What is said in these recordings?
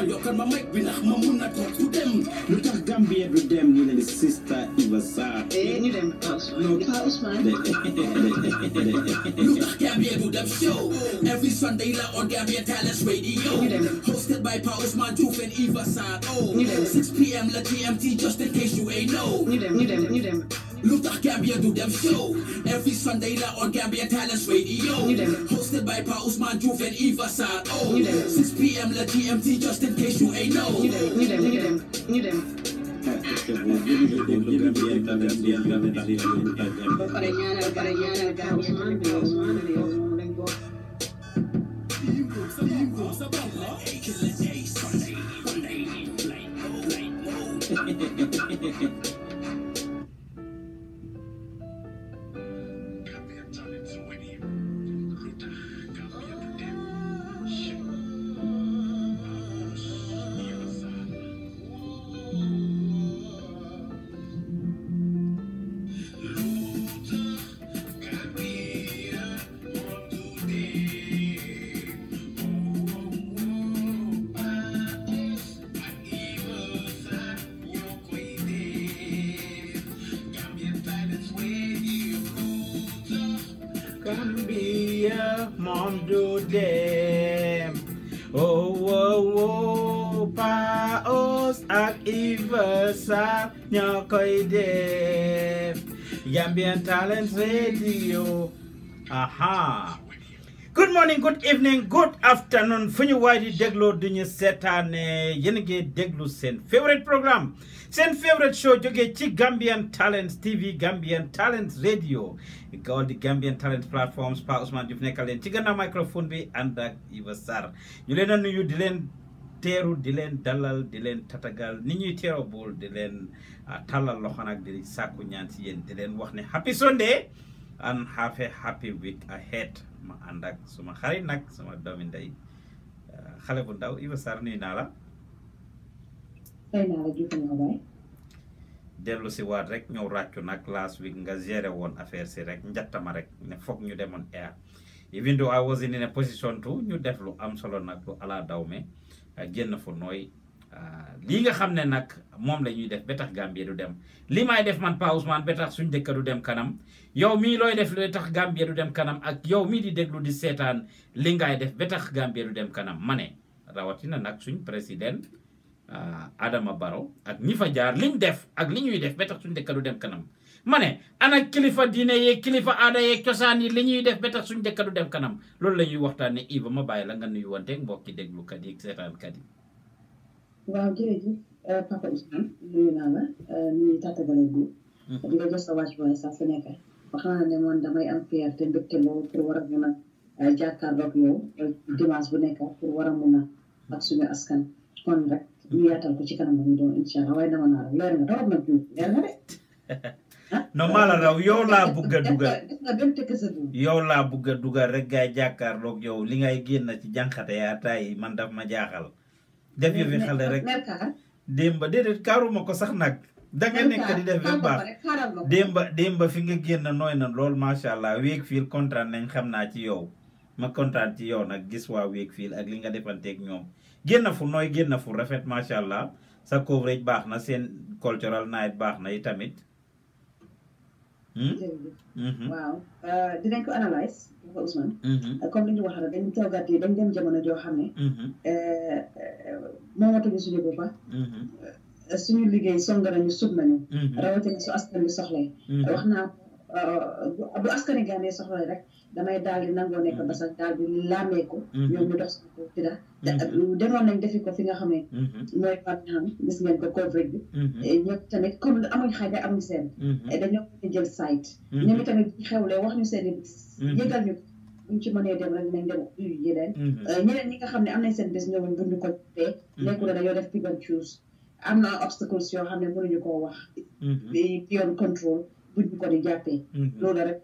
ma yokkal ma mic bi ndax ma mun a toog ku Gambia du dem ñu ne la sista Iva Sarr. ñu dem Iba Gambia du them show. every Sunday la on Gambia Talents Radio. hosted by Pa Ousmane and Ivasa. oh. 6 p.m. la GMT, just in case you ain't know. ñu them, Luther Gambia do them show. Every Sunday night on Gambia Talents Radio. Hosted by Pa Usman Juve and Eva Oh, 6 p.m. La GMT just in case you ain't know. Thank you. Gambian Talent Radio. Aha. good morning good evening good afternoon fu wadi deglo di setane du deglo sen favorite programme sen favorite show Joge ci Gambian Talents TV Gambian Talents Radio all the Gambian Talents platforms Pa Ousmane Diouf nekkal leen ci microphone bi ànd ak Iba Sarr ñu leen a teeru di leen dalal di leen tatagal ni ñuy teeroo bool di leen ah, tàllal loxo nag di sàkku ñaan si yéen di leen wax ne happy Sunday and have a happy week ahead ma ànd ak suma xarit nag suma doomi ndey ah, xale bu ndaw Iba Sarr nuyu naa la. dellu si waat rek ñëw ràccu nag last week nga géré woon affaire si rek njatta ma rek ne foog ñu demoon air even was in a position to ñu def lu am solo nag lu ala daw me Euh, génn fu nooy euh, lii nga xam ne nag moom la def ba tax Gambie du dem li may def man Pa Ousmane ba tax suñ dëkk du dem kanam yow mii looy def lu tax Gambie du dem kanam ak yow mii di déglu di seetaan lii ngay def ba tax Gambie du dem kanam ma ne rawatina nag suñ président euh, Adama Barrow ak ñi fa jaar liñ def ak li ñuy def ba tax suñ dëkk du dem kanam ma ne ana kilifa diine yeeg kilifa aada yeeg cosaan yi lañuy def ba tax suñu dëkk def kanam loolu la ñuy waxtaanee Iba ma bàyyi la nga nuyu wanteeg mbokki déglukat yi seetaankat yi. waaw jërëjëf euh, papa Ousmane nuyu naa la euh, nuyu ba xam mm-hmm. ne man damay am fierté mbégte lool pour war a mun a euh, jàkkaarloog yow dimanche bu nekk pour war mun a ak suñu askan kon rek ñu yaatal ko ci kanam bu ñu doon incha allah waaye dama naa la leer nga tawam na tuuti leer nga non maa la raw yow laa bugg a yow laa bugg a dugal rek gaay jàkkaarloog yow li ngay génn ci jànqate yaa taay man daf ma jaaxal def yëfi xale rek démba déedéet kaaruma ko sax nag danga nekk di def yëpp baax démba démba fi nga génn nooy na lool macha allah week fiil kontaan nañ xam naa ci yow ma kontaan ci yow nag gis waa week fiil ak li nga defanteeg ñoom génn fu nooy génn fu rafet macha allah sa coverage baax na seen cultural night baax na tamit Hmm? Mm-hmm. waaw euh, dinañ ko analyse bu ko mm-hmm. euh, comme li ñu wax rek dañ toogaat yi dañ dem jamono joo xam ne mm-hmm. euh, moomatuñu suñu suñu liggéey song nañu sut nañu rawatina su askan bi soxlay wax naa bu askani gaanee soxlay rek damay daal di nangoo nekk mm-hmm. ba sax daal di laamee ko. Mm-hmm. ñoom ñu dox suñu kaw Fida. te mm-hmm. demoon nañ defi ko fi nga xam ne. mooy Fatou gis ngeen ko COVID bi. ñoom tamit comme amuñ xaaj amuñ seen. dañoo jël site. ñoom tamit bu xewlee wax ñu seen i bis. yëgal ñu buñ ci mënee dem rek nañ dem uyu yeneen. Euh, ñeneen ñi nga xam ne am na seen bis ñoom buñ ñu ko tee. nekkul dañoo def pick and choose. am na obstacles yoo xam ne mënuñu koo wax. di yoon contrôle buñ ñu ko di jàppee. loolu rek.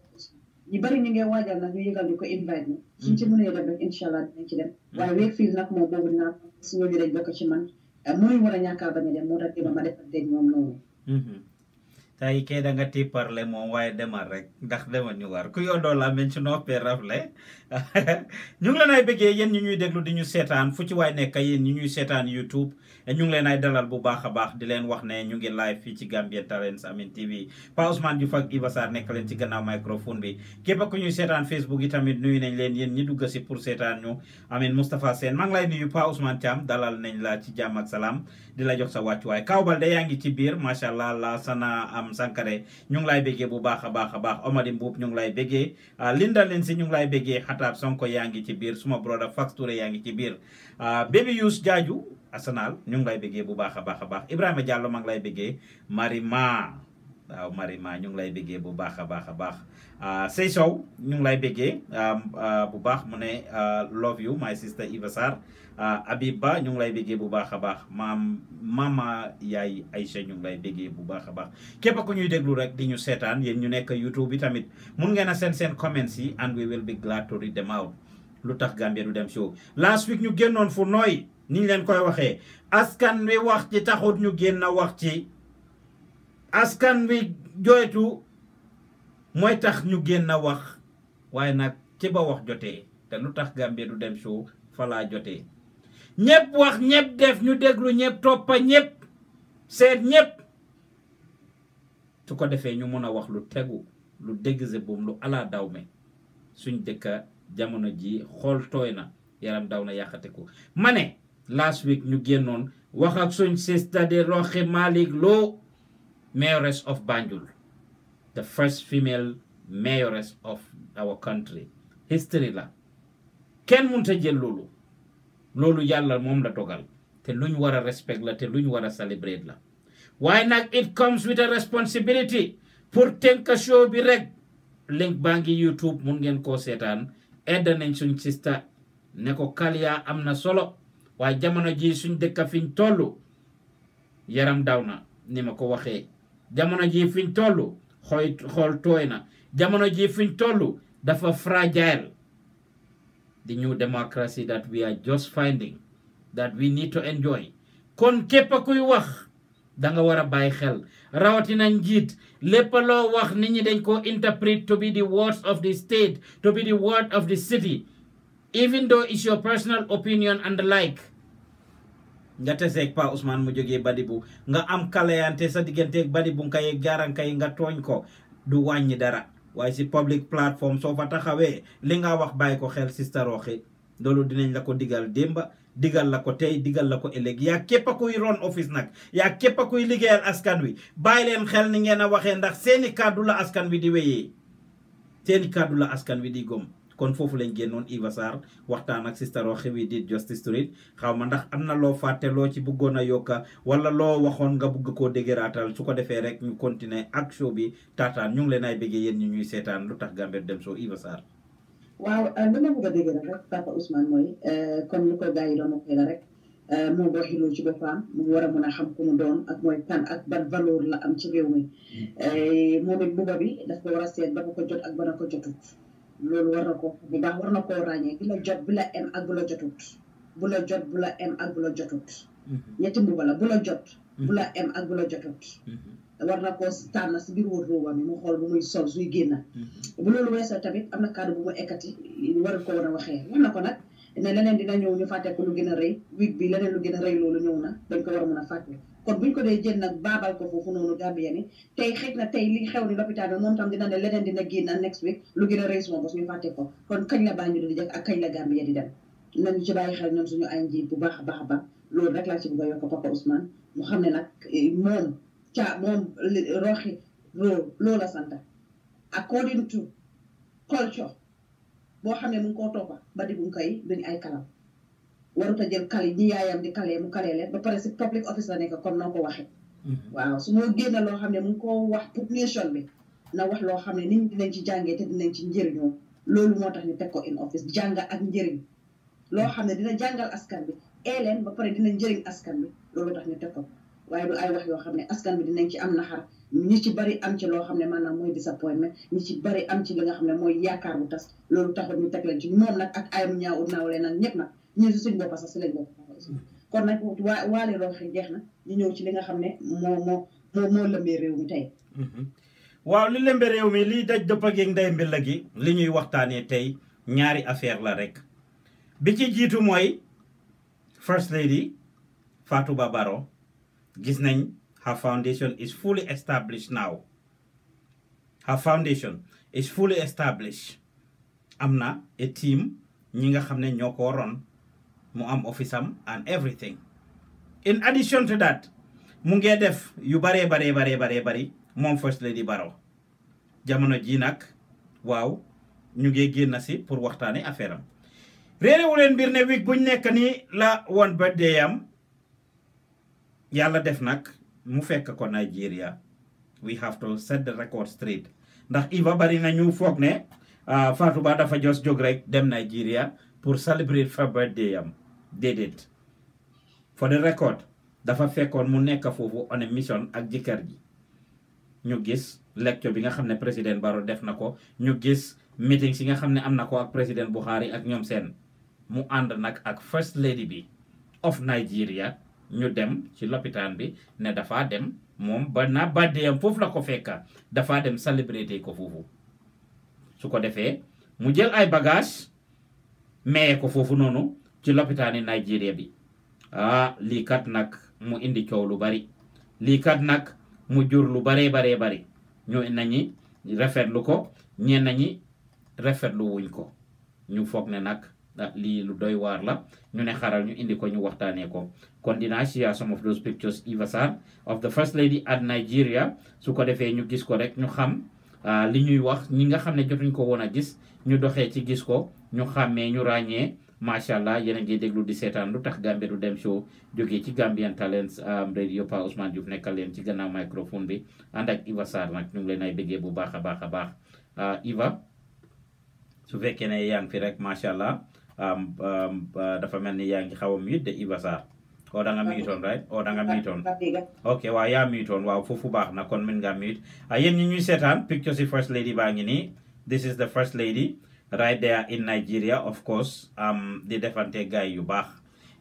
ñu bari ñu ngi waajal nag ñu yëgal ñu ko invite ñu mm. suñ ci mënee dem rek incha allah dinañ ci dem mm. waaye Wakefield nag moom boobu naa suñu ñu dañ bokk ci man mooy war a ñàkkaa bañ a dem mo tax dina ma defal dégg moom noonu mm-hmm. tay ke nga ti parle mo way de rek dak dama ñu war ku yodo la men ci noppé rafle ñu ngi leen ay yeen ñu ñuy déglu di ñu sétane fu ci nekk yeen ñu ñuy sétane youtube ñu e ngi leen dalal bu baaxa baax di leen wax ne ñu ngi live fi ci Talents Amin TV Pa Ousmane du fak Iba Sarr nekk leen ci gannaaw microphone bi képp ku ñuy sétane facebook yi tamit nuyu nañ leen yeen ñi dugg si pour sétane ñu Amin mustapha sen. maa ngi lay nuyu Pa Ousmane tiam dalal nañ la ci jamm ak salam di la jox sa wàccuwaay Kaw Balde yaa yaangi ci bir machallah la sana Thiam Sankare ñu ngi laay béggee bu baax a baax a baax Omari Mbuub ñu ngi laay béggee ah, Linda Lensi ñu ngi laay béggee Xataab Sonko yaa ngi ci biir suma broda Fax Touré yaa ngi ci biir ah, Baby Youss Jaaju Arsenal ñu ngi lay béggee bu baax a baax a baax Ibrahima Diallo ma ngi lay béggee Marima waaw Marima ñu ngi lay béggee bu baax a baax a baax ah, Sey Sow ñu ngi lay béggee ah, bu baax mu ne ah, love you my sister Iva Sarr Habib Ba ñu ngi lay bu baax a baax maam mama yaay Aïcha ñu ngi lay béggee bu baax a baax képp ku ñuy déglu rek di ñu seetaan yéen ñu nekk YouTube bi tamit mu ngeen a seen seen comments yi and we will be glad to read them out lu tax Gambia du dem show last week ñu génnoon fu nooy ñu leen koy waxee askan wi wax ci taxut ñu génn wax ci askan wi joytu mooy tax ñu génn a wax waaye nag ci ba wax jotee te lu tax Gambie du dem suuf falaa jotee ñëpp wax ñëpp def ñu déglu ñëpp toppa ñëpp seet ñëpp su ko defee ñu mun a wax lu tegu lu dégg boom lu alaa daw me suñ dëkka jamono ji xool tooy na yaram daw na yàqate ko ma ne last week ñu génnoon wax ak suñ sista di roxi Malick Lo mayoress of Banjul, the first female mayoress of our country history la kenn mënta jël loolu loolu yàlla moom la dogal te luñ war a respect la te luñ war a celebrate la waaye nag it comes with a responsibility pour tënk show bi rek link baa ngi YouTube mun ngeen koo seetaan edda nañ suñ sista ne ko kaliyaa am na solo waaye jamono ji suñ dëkka fiñ toll yaram daw na ni ma ko waxee jamono ji fiñ toll xooy xool tooy na jamono ji fiñ dafa fragile the new democracy that we are just finding that we need to enjoy kon képp kuy wax danga war a bàyyi xel rawatina njiit lépp loo wax nit ñi dañ interpret to be the words of the state to be the word of the city even though it's your personal opinion and the like nga teseeg pa Ousmane mu joge Badibou nga am kalayante sa digganteeg Badibou nga yeeg garanka yi nga togn ko du wàññi dara way ci public platform so fa taxawé li nga wax bàyyi ko xel sister Roxi dolo dinañ la ko digal demba digal la ko tay digal la ko eleg ya kepp ron office nak ya kepp a kuy askan wi bay leen xel ni ngeena a ndax seni kàddu la askan wi di wéyee seni kàddu la askan wi di gom kon foofu lañ génnoon Iva Sarr waxtaan ak sister Roxi wi di Justice to Read xaw ma ndax am na loo fàtte loo ci bëggoon a yokka wala loo waxoon nga bëgg koo dégëraatal su ko defee rek ñu continuer ak show bi taataan ñu ngi leen ay bëggee yéen ñu ñuy seetaan lu tax Gambian Dem Show Iva Sarr waaw euh, li ma bëgg a dégg rek mooy euh, comme ni ko yi la rek euh, moo booxiloo mu war a mën a xam ku mu doon ak mooy kan ak ban valeur la am ci réew mi mm. bugga bi daf ko war a seet ba ko jot ak ba na ko loolu war na ko bi ndax war na ko ràññee bi la jot bi la em ak bu la jotut bu la jot bu la em ak bu la jotut mm-hmm. ñetti mbuba jot bu la mm-hmm. ak bu la jotut mm-hmm. war na koo tànn si biir wardrobe mi mu xool bu muy sol suy génna bu loolu weesoo tamit am na kàddu bu mu ekkati war ko war a waxee war na ko nag ne leneen dina ñëw ñu fàtte lu gën a rëy week bi leneen lu gën a rëy loolu ñëw na dañ ko war a mun a fàtte kon buñ ko dee jël nag baabal ko foofu noonu Gambia ni tey xëj na tey li xew ni lopitaan bi moom tam dina ne leneen dina génn next week lu gën a réussir ko suñu fàtte ko kon kañ la bàyyi ñu di jëkk a kañ la Gambia di dem nañu ci bàyyi xel ñoom suñu ay bu baax a baax a baax loolu rek laa ci bëgg a yokk papa Ousmane mu xam ne nag eh, moom ca moom roxi loolu loolu la sant according to culture boo xam ne mu ngi koo toppa ba di buñ koy duñ ay kalam warut a jël kale ñi yaayam di kale mu kale leen ba pare si public ko waxee. Mm-hmm. waaw su ma génne loo xam ne mu ngi wax pour nation bi wax loo xam ne nit dinañ ci jàngee dinañ ci njëriñoo loolu moo tax ñu teg ko in office jàng ak njëriñ loo xam ne dina jàngal askan bi ee leen ba pare dina njëriñ askan bi loolu tax ñu teg ko waaye du ay wax yoo xam ne askan bi dinañ ci am na naxar ñi ci bari am ci loo xam ne maanaam mooy disappointment ñi ci bari am ci li nga xam ne mooy yaakaar bu tas loolu taxul ñu teg leen ci moom nag ak ayam ñaaw naaw leen nag ñëpp na ñun kon nag waa waale rox yi jeex na ñu ñëw ci li nga xam ne moo moo moo lëmbee réew mi tey mhm. waaw li lëmbee réew mi liy daj dëpp ak nday gi li ñuy waxtaanee tey ñaari affaire la rek bi ci jiitu mooy first lady Fatou Ba Barrow gis nañ her foundation is fully established now her foundation is fully established am na a ñi nga xam ne ñoo ko ron muam am and everything in addition to that mu def yu bare bare bare bare bari mom first lady baro jamono ji nak waw ñu ngee genn ci pour waxtane affaire am len bir ne week buñ nek ni la won birthday am yalla def nak mu fekk ko Nigeria we have to set the record straight ndax iba bari na ñu ne ah, Fatou Ba dafa jos jog rek dem Nigeria pour celebrate fa birthday am Dedet. for the record dafa fekkoon mu nek fofu on a mission ak jëkkër ji ñu gis lecture bi nga xamne president baro def nako ñu gis meeting si nga xamne am nako ak president Buhari ak ñom sen. mu and nak ak first lady bi of Nigeria ñu dem ci l'hôpital bi ne dafa dem mom ba na bàddeeyam foofu la ko fekka dafa dem célébrité ko fofu su ko defé mu jël ay bagage ko fofu ci lopitaani Nigeria bi ah lii kat nag mu indi coow lu bari lii kat nag mu jur lu baree baree bari ñu nañi rafetlu ko ñenn ñi rafetlu wuñ ko ñu foog ne nag ah, lii lu doy waar la ñu ne xaral ñu indi ko ñu waxtaanee ko kon dinaa share some of those pictures Eva Sarr of the first lady at Nigeria su ko defee ñu gis ko rek ñu xam ah, li ñuy wax ñi nga xam ne jotuñ ko woon a gis ñu doxee ci gis ko ñu xàmmee ñu ràññee macha allah yéen a ngi di setan lu tax du dem show joge ci Gambian Talents radio Pa Ousmane Diouf nekkal len ci gannaaw microphone bi anda ak Iva sar nak ñu ngi lay nay bege bu baax a baax a ah, Iva su fekke ne yaa fi rek macha allah ah, dafa mel ni de Iva sar o oh, da nga on right o oh, da nga mute on ok ya yaa mute on waaw baax na kon min nga mute ah, yéen ñi ñuy setan picture si first lady bang ngi this is the first lady. right there in Nigeria of course di defante gaay yu baax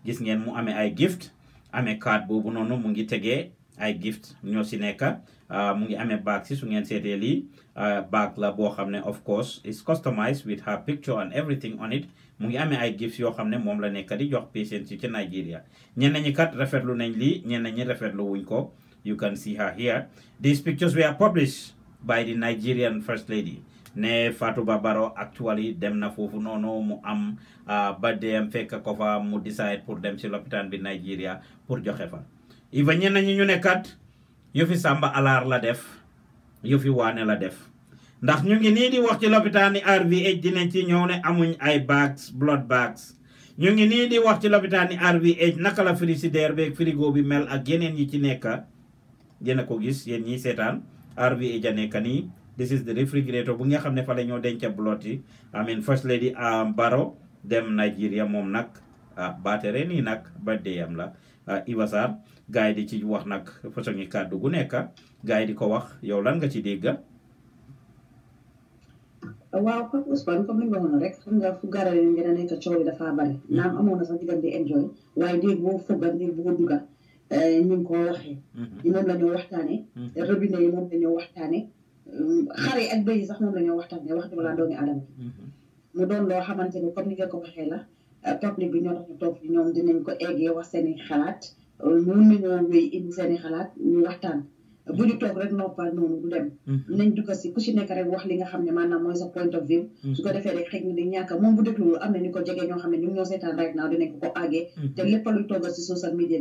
gis ngeen mu amee ay gift amee card boobu noonu mu ngi tegee ay gift ñoo si nekk ah, mu ngi amee baag si su ngeen seetee lii ah, baag la boo xam ne of course is customized with her picture and everything on it mu ngi amee ay gifts yoo xam ne moom la nekk di jox patients yi ci Nigeria ñenn ñi kat rafetlu nañ lii ñenn ñi rafetlu wuñ ko you can see her here these pictures were published by the Nigerian First Lady ne Fatou Babaro actually dem na foofu noonu mu am ah, ba dem fekk ko fa mu decide pour dem si lopitaan bi Nigeria pour joxe fa iva ñenn ñi ñu ne kat yëfi sàmba Alaar la def fi waane la def ndax ñu ngi nii di wax ci lopitaani RVH dinañ ci ñëw ne amuñ ay bags blood bags ñu ngi nii di wax ci lopitaani RVH naka la frigidaire beeg frigo bi mel ak yeneen yi ci nekk yéen a ko gis yéen ñiy seetaan RVH a nekk nii this is the refrigerator bu nga xamne fa lañu ñoo blot yi I mean first lady um, Baro, dem Nigeria moom nak uh, batere ni nak ba deyam la uh, Iwasar gars di ci wax nak façon yi kàddu gu nekk gars di ko wax yow lan nga ci degga waaw ko Ousmane comme li nga waxoon rek xam nga fu garal ni gën nekk dafa bari hmm. naam amoon na sax di enjoy bo fu boo eh, ni bu ko dugga euh ñing ko waxe hmm. ñu la ñu waxtane hmm. robinet yi moom la waxtane xare ak bëy sax moom la ñoo waxtaanee waxtu laa doomi adama mhm. mu doon loo xamante ni comme ni nga ko waxee la euh, public bi ñoo tax ñu toog ñoom dinañ ko eggee wax seen i xalaat euh, mun nañoo wéy indi seen i xalaat ñu waxtaan bu ñu toog rek no noonu du dem. Mm-hmm. nañ ku si nekk wax li nga xam ne maanaam mooy sa point of view. Mm-hmm. su ko defee rek xëy na di ñàkk moom bu dégluwul am na ñu o jege ñoo xam ne ñu ngi ñoo seetaan right now dinañ ko ko àggee. Mm-hmm. te lépp luñ toogal si social media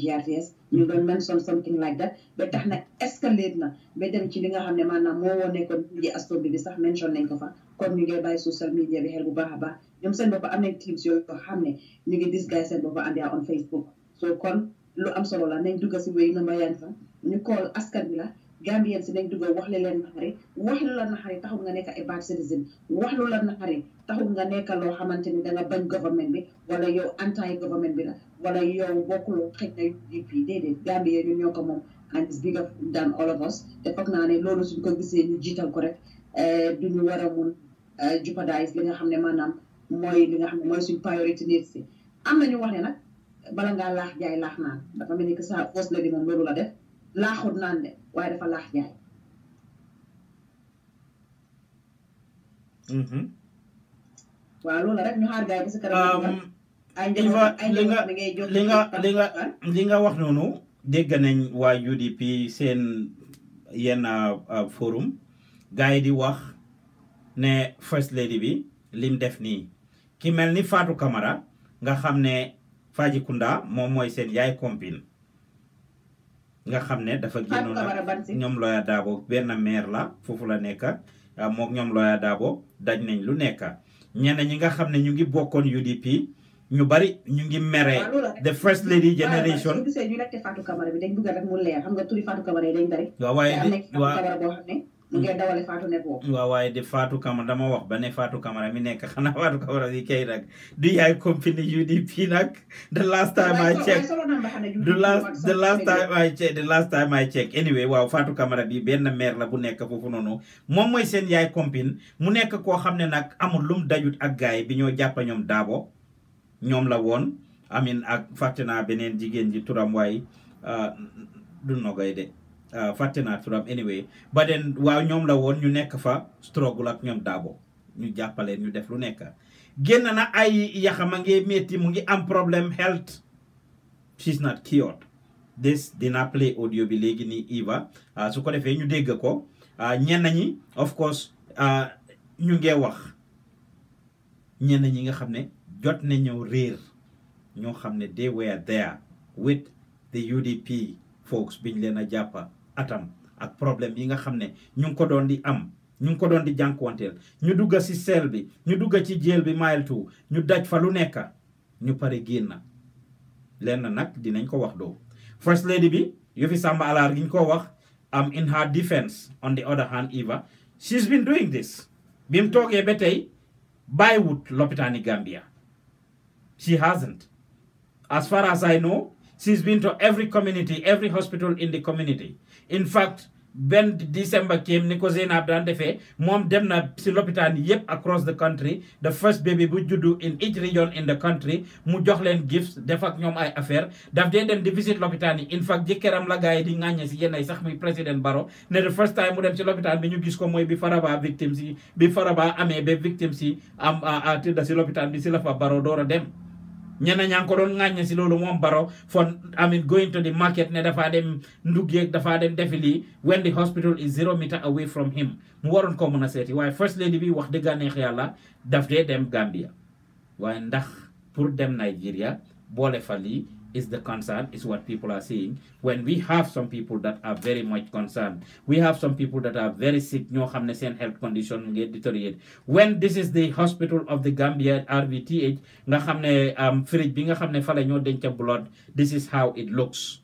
GRTS. ñu doon mention something like that ba na escalate na ba dem ci li nga xam ne maanaam moo woon o ji askan bi sax mention nañ ko fa. kon ñu ngi bàyyi social media bi xel bu baax a baax ñoom seen bopp am nañ teams yooyu ko xam ne ñu ngi disguise seen bopp and lu am solo la nañ dugg si wéy na ma yan fa ñu kool askan bi la Gambien si nañ dugga wax li leen naxari wax lu la naxari taxul nga nekk ay bad citizen wax lu la naxari taxul nga nekk loo xamante ni da nga bañ government bi wala yow anti government bi la wala yow bokkuloo xëj na UDP déedéet Gambien ñun ñoo ko moom and it's bigger than all of te foog naa ne loolu suñ ko gisee jiital ko rek eh, du war a mun eh, jeopardize li nga xam ne maanaam mooy li nga xam mooy suñ priorité nit si am na ñu wax ne nag bala nga lah jay lah na dafa mel ni que sa fausse la di mom lolu la def laaxut nan de waaye dafa laax jaay mhm. wa lolu rek ñu xaar gay bu si kanam ay njëriñ ay njëriñ ngay li nga li nga ah. li nga wax nonu dégg nañ wa UDP seen yenn ah, ah, forum gay di wax ne first lady bi lim def ni ki melni ni Fatou Camara nga xamne Fajikunda moom mooy seen yaay compine nga xam ne dafa génnoon ak ñoom Lawyer Darboe benn maire la foofu la nekk ah, mook ñoom Lawyer Darboe daj nañ lu nekk ñenn ñi nga xam ne ñu ngi bokkoon UDP ñu bari ñu ngi mere the first lady generation waaw waaye waaw mu waaw waaye de faatu Camara dama wax ba ne faatu kamara mi nekk xanaa Fatou Camara bi kay nag du yaay compagnie UDP nag. the last time I check the last the last time I check anyway waaw Fatou Camara bi benn maire la bu nekk foofu noonu moom mooy seen yaay compagnie mu nekk koo xam ne nag amul lum dajut ak gaay bi ñoo jàpp ñoom Dabo ñoom la woon amin ak fàtte naa beneen jigéen ji turam waay ah, du nogay de. Euh, fàtte naa turam anyway ba den waaw ñoom la woon ñu nekk fa struggle ak ñoom daabo ñu jàppale ñu def lu nekk génn na ay yaxam a ngi metti mu ngi am problème health she's not cured this dina play audio bi léegi nii Eva ah, su ko defee ñu dégg ko ah, ñenn ñi of course ah, ñu ngee wax ñenn ñi nga xam ne jot ñëw réer ñoo xam ne they were there with the UDP folks biñ leen a jàppa atam ak problème yi nga xam ne ñu ngi ko doon di am ñu ngi ko doon di jànkuwanteel ñu dugga ci seel bi ñu dugga ci jéel bi mile two ñu daj fa lu nekk ñu pare génn lenn nag dinañ ko wax doo first lady bi yu fi Samba Alaar gi ñu ko wax am in her defense on the other hand Eva she's been doing this bi mu toogee ba tey bàyyiwut lopitaani Gambia she hasn't as far as I know she's been to every community every hospital in the community in fact benn December came ni ko Zeynab daan defee moom dem na si lopitaan yëpp across the country the first baby bu juddu in each region in the country mu jox leen gifts def ñoom ay affaire daf dee dem di visit lopitaan yi in fact jëkkëram la gars yi di ŋàññe si yenn sax muy président Barrow ne the first time mu dem si lopitaan bi ñu gis ko mooy bi Faraba victime si bi Faraba amee ba victime si am tëdda si lopitaan bi si la fa Barrow door dem ñeneen ñaa ngi ko doon ŋàññe si loolu moom baro fo I mean going to the market ne dafaa dem ndug yeeg dem defi lii when the hospital is zero meter away from him mu waroon ko mën a seeti waaye first lady bi wax dëgg neex yàlla daf dee dem Gambia waaye ndax pour dem Nigeria boole fa lii is the concern, is what people are seeing. When we have some people that are very much concerned, we have some people that are very sick, no xam ne health condition get deteriorate. When this is the hospital of the Gambia RVTH, um, blood, this is how it looks.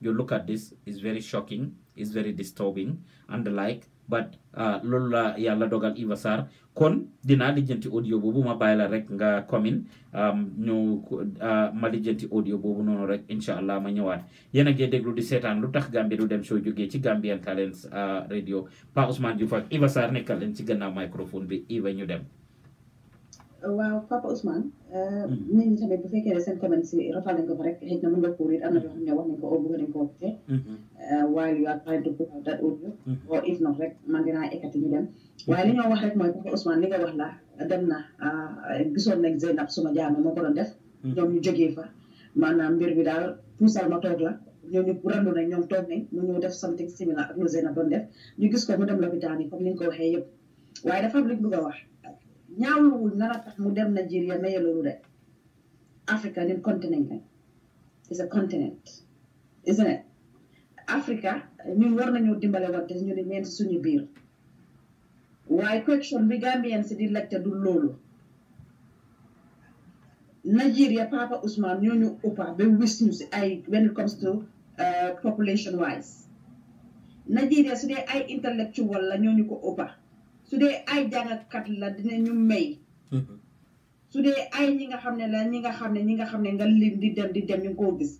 You look at this, it's very shocking, it's very disturbing and the like. But uh, loolu ya yàlla Ivasar, kon dinaa lijjanti audio boobu ma bàyyi rek nga commune ñu ah, ma lijjanti audio boobu noonu rek incha allah ma ñëwaat yéen a ngi di seetaan lu tax Gambia du dem soo jógee ci Gambian Talents ah, radio Pa Ousman Joof fa Iba Sarr nekkal leen ci gannaaw microphone bi Iba ñu dem. waaw papa Ousmane. Euh, mm-hmm. nit ñi tamit bu fekkee ne seen commune si rafetlu nañ ko fa rek xëy na mën nga kóor it am na yoo xam wax ko oo koo fite. waaye you are trying to put out that audio. Mm-hmm. or if not rek mm-hmm. li ñoo wax rek mooy papa Ousmane li nga wax la dem na ah, gisoon nañ Zeynab suma jaame moo ko doon def. ñoom ñu jógee fa maanaam mbir bi daal puusal ma toog la. ñooñu randu nañ ñoom toog nañ mu ñëw def something similar ak lu Zeynab doon def ñu gis ko mu dem lopitaan yi comme ni nga ko waxee yëpp waaye dafa am luñ bëgg wax. ñaawluwul nar a tax mu dem Nigeria maye loolu de Africa nin continent lañ is a continent isn't it Africa ñun war nañoo dimbale wante ñu ne ñeent suñu biir waaye question bi Gambien si di laajte du loolu Nigeria Papa Ousmane ñoo ñu uppa ba wis ñu si ay when it comes to uh, population wise Nigeria su dee ay intellectual la ñoo ñu ko uppa su dee ay jàngatkat la dina dinañu may. Mhm. su dee ay ñi nga xam ne la ñi nga xam ne ñi nga xam ne nga leen di dem di dem ñu koo gis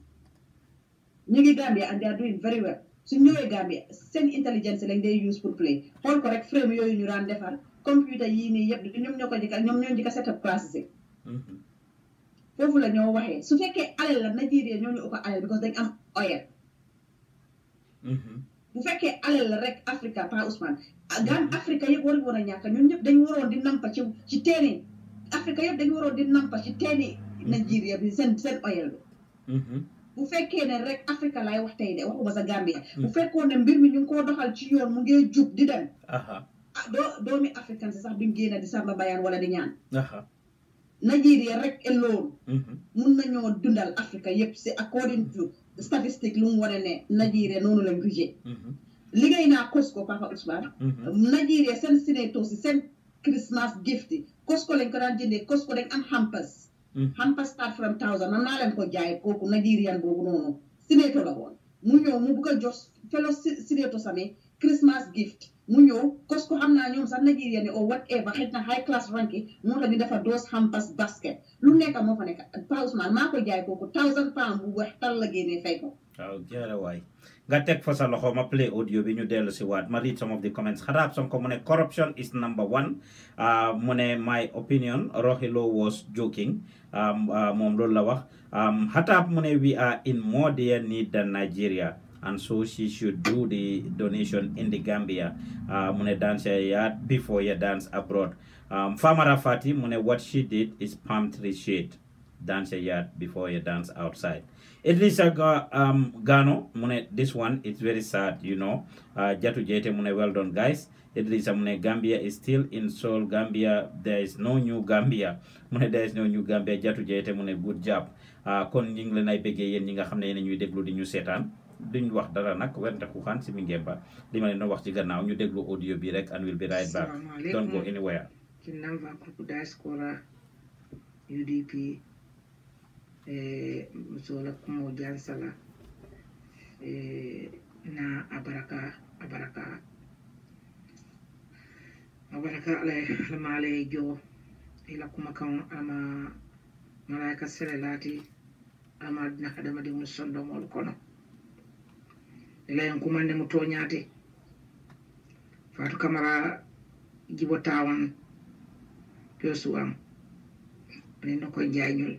ñu ngi Gambia and they are doing very well su ñëwee Gambia seen intelligence lañ day use pour play xool ko rek frame yooyu ñu daan defar computer yii nii yëpp ñoom ñoo ko njëkk ñoom ñoo njëkk a set up classes mhm. foofu la ñoo waxee su fekkee alal la Nigeria ñoo ñu ëpp alal because dañ am oil mhm. bu fekkee alal la rek Africa pa Ousmane mm-hmm. gaan Africa yëpp waruñ war a ñàkk ñun ñëpp dañu waroon di nampa ci ci teeni Africa yëpp dañu waroon di nampa ci teeni mm-hmm. Nigeria bi seen seen oil bi mm-hmm. bu fekkee ne rek Africa laay wax tey de waxuma sa Gambia bu fekkoon mbir mi ñu ngi koo doxal ci yoon mu ngee jub di dem ah, doo doomi africain si sax duñ génn di sàmba bayaan wala di ñaan Nigeria rek elloon mun nañoo dundal Africa yëpp c'est according to statistique lu mu wane ne Nigeria noonu la ko jël mhm. liggéey naa Costco Papa Ousmane mhm. Nigeria seen cinétos yi seen Christmas gift yi Costco lañ ko daan jëndee Costco dañ am hampas mhm. hampas start from thousand naa leen ko jaay kooku Nigerian boobu noonu cinéto la woon mu ñëw mu bëgg a jox fellow Christmas gift mu ñëw cos ko xam naa ñoom sax Nigeria ne or oh, whatever xëy na high class ranking moo tax ñu dafa dos hampas basket lu nekk moo fa nekk thousand pound bu weex tal la génnee fay ko. waaw jërëjëf waay nga teg fa sa loxo ma play audio bi ñu dellu si waat ma read some of the comments xaraab Sonko mu ne corruption is number one ah, mu ne my opinion Rohey Lowe joking ah, ah, moom loolu la wax xataab mu ne we are in more need than Nigeria. and so she should do the donation in the Gambia uh, mune dance here before you dance abroad um, Farmer Rafati mune what she did is palm tree shade dance yard before you dance outside Idrissa um, Gano mune this one it's very sad you know uh, Jatu Jete mune well done guys a mune Gambia is still in Seoul Gambia there is no new Gambia mune there is no new Gambia Jatu Jete mune good job uh, kon ñu ngi leen ay bëggee yéen ñi nga xam ne yéen ñuy déglu di ñu seetaan duñ wax dara nak wente ku xaan si mi ngemba li ma leen doon wax ci gannaaw ñu déglu audio bi rek and will be right back don't go anywhere kinava kukudaskora udp eh, musola kumo jansala eh, na abaraka abaraka abaraka ala alama ala ye jo ila kumakan Ama malaika sele laati alama adina hadamadiŋolu sondomolu kono layim kumande mo toñaate fatu kamara jibo tawan pesu am enen no koye jayñol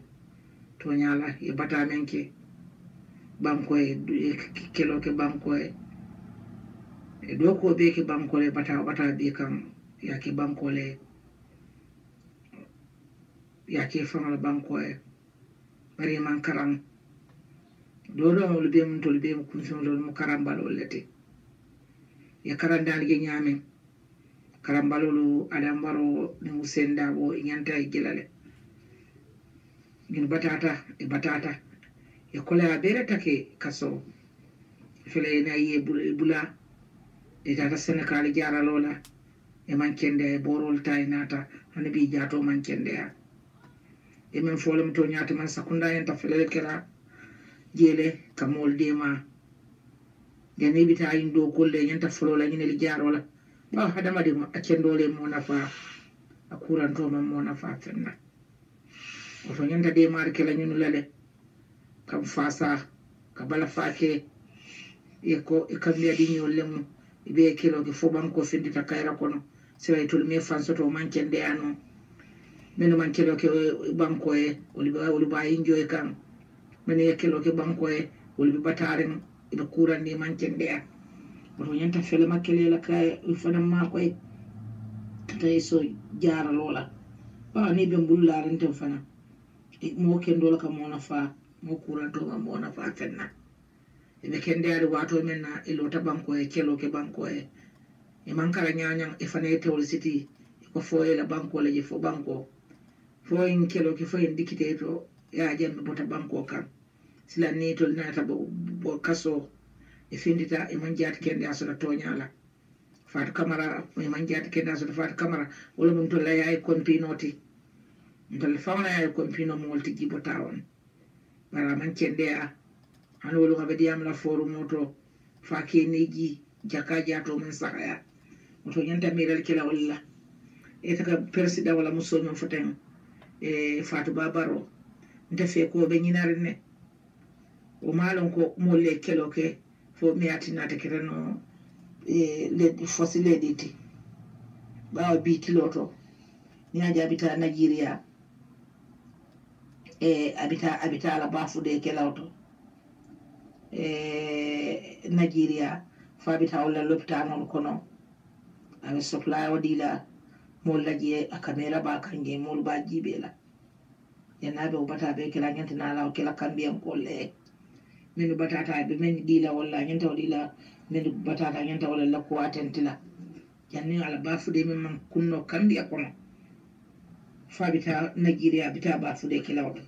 toñala e batamen ke bankoye keloke bankoye e dow ko be ke bankole bata bata be kam yake bankole yake fanal bankoye ɓariman karan ɗoɗo holo bemum tolo bemu kumsimolomo karambalollete e karandalge ñamen karambalolu adambaro ne usenda o e ñanta e gilale ino batata e batata e kolaya bere take kaso fela enayi e bula de tata sénégal jaralola e mankendeya e, e borolta e nata hanabi jato mankendeya emin folemto ñatiman sakunda yenta felele kera jele kamol dema bi kolle yani bita ayin do golle ñanta folola ñineli jaarola ɓawa hadamadema accendole mo nafa a kurantoma mo nafa fenna oto la nyunu la ñunulale kam fa sa ka bala fa ke e ko e kam mbiyaɗi ñolle mum ɓe kiloge fo ɓanko ta kayra kono me fan soto man mancende ano mino man kiloke ɓanko e oliɓa oliɓa injo e kan mene yakkilo ke banko e wol ɓe bataren ɓe kurandi mancen ɗeya woto ñanta fele makke lela ka fanan mako e tata e so jara lola wawa ni ɓe mbullarenten fana mo kendola ka mona fa mo kurantoma mona fa fenna eɓe kendeyade wato men na e lota banko e kelo ke banko e e mankara ñañan e fana e tewol siti ko foye la banko la je fo banko fo en kelo ke fo en dikkite to ya jamɓe bota banko kan sila ni tol na ta bo kaso e findita e man jati kende to toñala fatu kamara e man jati kende asoda fatu kamara wala mum to laya e kompinoti ntol fauna ay e kompino mo wolti jibo tawon bara man kende a an wolu ka bedi la foru moto fa ke keneji jaka jato man sakaya moto nyanta miral kila wala e taka persida wala muso men foten e fatu babaro nte ko be nyinare ne o maalon ko moolu le kelo ke fo mi atinata kirano e leddi fosi leɗɗitti ɓawa bi kilo to ni aji abita nigeria e abita abita ala de kelaw to e nigeria fo abita olla lopitanol kono aɓe sohla waɗila mol laji akamela baa kanje mol ba jiɓela yannaɓe e o bata be kela ñantinalaw kela kambiyankolle ek min batata ɓe men ɗila walla ñanta o ɗila min batata ñanta walla lakko atentila janni ala bafude min man kunno kamɓi a kono fa bita nigeria bita bafude kelawɗo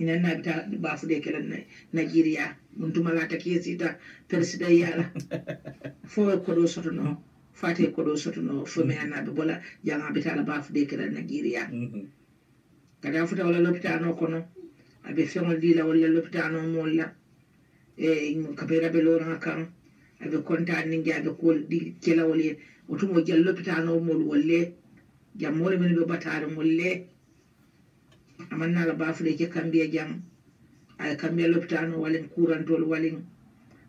ina na bita bafude kela nigeria ɗum tumalata kesita persida yala fo e koɗo sotono fate koɗo sotono fomi anaɓe bola jama bita ala bafude kela nigeria mm-hmm. kada futa walla lopitano kono aɓe feŋol ɗila walla lopitano molla E kaɓeraɓe lona kan aɓe contanninge aɓe kelawol hen otumo jalloppitanomol wolle jam mole min ɓe batare molle amannala bafuɗeke kambiya jam ay kambiya loppitano walen kurantol walen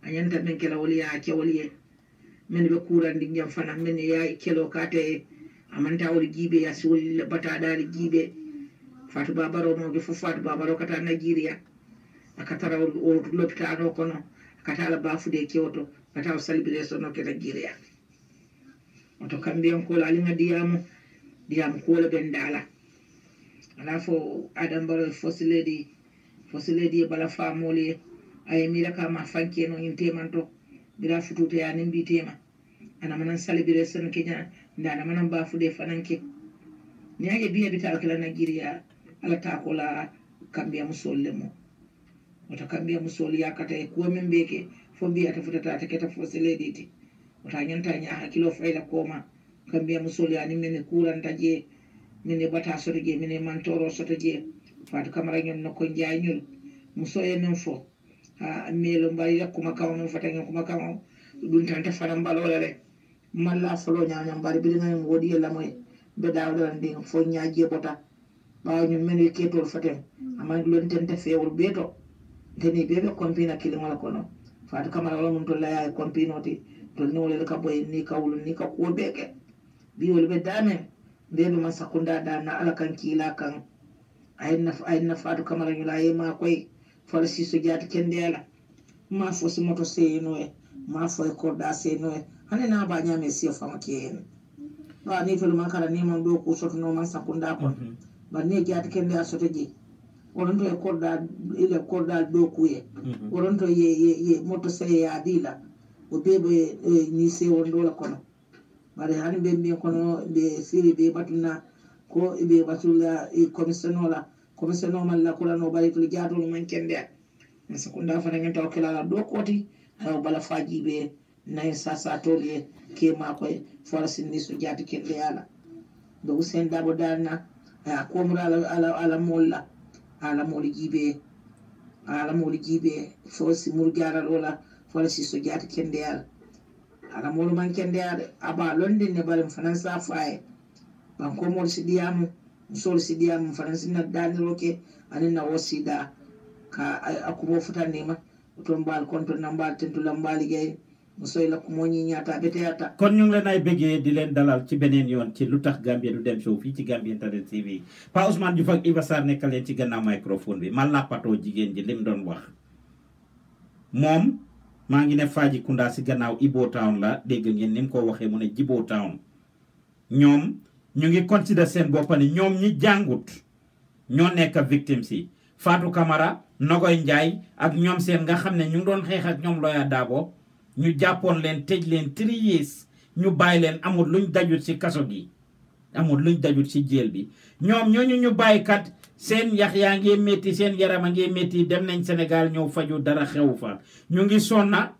a ñanta men kelawol yaa kewol hen min ɓe kurandin jam fana min ya kelo kata e amanta wol jiiɓe yasiwol bataɗaɗe jiiɓe fatou babaromoge fof fatou babaro kata nigéria akatara wotulo pitano kono akatala bafude e kewto kata o salibile sono keta jiriyande oto kambiyankola aliŋa diyamu diyamu kuwola ben dala ala fo adambaro fosiledi fosiledi e bala famoli ye mira kama fankeno ñin temanto bira futute yanin mbitema anamanan salibile sono keña nda anamanan bafude fananke ni aje biya bita alkala na jiriya ala takola kambiya musolle mo otakambia musoli yakata ekuwa membeke fombi atafutata ateketa foselediti otanyantanya hakilo faila koma kambia musoli ani mene kuranta je mene bata soto mene mantoro soto fatu kamara nyon no kon janyul musoye ha melo mbari yakuma kawo men fata nyon kuma kawo dun tanta fara mbalola le malla folo nyaanya mbari bi ngi ngodi yalla moy be bota bawo ñu men ketol fatem amay lon tente fewul beto nteni bebe kompina kiliŋola kono faatu kamarala mum tolla yaye kompinoti tolni wolele ka boye ni ka wulu ni ka kuwo beke ke bi wolu be daamen eh. bebe man sakunda daamna ala kan kiila kan ayenna faatu kamara ñula aye ma koy fala siiso jaati kendeya la ma fo si moto seeno e eh. ma fo e korda seeno e eh. hane na ba ñaame siyo fama keyen ba ni felu man kala ni man ɗo ku sotono man sakunda kon mm-hmm. ba ni jaati kendeya soto jee woronto e korda ile korɗal ɗo kuye woronto mhm. ye ye, ye moto saye yaadila o beɓe ni se sewondola e, kono bare hani ɓe mbi kono ɓe siri ɓe batuna ko ɓe ɓatula commission e, ola commission o malla kurano ɓaritol jatol man kende mi sikunda fanagen taw kilala ɗo koti alaw bala fajiɓe nayi sasatol ye kemakoye fora sinni so jati kende ala ɓe usen daɓo dalna a komra ala ala molla alamolu jiibe alamolu jiibe fo simuru fo fola siso jaata kendeyal alamolu man kendeyaa de aba londe ne balim fanan sa faye bankomolu sidiyamu musolu sidiyamu fanan sinna daniro ke anin na wo sida ka akumo futa nema oton mbal konto nambal tentulambaligey kon ñu ngi leen ay bëggee di leen dalal ci beneen yoon ci lu tax Gambia du dem show fii ci Gambian Talents TV bi Ousmane Diouf ak Iba Sarr nekk leen ci gannaaw microphone bi ma làppatoo jigéen ji lim doon wax moom maa ngi ne Faji Kunda si gannaaw iboo Town la dégg ngeen ni mu ko waxee mu ne Jibo Town ñoom ñu ngi consider seen boppa ne ñoom ñi jàngut ñoo nekk victime si Fatou Camara Nogoy Njaay ak ñoom seen nga xam ne ñu ngi doon xeex ak ñoom Lawyer Darboe ñu jàppoon leen tëj leen three years ñu bàyyi leen amul luñ dajut ci kaso gi amul luñ dajut ci jéel bi ñoom ñooñu ñu bàyyi kat seen yax yaa ngee métti seen yaram a ngi métti dem nañ senegal ñëw faju dara xewu fa ñu ngi sonna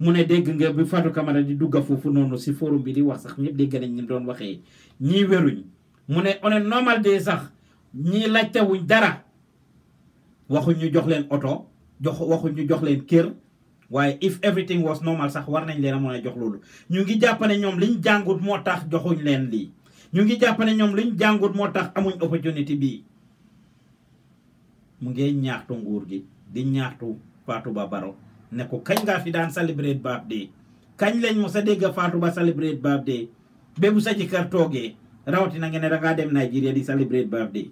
mu ne dégg nga bi Fatou Camara di dugga foofu noonu ci forum bi di wax sax ñëpp dégg a ni doon waxee ñii wéruñ mu ne on est normal de sax ñii laajtewuñ dara waxuñ ñu jox leen oto jox waxuñ ñu jox leen kër Why if everything was normal sax war nañ leena mëna lulu. jox loolu ñu ngi jappane ñom liñ jangut moo tax joxuñ leen li ñu ngi jappane ñom liñ jangut mo tax amuñ opportunity bi. mu ngee ñaaxtu nguur gi di ñaaxtu Fatou Ba Baro ne ko kañ nga fi daan celebrate birthday kañ lañ mo sa dégg Fatou Ba celebrate birthday be bu sa jëkkër rawti na ngeen da nga dem Nigeria di celebrate birthday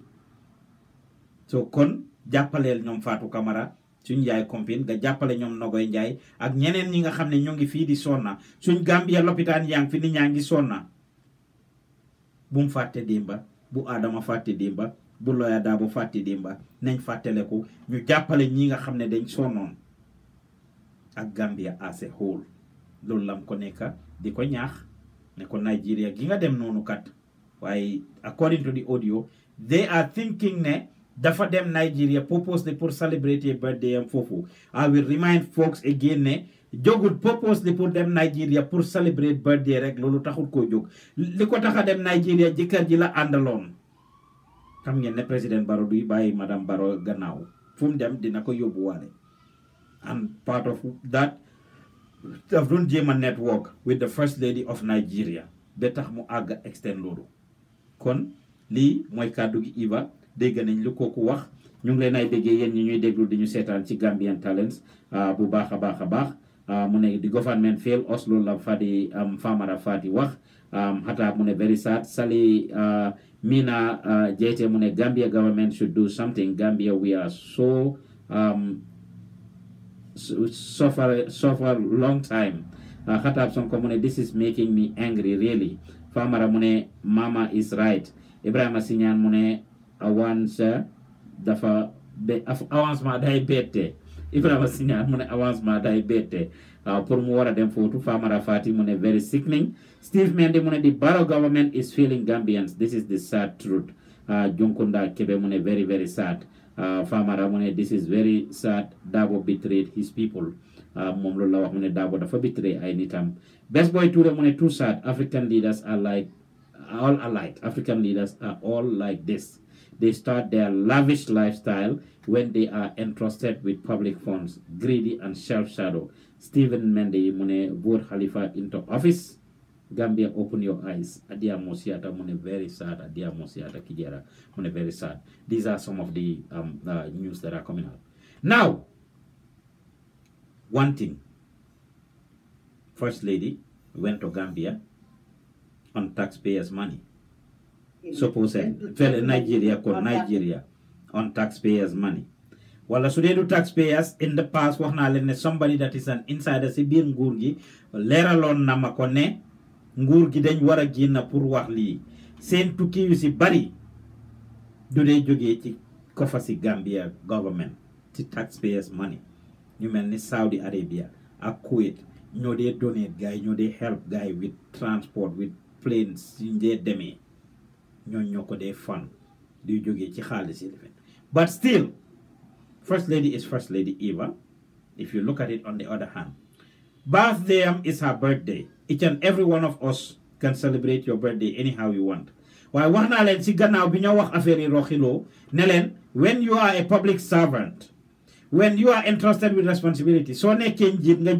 so kon jappalel ñom Fatou Camara suñ yaay compine nga jàppale ñoom Nogoy Njaay ak ñeneen ñi nga xam ne ñoo ngi fii di sonna suñ Gambia lopitaan yaa ngi fi ni ñaa ngi sonna bu fàtte dimba bu aadama fàtte dimba bu Loya Dabo fàtte dimba nañ fàttaleku ñu jàppale ñi nga xam ne dañ sonnoon ak Gambia as whole loolu lam ko nekka di ko ñaax ne ko Nigeria gi nga dem noonu kat waaye according to the audio they are thinking ne dafa dem Nigeria purposely pour celebrate birthday am foofu I will remind folks again ne jógul purposely pour dem Nigeria pour celebrate birthday rek loolu taxul koo jóg li ko taxa a dem Nigeria jëkkër ji la àndaloon xam ngeen ne président Barrow duy bàyyi madame Barrow gannaaw fu mu dem dina ko yóbbuwaale and part of that doon jéem a network with the first lady of Nigeria ba tax mu àgg extend loolu kon lii mooy kàddu gi Iba dégg nañ lu kooku wax ñu ngi leen ay béggee yéen ñi ñuy déglu di ñu seetaan ci Gambian Talents ah, bu baax a baax a ah, mu ne di government fail Oslo loolu la Fadi Famara Fadi wax hata mu ne very sad Sally ah, Mina Jeyte mu ne Gambia government should do something Gambia we are so so far so far long time Khatab Sonko mu ne this is making me angry really Famara mu mama is right Ibrahima Sinyan mu avance dafa be avancement day bette Ibrahima mm-hmm. mu ne avancement day bette waaw pour mu war a dem foofu Famara Fati mu ne very sickening Steve Mendy mu ne the Barrow government is failing Gambians this is the sad truth ah, Junkunda Kebe mu ne very very sad ah, Famara mu ne this is very sad Dabo betrayed his people ah, moom loolu la wax mu ne Dabo dafa betray ay nitam Best Boy Touré mu ne too sad African leaders are like all alike African leaders are all like this They start their lavish lifestyle when they are entrusted with public funds, greedy and self-shadow. Stephen Mende mu ne vote Halifa into office. Gambia open your eyes. Adia Mosiata Mune very sad. Adia Mosiata Kijera Mune very sad. These are some of the um, news that are coming out. Now, one thing. First lady went to Gambia on taxpayers' money. supposed fele Nigeria called Nigeria on taxpayers money wala su dee du taxpayers in the past wax naa leen ne somebody that is an insider si biir nguur gi leeraloon na ma ko ne nguur gi dañ war a génn pour wax lii seen tukki si bari du dee jógee ci kofa si Gambia government ci taxpayers money ñu mel ni Saudi Arabia ak Kuwait ñoo dee donate gars ñoo dee help gars with transport with planes ñu dee demee ñoo ko dee fan di jógee ci yi defe but still first lady is first lady Eva if you look at it on the other hand birthday is her birthday each and every one of us can celebrate your birthday anyhow you want waaye wax naa leen si gannaaw bi ñoo wax affaire yi roxiloo ne when you are a public servant when you are entrusted with responsibility so nekkee njiit nga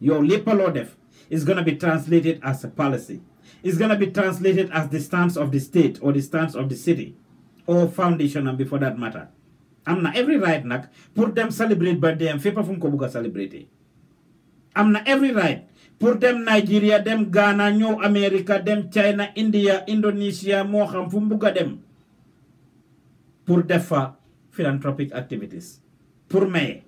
your yow lépp def is gonna be translated as a policy is going to be translated as the stance of the state or the stance of the city or foundation and before that matter. Amna every right nak pour them celebrate birthday and fepa fum ko buga celebrate. Amna every right pour them Nigeria, them Ghana, New America, them China, India, Indonesia, mo xam fum buga dem pour defa philanthropic activities. Pour may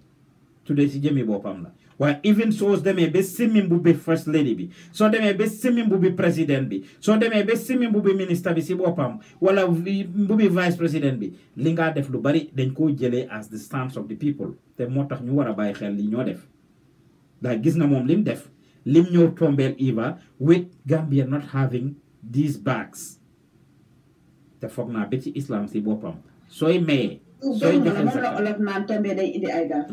today si jemi bopam la. Where even so, they may be Simin will be first lady be. So they may be Simin will be president be. So they may be Simin will be minister be sibopam. Wala will be vice president be. Linga def lu bari dañ ko jëlé as the stamps of the people. The motax ñu wara bay xel li ñoo def. Da gis na mom lim def. Lim ñoo tombel Eva with Gambia not having these bags. Té fogg na be ci islam si bopam. Soy maye. Soy joxe sa.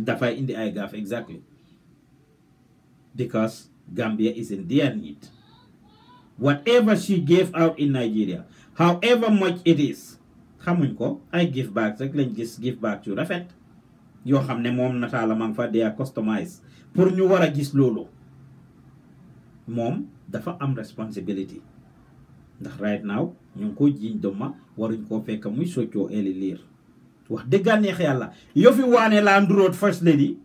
Dafay indi ay gaaf exactly. because Gambia is in their need. Whatever she gave out in Nigeria, however much it is, xamuñ ko give back so lañ just give back to rafet yoo xam ne moom nataala ma fa they are customized pour ñu war gis loolu moom dafa am responsibility ndax right now ñu ngi ko jiiñ doma waruñ koo fekk muy soccoo eeli liir wax dëggaa neex yàlla yofi waane land road first lady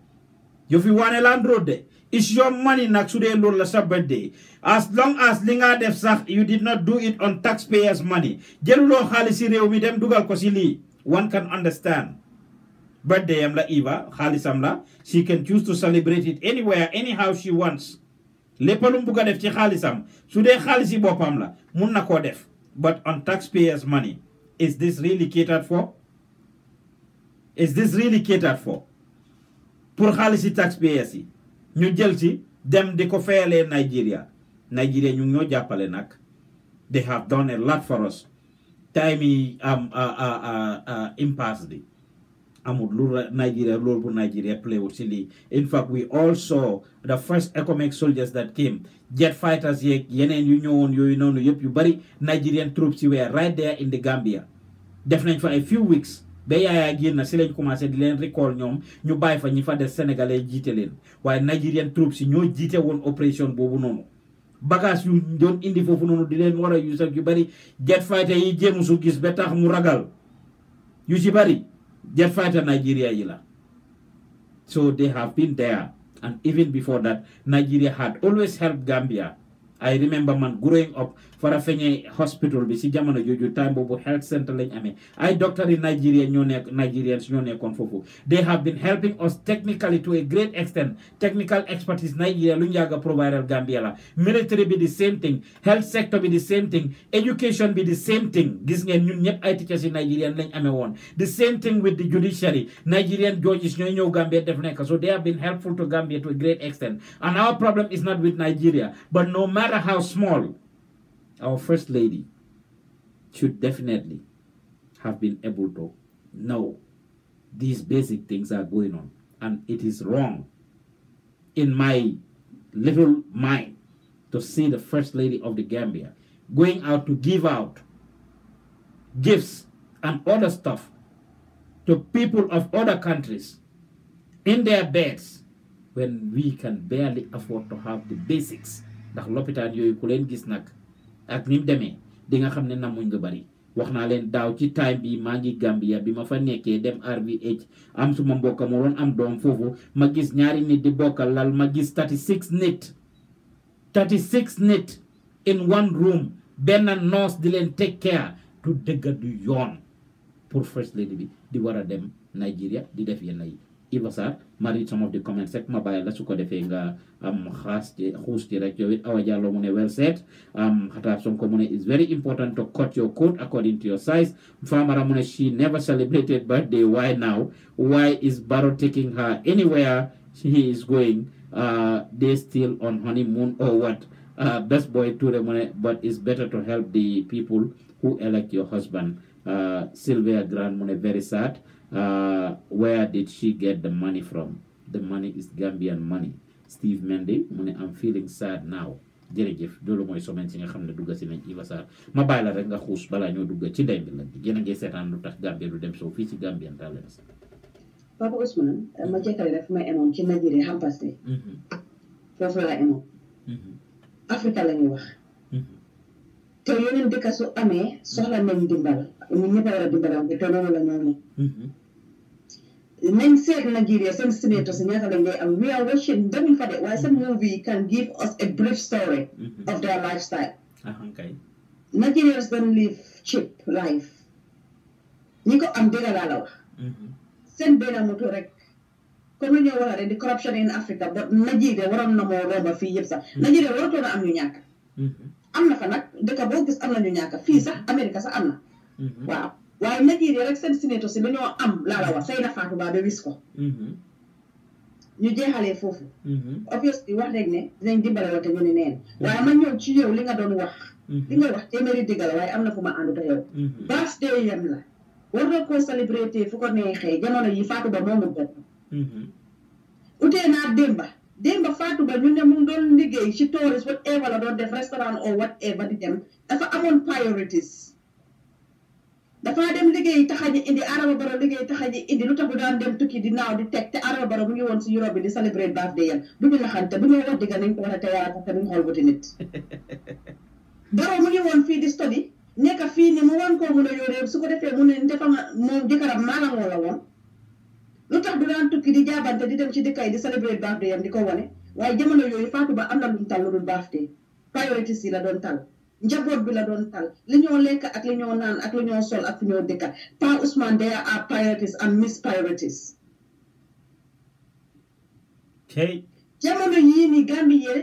yofi waane land road de It's your money Naksure Lurlasa birthday. As long as linga def sah, you did not do it on taxpayers' money. Jelulo xaalisi réew mi dem dugal ko si One can understand. Birthday am la Eva, xaalisam la. She can choose to celebrate it anywhere, anyhow she wants. lépp lu def ci xaalisam su dee xaalisi boppam la mun na def but on taxpayers' money is this really catered for is this really catered for pour xaalisi taxpayers ñu jël ci dem di ko fayalee Nigeria Nigeria ñu ñoo jàppale nag they have done a lot for us time yi am impasse bi amul lu Nigeria loolu bu Nigeria play wut si lii in fact we all saw the first economic soldiers that came jet fighters yeeg yeneen yu ñëwoon yooyu noonu yep. yu bari Nigerian troops yi were right there in the Gambia def nañ fa ay few weeks ba yaayaa génn na si lañ commencé di leen recall ñoom ñu bàyyi fa ñi fa des sénégalais jiite leen waaye nigerian troops yi ñoo jiite woon opération boobu noonu bagage yu doon indi foofu noonu di leen war a yu sax yu bari jet fighter yi say, su gis ba tax mu ragal yu bari jet fighter Nigeria yi la so they have been there and even before that Nigeria had always helped Gambia I remember man growing up Farafenye hospital bi si jamono jooju time boobu health center lañ amee ay docteurs in Nigeria ñoo nekk Nigerians ñoo nekkoon foofu they have been helping us technically to a great extent technical expertise Nigeria lu ñu yàgg a provider Gambia la military bi the same thing health sector bi the same thing education bi the same thing gis ngeen ñun ñëpp ay teachers in Nigeria lañ amee woon the same thing with the judiciary Nigerian judges ñooy ñëw Gambia def nekk so they have been helpful to Gambia to a great extent and our problem is not with Nigeria but no matter how small our First Lady should definitely have been able to know these basic things are going on and it is wrong in my little mind to see the First Lady of the Gambia going out to give out gifts and other stuff to people of other countries in their beds when we can barely afford to have the basics ndax lopitaan yooyu ku leen gis nag ak ni mu demee di nga xam ne namuñ lu bari wax naa leen daaw ci time bi maa ngi Gambia bi ma fa nekkee dem RVH am suma mbokk mu doon am doom foofu ma gis ñaari nit di bokkal lal ma gis 36 nit 36 nit in one room benn nurse di leen take care du dëgga du yoon pour first lady bi di war a dem Nigeria di def yenn yi Iba Sarr some of the comments rek ma bàyyi la su ko defee nga am xaas ci xuus ci rek yow it Awa Jallow mu ne well said um, Hataab Sonko mu ne it's very important to cut your coat according to your size Famara mu ne she never celebrated birthday why now why is Baro taking her anywhere she is going Uh, they still on honeymoon or what Uh, best boy to the money, but it's better to help the people who elect your husband uh, Sylvia Grand money very sad Uh, where did she get the money from? The money is Gambian money. Steve Mendy mune, I'm feeling sad now. jërëjëf loolu mooy semaine si nga xamne dugga ci nañ Iba Sarr ma bayla rek nga xuus bala ñoo dugga ci ndey bi la yéen a sétan lu tax Gambia du dem so fi ci Gambian Talents Papa Ousmane ma jekkale rek fu ma emoon ci Nigeria Hampasté mm-hmm. foofu la emoon mm-hmm. Afrique la ñuy wax mm-hmm. te yeneen dëkka su amé soxla nañ dimbal ñun ñëpp seet Nigeria seen sénator si ñaata lañ lay am we are watching demuñ fa de waaye seen movie can give us a brief story. Mhm. of their lifestyle. ah ok. Nigerians live cheap life. ñi ko am dëgg laa mhm. seen benn moto rek. comme lu ñu war a di corruption in Africa ba Nigeria waroon na moo fii yëpp sax. Nigeria waratoon na am ñu ñàkk. am na fa nag dëkk boo gis am na ñu ñàkk fii sax Amérique sax am na. Mm-hmm. waaw waaye Nigeria rek seen sinéto si lu ñoo am laa la a Saida Fatou ba wis ko mm-hmm. ñu jeexalee foofu mm-hmm. obviously wax rek ne dinañ dimbale la te ñu ne neen waaye ma ñëw ci yow li nga doon wax li nga wax téeméeri dëgg la waaye am na fu ma àndut ak yow birthday yam la war na koo célébrité fu ko neexee jamono yi Fatou Ba moomul bopp utee naa démba démba Fatou Ba ñu ne mu doon liggéey ci tourist whatever la doon def restaurant or whatever di dem dafa amoon dafa dem liggéey taxañi indi Adama Barrow liggéey taxañi indi lu tax bu daan dem tukki di naaw di teg te Adama Barrow mu ngi woon si Europe bi di célébrer birthday yam bu ñu naxante bu ñu wax digga nañ ko a teewaat parce que ñu xool buti nit fii di study nekk mu wan koo mun su ko defee mu ne dafa nga moom jëkkëram la woon lu tax du daan tukki di jaabante di dem ci dëkk yi di célébrer birthday yam di ko wane waaye jamono yooyu Fatou Ba am na lu mu tal lu dul birthday priorities yi la doon tal njaboot bi la doon tal li ñoo lekk ak li ñoo naan ak li ñoo sol ak li ñoo dëkka Pa Ousmane there are priorities and mispriorities okay jamono yii nii Gambie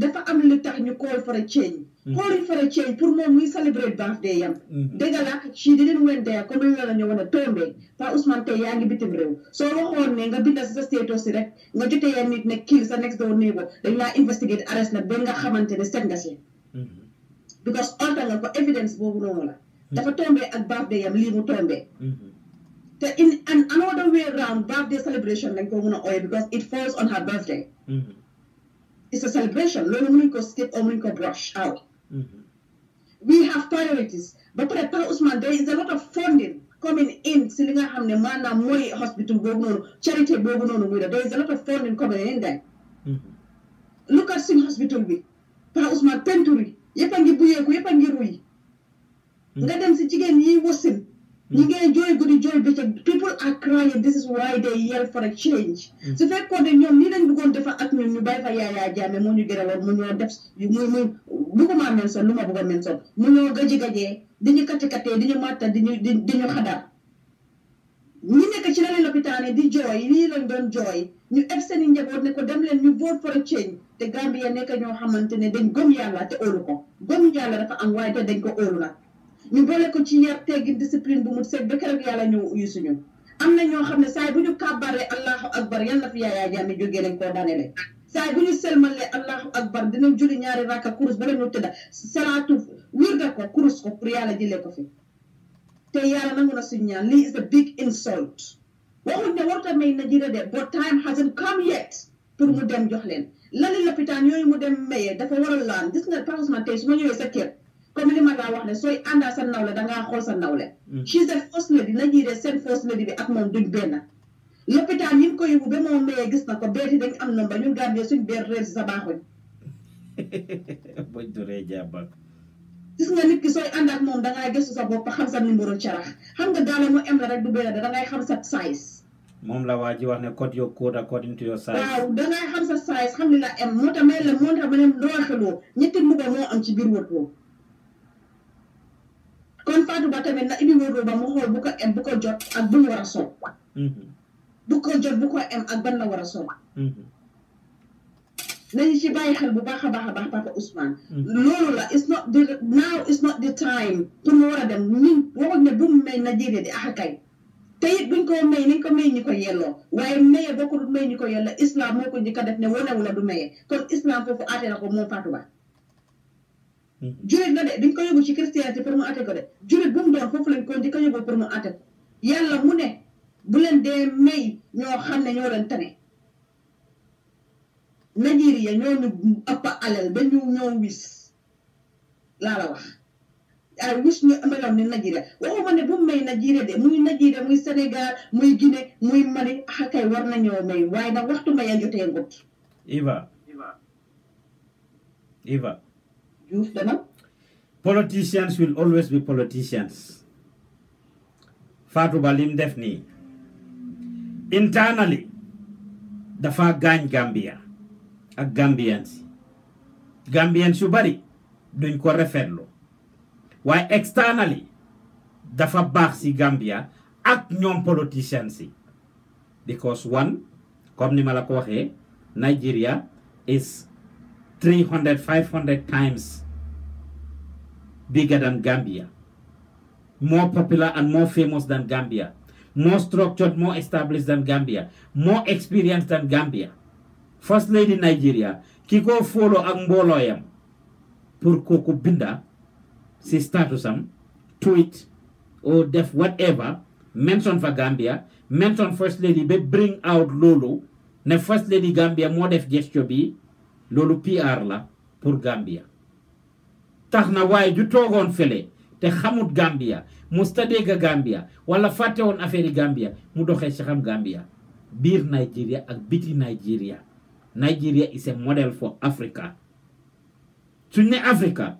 dafa am li tax ñu call for a change mm-hmm. a change pour moom muy celebrate birthday yam mm-hmm. dëgg la she didn't went there comme la la ñu woon a tombé Pa Ousmane tey yaa ngi bitim réew soo waxoon ne nga binda si sa status rek nga jotee yaa nit ne kill sa next door neighbor dañ laa investigate arrest la ba nga xamante ne set nga mm-hmm. because onta nga ko evidence boobu noonu la dafa birthday yam lii mu tombé te in an another way round birthday celebration lañ ko mun a ooyee because it falls on her birthday it's a celebration loolu mënuñ ko skip or mënuñ ko brush out we have priorities ba pare Pa a lot of funding coming in si li nga xam ne maanaam mooy hospital boobu noonu charité boobu noonu muy a lot of funding coming in there mm-hmm. look at suñ hospital bi Pa Ousmane peinture yëpp a ngi buyeeku yëpp a ngi ruy hmm. nga dem si jigéen yi wasin hmm. ñi ngee jooy guddi jooy bëccëg people are crying this is why they yell for a change hmm. su fekkoon ne ñoom nii lañ bëggoon defa ak ñun ñu bàyyi fa yaayaa jaame moo ñu gëraloon mu ñoo def muy muy bëgguma men son lu ma bëggoon men son mu ñoo gaji gajee di ñu kati katee di ñu màtta di ñu di ñu ñi nekk ci lali lopitaan yi di jooy lii lañ doon ñu eb seen i njaboot ne ko dem leen ñu vote for a change te Gambia nekk ñoo xamante ne dañ gëm yàlla te óolu ko gëm yàlla dafa am waaye te dañ ko óolu na ñu boole ko ci yar teggin discipline bu mu seet ba keroog yàlla ñëw uyu suñu am na ñoo xam ne saay bu ñu kàbbaree allahu akbar yal na fi yaayaa jàmmi jógee lañ koo daanele saay bu ñu selmalee allahu akbar dinañ julli ñaari rakka kurus bala ñu tëdda salaatu wirda ko kurus ko pour yàlla jëlee ko fi te yàlla nangu na suñu ñaan lii is a big insult waxuñ ne warut a may Nigeria de but time hasn't come yet pour mu dem jox leen lali loppitaan yooyu mu dem mayee dafa war a laan gis nga Pape Ousmane su ma ñëwee sa kër comme li ma daa wax ne sooy àndaa sa nawle dangaa xool sa nawle mm. she is a first lady Nigeria seen first bi ak moom duñ benn lopitaan yi mu ko yóbbu ba moom mayee gis na ko beeti dañ am ba ñun Gambie suñ beer reer si sa baaxuñ gis nga nit ki sooy ànd ak moom dangaa gëstu sa bopp xam sa numéro carax xam nga daala mu em la rek du benn dangay xam sa size. moom la waa ji wax ne code your code according to your size. sa size la em moo tax may la moo tax ma ne doo xeloo ñetti mbuga moo am ci biir wët woo kon Fatou Ba tamit na indi wët woo ba bu ko em bu ko jot ak bu war a sol. Mhm. bu ko jot bu ko em ak ban la war a sol. Mhm. nañu ci bu baax baax a baax papa Ousmane. Mm. loolu la it's not the now time pour mu war a dem ñun waxuñ ne bu mu may Nigeria di ax akay te it buñ ko may nañ ko may ñi ko yelloo waaye maye boo ko may ñi ko yelloo islam moo ko njëkk a def ne wanewu la du maye kon islam foofu aate na ko moom Fatou Ba. Mm. julit la de duñ ko yóbbu ci christianité pour mu aate ko de julit bu mu doon foofu lañ ko njëkk a yóbbu pour mu aate ko mu ne bu leen dee may ñoo xam ne ñoo len tane. Nigeria ñoo ñu ëpp alal ba ñu ñoo wis laa la wax ay wis ñu meloon ni Nigeria waxuma ne bu may Nigeria de muy Nigeria muy Sénégal muy Guinée muy Mali xakay ah war nañoo may waaye nag waxtu may a jotee ngut Iva Iva Diouf dana politicians will always be politicians Fatou Ba lim def nii internally dafa gaañ Gambia ak Gambien si Gambien yu bari duñ ko rafetlu waaye externally dafa baax ci Gambia ak ñoom politiciens si because one comme ni ma la ko waxee Nigeria is three times bigger than Gambia more popular and more famous than Gambia more structured more established than Gambia more experienced than Gambia first lady Nigeria ki ko follow ak mboolooyam pour kooku binda si statusam tweet or def whatever mention first lady ba bring out loolu ne first lady Gambia moo def gestion bi loolu PR la pour Gambia tax na waaye ju toogoon fële te xamut Gambia mu stadéega Gambia wala fàtte woon affaire Gambia mu doxee si xam Gambia biir Nigeria ak biti Nigeria Nigeria is a model for Africa suñ ne Africa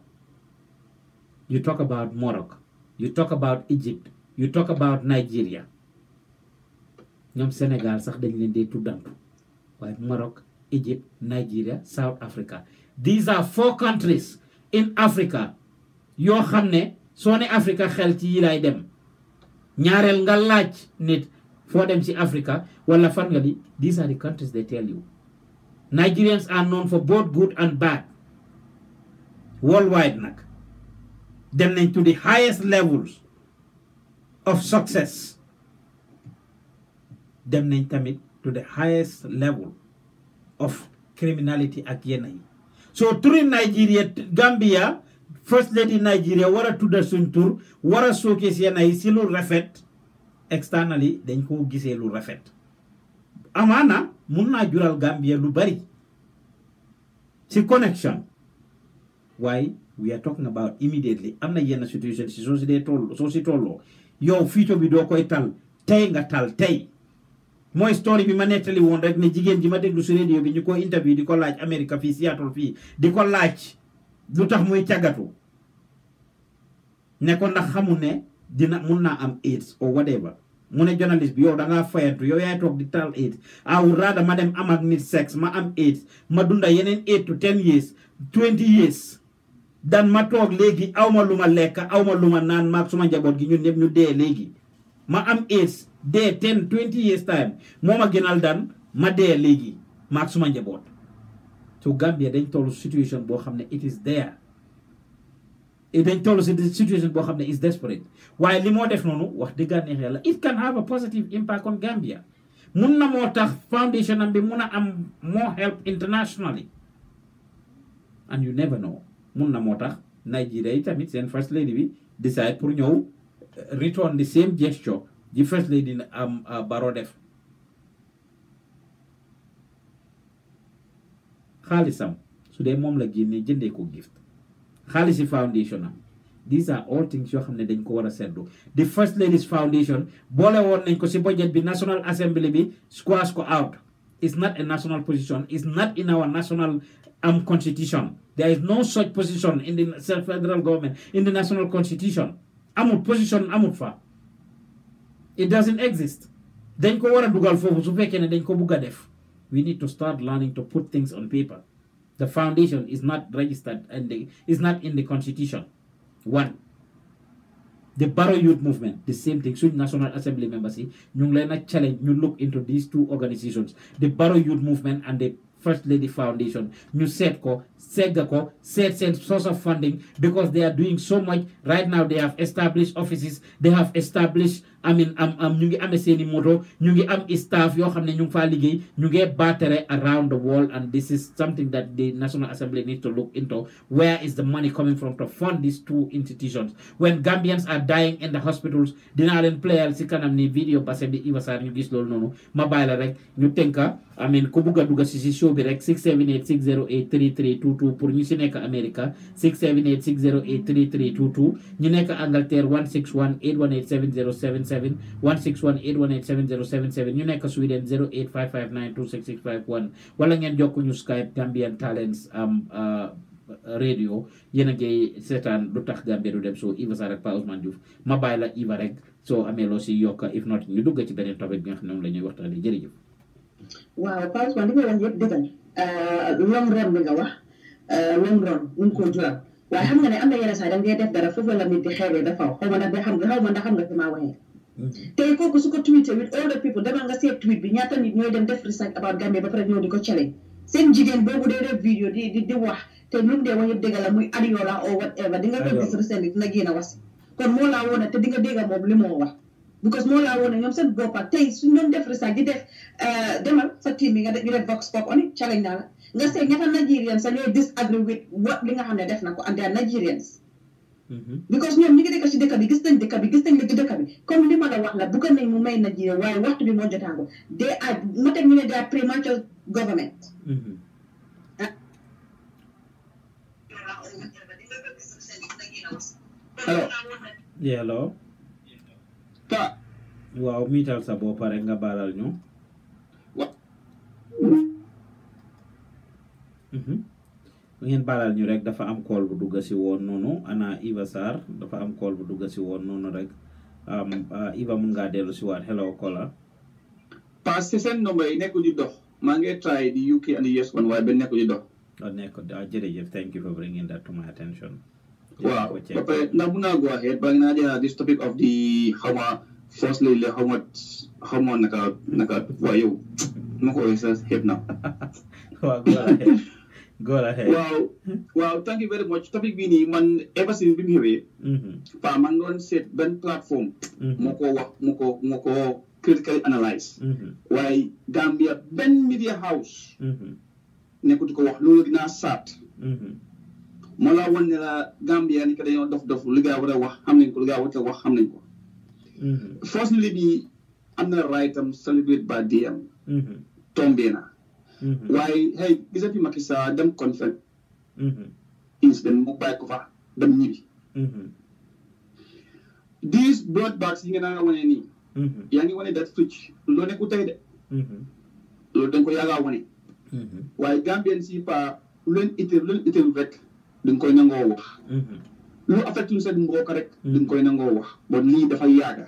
you talk about Morocco you talk about Egypt you talk about Nigeria ñoom Sénégal sax dañ leen dee tuddantu waaye Morocco Egypt Nigeria South Africa these are four countries in Africa yoo xam ne soo ne Africa xel ci yi lay dem ñaareel nga laaj nit foo dem ci Africa wala fan nga di these are the countries they tell you Nigerians are known for both good and bad worldwide nag dem nañ to the highest levels of success dem nañ tamit to the highest level of criminality ak yenn yi so turi Nigeria Gambia first lady Nigeria war a tudda suñ tur war a showcase yenn yi si lu rafet externally dañ koo gisee lu rafet amaana mun naa jural Gambia lu bari ci connection waaye we are talking about immediately am na yenn situation si soo si dee toll soo si tolloo yow fiito bi doo koy tal tey nga tal tey mooy story bi ma nettali woon rek ne jigéen ji ma déglu si radio bi ñu ko interview di ko laaj Amérique fii Seattle fii di ko laaj lu tax muy càggatu ne ko ndax xamu ne dina mun naa am AIDS or whatever mu ne journaliste bi yow da fayantu yow yaay toog di taal AIDS I would rather ma dem am ak nit sex ma am AIDS ma dunda yeneen eight to ten years twenty years dan ma toog léegi aw ma lu ma lekk aw ma lu ma naan maag suma njaboot gi ñu ñëpp ñu dee léegi ma am AIDS dee ten twenty years time moo ma gënal dan ma dee léegi maag suma njaboot so Gambia dañ tollu situation boo xam ne it is there dañ toll the situation boo xam is desperate Why li moo it can have a positive impact on Gambia Munna na foundation and muna am more help internationally and you never know Munna na Nigeria itamit tamit first lady bi decide pour ñëw uh, return the same gesture The first lady am uh, Baro def xaalisam su dee mom la génnee jëndee ko gift xaalisi foundation am these are all things you have ne dañ ko the first ladies foundation boole woon nañ ko si budget bi national assembly bi squash ko out it's not a national position it's not in our national um, constitution there is no such position in the federal government in the national constitution amut position amut fa it doesn't exist dañ ko dugal foofu su fekkee dañ ko def we need to start learning to put things on paper the foundation is not registered and is not in the constitution. One. The Barrow Youth Movement, the same thing. Suñ National Assembly members yi ñu challenge You look into these two organizations the Barrow Youth Movement and the First Lady Foundation You set ko set ko set set source of funding because they are doing so much right now they have established offices they have established i am am ñu ngi amee seeni moto ñu ngi am staff yoo xam ne ñu ngi faa liggéey ñu ngee battery around the world and this is something that the National Assembly needs to look into where is the money coming from to fund these two institutions when Gambians are dying in the hospitals dinaa leen playal can kanam ni vidéo passé bi Iba Sarr ñu gis loolu noonu ma bàyyi la rek ñu tënka amin ku bugg a show bi rek 678 608 3322 pour ñu si nekk America 678 608 3322 ñu nekk Angleterre 161 818 7 1618 187 077 ñu nekk Sweden 08559 26651 wala ngeen jokk ñu Skype Gambian Talents am um, uh, radio yéen a ngi seetaan lu tax Gambia du dem so Iva Sarr ak Pa Ousman Joof ma bàyyi la Iva rek soo amee loo si yokk if not ñu dugg ci beneen topic nga xam ne wax yëpp uh, long run nu uh, ko jural waaye xam nga ne am na yenn saa da ngay def dara foofu la nit di xeebee dafa xaw ma nag xam nga tey kooku su ko tweetee with all the people demal nga seet tweet bi ñaata nit ñooy dem def research about Gambia ba pare ñëw di ko challenge seen jigéen boobu dee def vidéo di di di wax te lu mu dee la muy Adiola or whatever di nga ko a te di nga moom li moo wax because moo laa woon ñoom seen boppa tey su ñoom def research di def eh, demal sa team bi nga def ñu def vox pop on it challenge naa la nga seet ñaata Nigerians sa ñooy disagree what li nga xam ne def na ko and they Nigerians Mm-hmm. because ñoom ñi ngi dëkk si dëkk bi gis nañ dëkk bi gis nañ dëgg dëkk bi comme li ma la wax la bëgg nañ mu may na jiw waaye waxtu bi moo jotaango de ay ma teg ñu ne de premature government. allo. oui allo. Pa. waaw miital sa bopp rek nga baalal ñu. Mm-hmm. ngeen balal ñu rek dafa am call bu dugg ci woon nonu ana Iva Sar, dafa am call bu dugg ci woon nonu rek Iva mën nga delu ci waat hello kola parce ci sen nombre yi nekku di dox ma ngi try di UK and US one way ben nekku di dox waaw ah, nekku jere ah, jërëjëf thank you for bringing that to my attention wa ba na ndax mun go ahead ba naa dee this topic of the how much firstly le how much, naka naka waa yow ma ko sa xeeb na waaw go ahead Go ahead. Wow, wow, thank you very much. Topic bini man ever since bim hewe. Eh? Mm-hmm. Pa man don set ben platform mm-hmm. moko wa moko moko critical analyze. Mm-hmm. Why Gambia ben media house. Ne ko ko wax lolu dina sat. Mo won la Gambia ni ka dañu dof dof lu ga wara wax xam nañ ko lu ga wata wax xam nañ ko. Fortunately bi am na right am celebrate na. Mm-hmm. waaye hey gisati Macky Sall dem koñ fenn. Mm-hmm. incident mu bàyyi ko fa dem ñibbi. Mm-hmm. these broad bags yi nga naan wane nii. yaa ngi wane dat switch loo nekku tey de. loolu dañ ko yàgg wane. waaye Gambien si pa lu leen itteel lu leen itteel rek duñ koy nangoo wax. lu affecté lu seen mbokk rek. duñ koy nangoo wax bon lii dafay yàgg.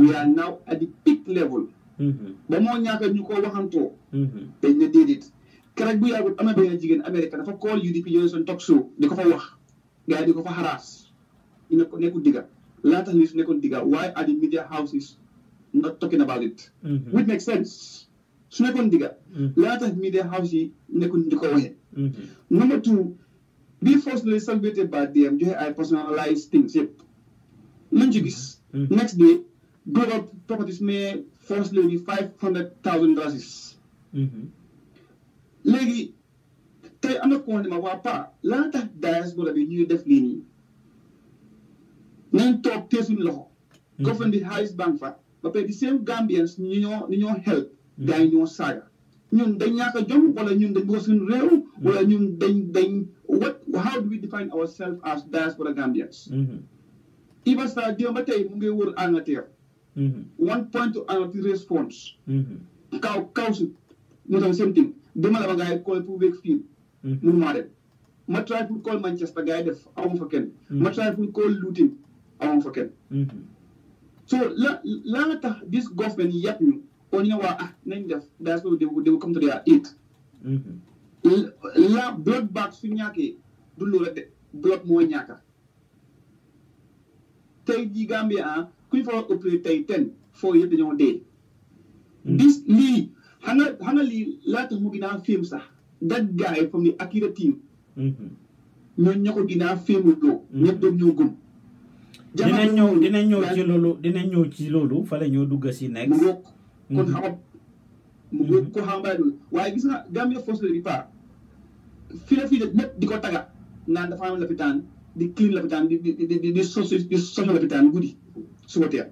we are now at the peak level. Mm-hmm. ba moo ñàkk ñu ko waxantoo. Mm-hmm. dañ ne déedéet keroog bu yàggul amee benn jigéen Amérique dafa call UDP yooyu seen talk show di ko fa wax gars di ko fa haraas ñu ne ko nekkul digga laata li su nekkoon digga why are the media houses not talking about it. Mm-hmm. which su nekkoon digga. laata media house yi nekkul di ko waxee. number two bii force lay salbete ba DM joxe ay personalized things yëpp luñ ci gis. next day global properties mais. force léegi five hundred thousand races. Mm-hmm. léegi tey am na ku ma waa Pa laa tax diaspora bi ñuy def lii nii nañ toog tee suñu loxo. Mm-hmm. government bi xaalis fa ba pare di seen Gambians ñu ñoo ñu ñoo help. Mm-hmm. gars yi ñun dañ ñàkk a jom wala ñun dañ bëgg suñu réew. wala ñun dañ dañ what how do we define ourselves as diaspora Gambians. Iba Sarr démb tey mu ngi wër Angleterre. Mm-hmm. one point to another response. Mm-hmm. kaw kaw su mu tam same thing demalama gars call pour Wakefield. mënu mm-hmm. maa dem ma try pour call Manchester gars yi def awma fa kenn. ma try pour call Luton awma fa kenn. so la la nga tax this government yàpp ñu on waa ah nañ def diaspora they will come to their aid. la blood bag su ñàkkee du loolu de blood moo ñàkka tey jii Gambia ah, kuy fa ëppale tey ten foo yëpp dañoo dee dis lii xam nga xam nga lii laa tax mu ginnaaw film sax that guy from the Akira team ñoo ñoo ko ginnaaw filmu doo ñëpp doog ñoo gëm dinañ ñëw dinañ ñëw ci loolu dinañ ñëw ci loolu fale ñoo dugg si next mu wokk kon xamab mu wokk ko xambaay loolu waaye gis nga Gambia force de départ fii la fii la ñëpp di ko taga naan dafa am lapitaan di clean lapitaan di di di di lapitaan guddi suba teel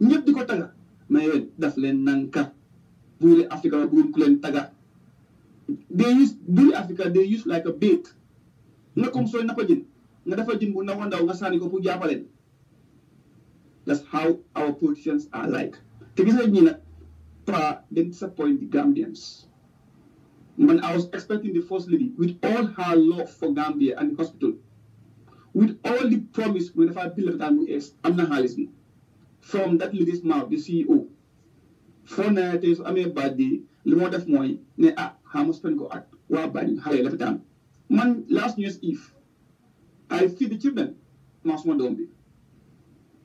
ñëpp di taga mais yooyu daf len nanka buuli africa bu ku len taga they use buuli africa they use like a bait nga comme sooy napa jinn nga dafa jinn bu ndaw ndaw nga sani ko pour jappalen that's how our politicians are like te gis nañ ñi nag pra then disappoint the gambians man i was expecting the first lady with all her love for gambia and the hospital with all the promise when dafa bill dafa Gambia is, ees am bi from that list mouth, the CEO foo ne I mean, by the bi li moo def mooy ne ah xaaral ma spend ko ak waa Banjul xale time? man last news if I feed the children maa don't be.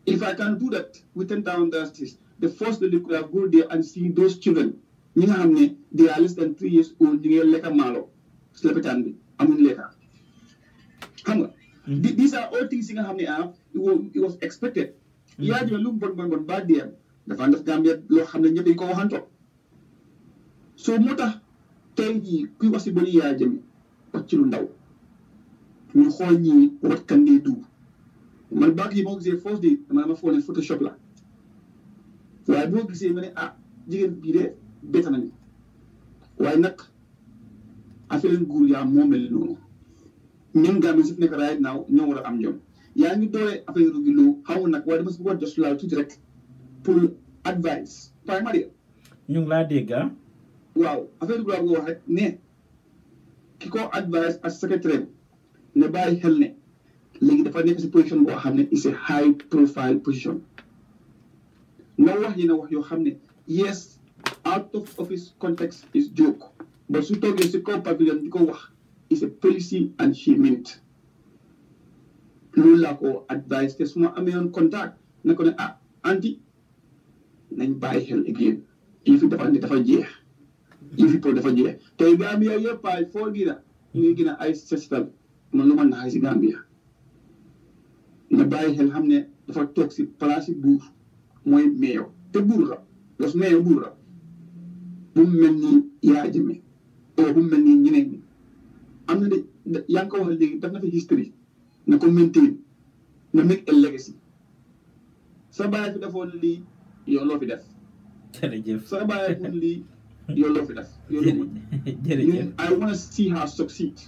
if I can do that we turn down the streets the first lady could have go there and see those children ñi nga xam they are less than three years old ñu ngi lekka maalo si lopitaan bi amuñu lekka xam nga. Hmm. these are all things yi nga xam ne ah it was expected. Mm-hmm. yaa jël lu mu bon bon bon ba diem dafa def Gambia loo xam ne ñëpp dañu ko waxantoo soo moo tax tey jii kuy wax si bëri yaa jël pàcc lu ndaw ñu xool ñii wat kan du man baag yi boo gisee fausse de dama ma foog ne photoshop la waaye boo gisee ma ne ah jigéen bii de bett nañ waaye nag affaire nguur yaa moo mel noonu ñun Gambia su fi nekk right now ñoo war a am ñoom. yaa ngi dooree affaire bi lu xaw nag waaye dama si bëggoon jox laal tuuti rek pour advice primary ñu ngi laa dégg ah. waaw affaire bi laa bëgg wax rek ne ki ko advice ak secrétaire ne bàyyi xel ne léegi dafa nekk si position boo xam ne is a high profile position nga wax yi wax yoo xam ne yes out of office context is joke ba su toogee si kaw pavilion di ko wax is a policy and she meant loolu laa ko advice te amee woon contact na ko ne ah anti nañ bàyyi xel again yi fi dafa andi dafa jeex yi fi pour dafa jeex tey Gambia yëpp ay foo gina ñu gina ay sestal man lu ma naxay si Gambia nga bàyyi xel xam ne dafa toog si place buur mooy meeyo te buur la los meeyo buur la bu mel nii yaaj mi o bu mu mel nii ñeneen ñi am na de yaa ngi ko wax léegi daf na fi history na ko maintain na make a legacy sa baay fi defoon lii yow loo fi def. jërëjëf sa baay fi lii yow loo fi def.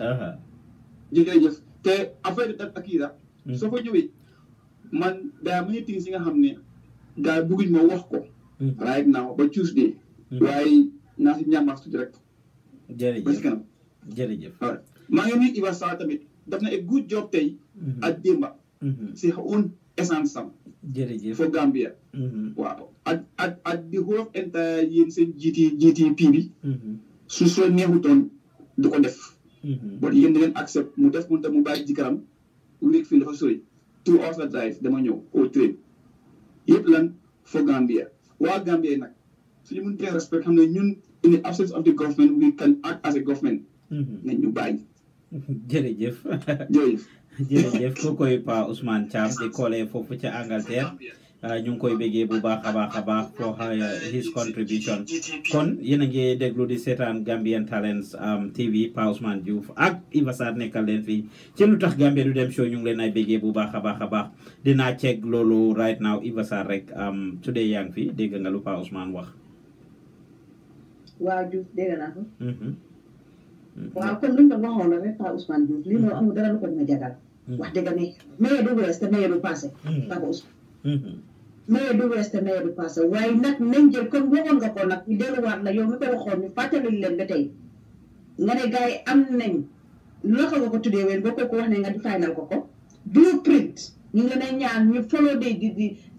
Uh-huh. te affaire de Akira. Hmm. soo fa ñëwee man daa many things yi nga xam ne gars yi bëgguñ wax ko. Hmm. right now ba Tuesday. Hmm. waaye naa si ñaamaas tuuti rek. jërëjëf ba si kanam. jërëjëf tamit. daf na a good job tey mm-hmm. ak démba mm-hmm. si un essence sam jërëjëf for Gambia mm-hmm. waaw ak ak ak di whole entire yéen seen jiiti jiiti pii bi su soo neexutoon du ko def bon yéen da ngeen accept mu def mun te mu bàyyi jikaram wéeg fi dafa sori two hours la dama ñëw au train yëpp lan for Gambia waa Gambia yi nag suñu mun tee respect xam ne ñun in the absence of the government we can act as a government nañ ñu bàyyi jërëjëf jërëjëf ko koy Pa Ousmane Thiam di koole foofu ca Angleterre ah, ñu ngi koy béggee bu baax a baax a baax for ah, his contribution kon yéen a ngi déglu di seetaan Gambian Talents um, TV Pa Ousmane Diouf ak Iva Sarr nekkal leen fii ci lu tax Gambia du dem show ñu ngi leen ay béggee bu baax a baax a baax dinaa check loolu right now Iva Sarr rek um, today yaa ngi fi dégg nga lu Pa Ousmane wax. waaw mm. kon luñ doon waxoon rek Paa Ousmane Diouf lii moom mm. amul dara lu ko dina jagal mm. wax dëgg ne maye du wees te maye du passé Paa Ousmane mm-hmm. maye du wees te maye du passé waaye nag nañ jël kon waxoon nga ko nag ñu la yow mi ko waxoon ñu fàttali leen ba tey nga ne gars yi am nañ loxo nga ko tuddee ween boo ko ko wax ne nga di final ko ko blueprint ñu ngi leen ñaan ñu follow the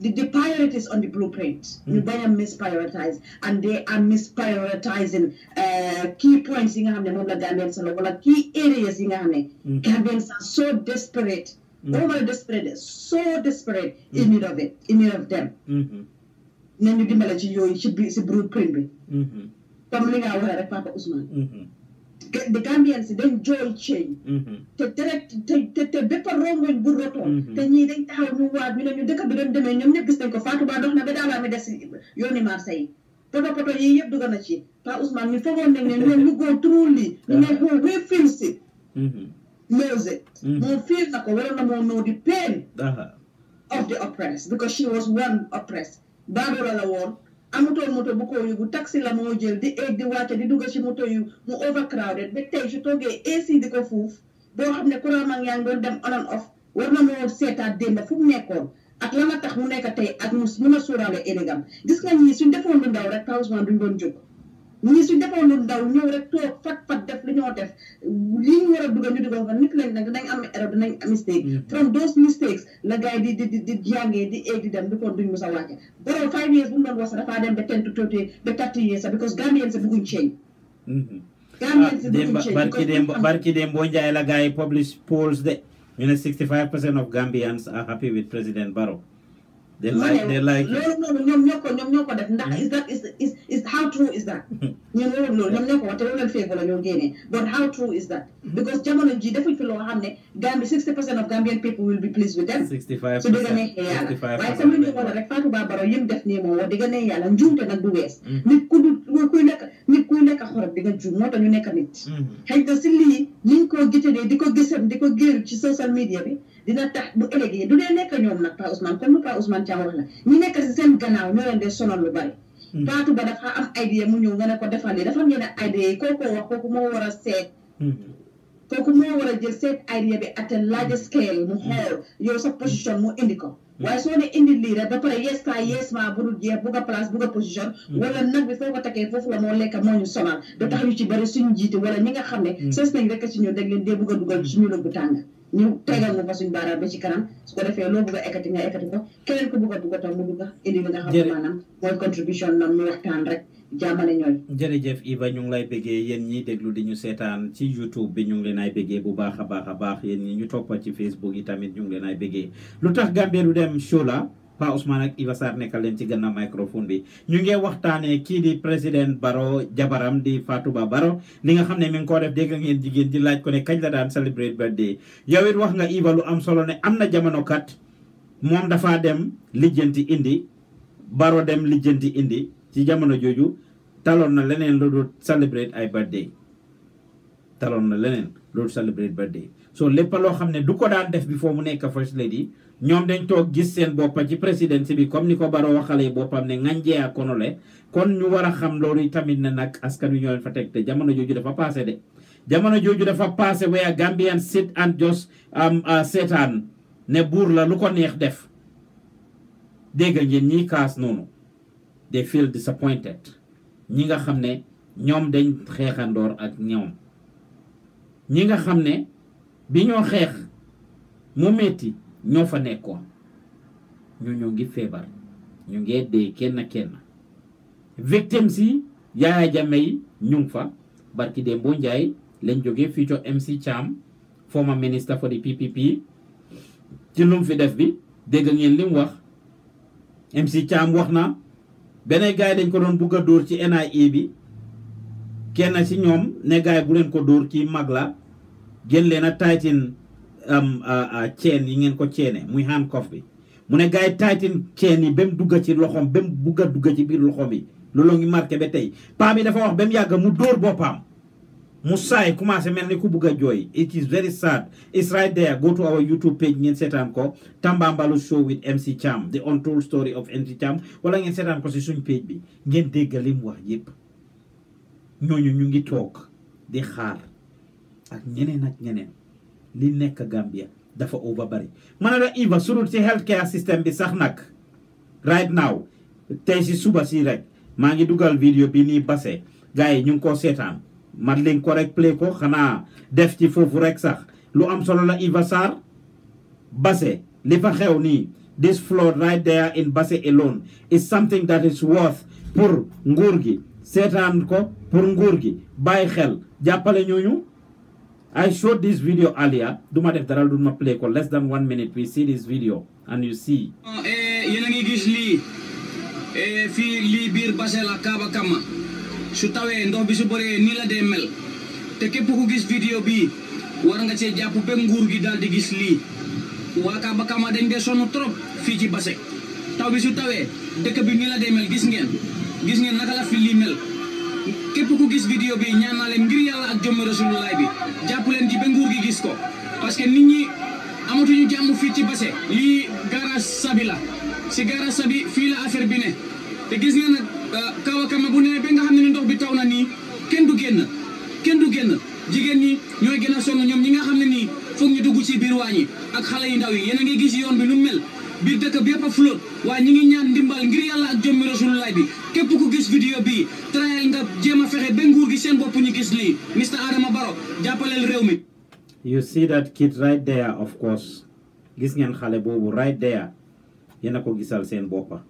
the the priorities on the blueprint. ñu mm. bañ a misprioritize and they are misprioritizing uh, key points yi nga xam ne moom la Gambian sa wala key areas yi am xam ne. Mm. Gambian sa so desperate. Mm. over oh desperate so desperate. in need of it in need of them. Mm-hmm. nañu dimbale ci yooyu ci si blueprint bi. Mm-hmm. comme li nga waxee rek Papa Ousmane. Mm-hmm. the Gambians dañ jooy ceey te deret te te bépp rongoñ mm-hmm. te ñii dañ taxaw ñu waat ñu ne ñu dëkk bi doon demee ñoom ñëpp gis nañ ko Fatou Ba dox na ba daalaa mi des yooni Marseille poto poto yi yëpp dugg na ci Pa Ousmane ñu fogoon nañ ne ñu ne ñu go through lii ñu ne go we feels it knows mm-hmm. it mm-hmm. moo feel na ko waroon na moo know the pain uh-huh. of the oppressed because she was one oppressed baadoolo la woon amutoon ah, moto bu ko yóbbu taxi la moo jël di eeg di wàcce di dugg ci moto yu mu overcrowded ba tey su toogee AC di ko fuuf boo xam ne courant mag yaa ngi na moo seetaat démb fu mu nekkoon ak la nga tax mu nekk tey ak mu mun a sóoraale ëllëgam gis nga ñii suñ defoon lu ndaw rek Kaosman duñ doon jóg. ñi suñ defoon lu ndaw ñëw rek toog fat fat def li ñoo def li ñu war a dugal ñu dugal nit lañ nag dinañ am erreur dinañ am mistake mm-hmm. from those mistakes la gars di di di di di dem di kon duñ mos a wàcce borom five years bu mu doon wax dem ba ten to twenty ba thirty years sax because Gambien sa bëgguñ change mm-hmm. Gambien sa ah, bëgguñ change barki dem boo njaay la gars publish polls de ñu ne 65 percent of Gambians are happy with President Barrow they like loolu noonu ñoom ñoo ko ñoom ñoo ko def ndax is that is is is that ñun loolu true is that loo xam ne Gambie sixty percent of Gambian people will be pleased with them sixty five su digga nee yàlla waaye tamit ñu wala ku du kuy lekk nit kuy lekk xorob di nga juum moo tax ñu nekk nit xëy na si ko gite dee di ko gisam di ko géeru ci social media bi dina tax bu ëllëgee du dee nekk ñoom nag Pa Ousmane comme Pa Ousmane Thiam wax la ñi nekk si seen gannaaw ñoo leen de sonal lu bari. paatu hmm. ba dafa am idée mu ñëw nga ne ko defal lii dafa am yenn idée yi kooku wax moo war a seet. Hmm. kooku war a jël a large scale mu xool yow sa position ko. Hmm. waaye soo ne indi lii rek ba pare yes a place bugg a position. wala nag bi suñu jiite wala ñi nga xam ne. sës nañ rek ci ñun dañ leen dee bugg tàng. ñu tegal mhm. la ko suñu baaraam ba ci kanam su ko defee loo bëgg a ekkati nga ekkati ko keneen a mu bëgg indi li nga xam ne maanaam contribution nam ñu waxtaan rek jàmmale ñooy jërëjëf Eva ñu ngi lay bëggee yéen ñi déglu di ñu seetaan ci YouTube bi ñu ngi leen ay bëggee bu baax a baax a baax yéen ñi ñu toppa ci Facebook yi tamit ñu ngi leen ay bëggee lu tax Gambia du dem show la Pa Ousmane ak Iba Sarr nekkal leen ci gannaaw microphone bi ñu ngi waxtaanee kii di président baro jabaram di Fatouba Barrow li nga xam ne mi ngi koo def dégg ngeen jigéen di laaj ko ne kañ la daan celebrate birthday yow wax nga Iba lu am solo ne am na jamono kat moom dafa dem lijjanti indi baro dem lijjanti indi ci jamono jooju taloon na leneen lu dul celebrate ay birthday taloon na leneen lu dul celebrate birthday so lépp loo xam ne du ko daan def bi foo mu nekk first lady ñoom dañ toog gis seen boppa ci présidence bi comme ni ko Barrow waxalee boppam ne a ak Konole kon ñu war a xam loolu tamit ne nag askan wi ñoo fa teg te jamono jooju dafa passé de jamono jooju dafa passé waya Gambian sit and just um, uh, seetaan ne buur la lu ko neex def dégg ngeen ñiy kaas noonu they feel disappointed ñi nga xam ne ñoom dañ xeexandoor ak ñoom ñi nga xam ne bi ñoo xeex mu metti ñoo fa nekkoon ñu ñu ngi feebar ñu ngi dee kenn kenn victimes si Yaya Jammeh yi ñu fa barki de boo njaay lañ jógee future MC Cham former minister for the PPP ci lu fi def bi dégg ngeen li wax MC Cham wax na beneen gars yi dañ ko doon bugg a dóor ci NIA e bi kenn ci ñoom ne bu leen ko dóor ci mag la jël leen a tighten chain yi ngeen ko chaine muy handcuff bi mu ne gars yi tighten chain yi ba mu dugga ci loxoom ba mu bugg dugga ci biir loxoom yi looloo ngi marqué ba tey paa bi dafa wax ba mu yàgg mu dóor boppam mu saay commencé mel ni ku bugg a jooy it is very sad it's right there go to our youtube page ngeen seetaan ko Tambambalu show with MC Cham the untold story of MC Cham wala ngeen seetaan ko si suñ page bi ngeen dégg li mu wax yépp ñooñu ñu ngi toog di xaar ak ñeneen ak ñeneen li nekk Gambia dafa over bari ma ne la Eva su dul ci healthcare system bi sax nag right now tey si suba si rek maa ngi dugal vidéo bi nii base gars yi ñu ngi koo seetaan mat leen ko rek play ko xanaa def ci foofu rek sax lu am solo la Eva Sarr base li fa xew nii this flood right there in Basse alone is something that is worth pour nguur gi seetaan ko pour nguur gi bàyyi xel jàppale ñooñu I showed this video earlier. Duma def dara duma play ko less than one minute. We see this video and you see. Yéen a ngi gis eh, fii lii biir bassin la Kama su tawee ndox bi su bëree nii la dee mel te képp ku gis vidéo bi war nga cee jàpp ba di gis lii waa Kaaba Kama dañ dee sonn trop fii ci bassin taw bi su tawee dëkk bi nii la dee mel gis ngeen gis ngeen naka fi lii képp ku gis video bi ñaan leen ngir yàlla ak jëmm rasulullaay bi jàpp leen ci ba nguur gi gis ko parce que nit ñi amatuñu jàmm fii ci base lii garage sabi la si garage sabi fii la affaire bi ne te gis nga nag euh, kama bu nee ba nga xam ne ndox bi taw na nii kenn du génn kenn du génn jigéen ñi ñooy gën a sonn ñi nga xam ne nii ñu dugg ci biir ak xale yu ndaw yi yéen a gis yoon bi lu mel biir dëkk bi yëpp a flotte waaye ñu ngi ñaan ndimbal ngir yàlla ak jommi rasulullah bi képp ku gis vidéo bi trial nga jéem a fexe ba nguur gi seen bopp ñu gis lii Mr Adama baro jàppaleel réew mi. you see that kid right there of course gis ngeen xale boobu right there yéen a ko gisal seen boppa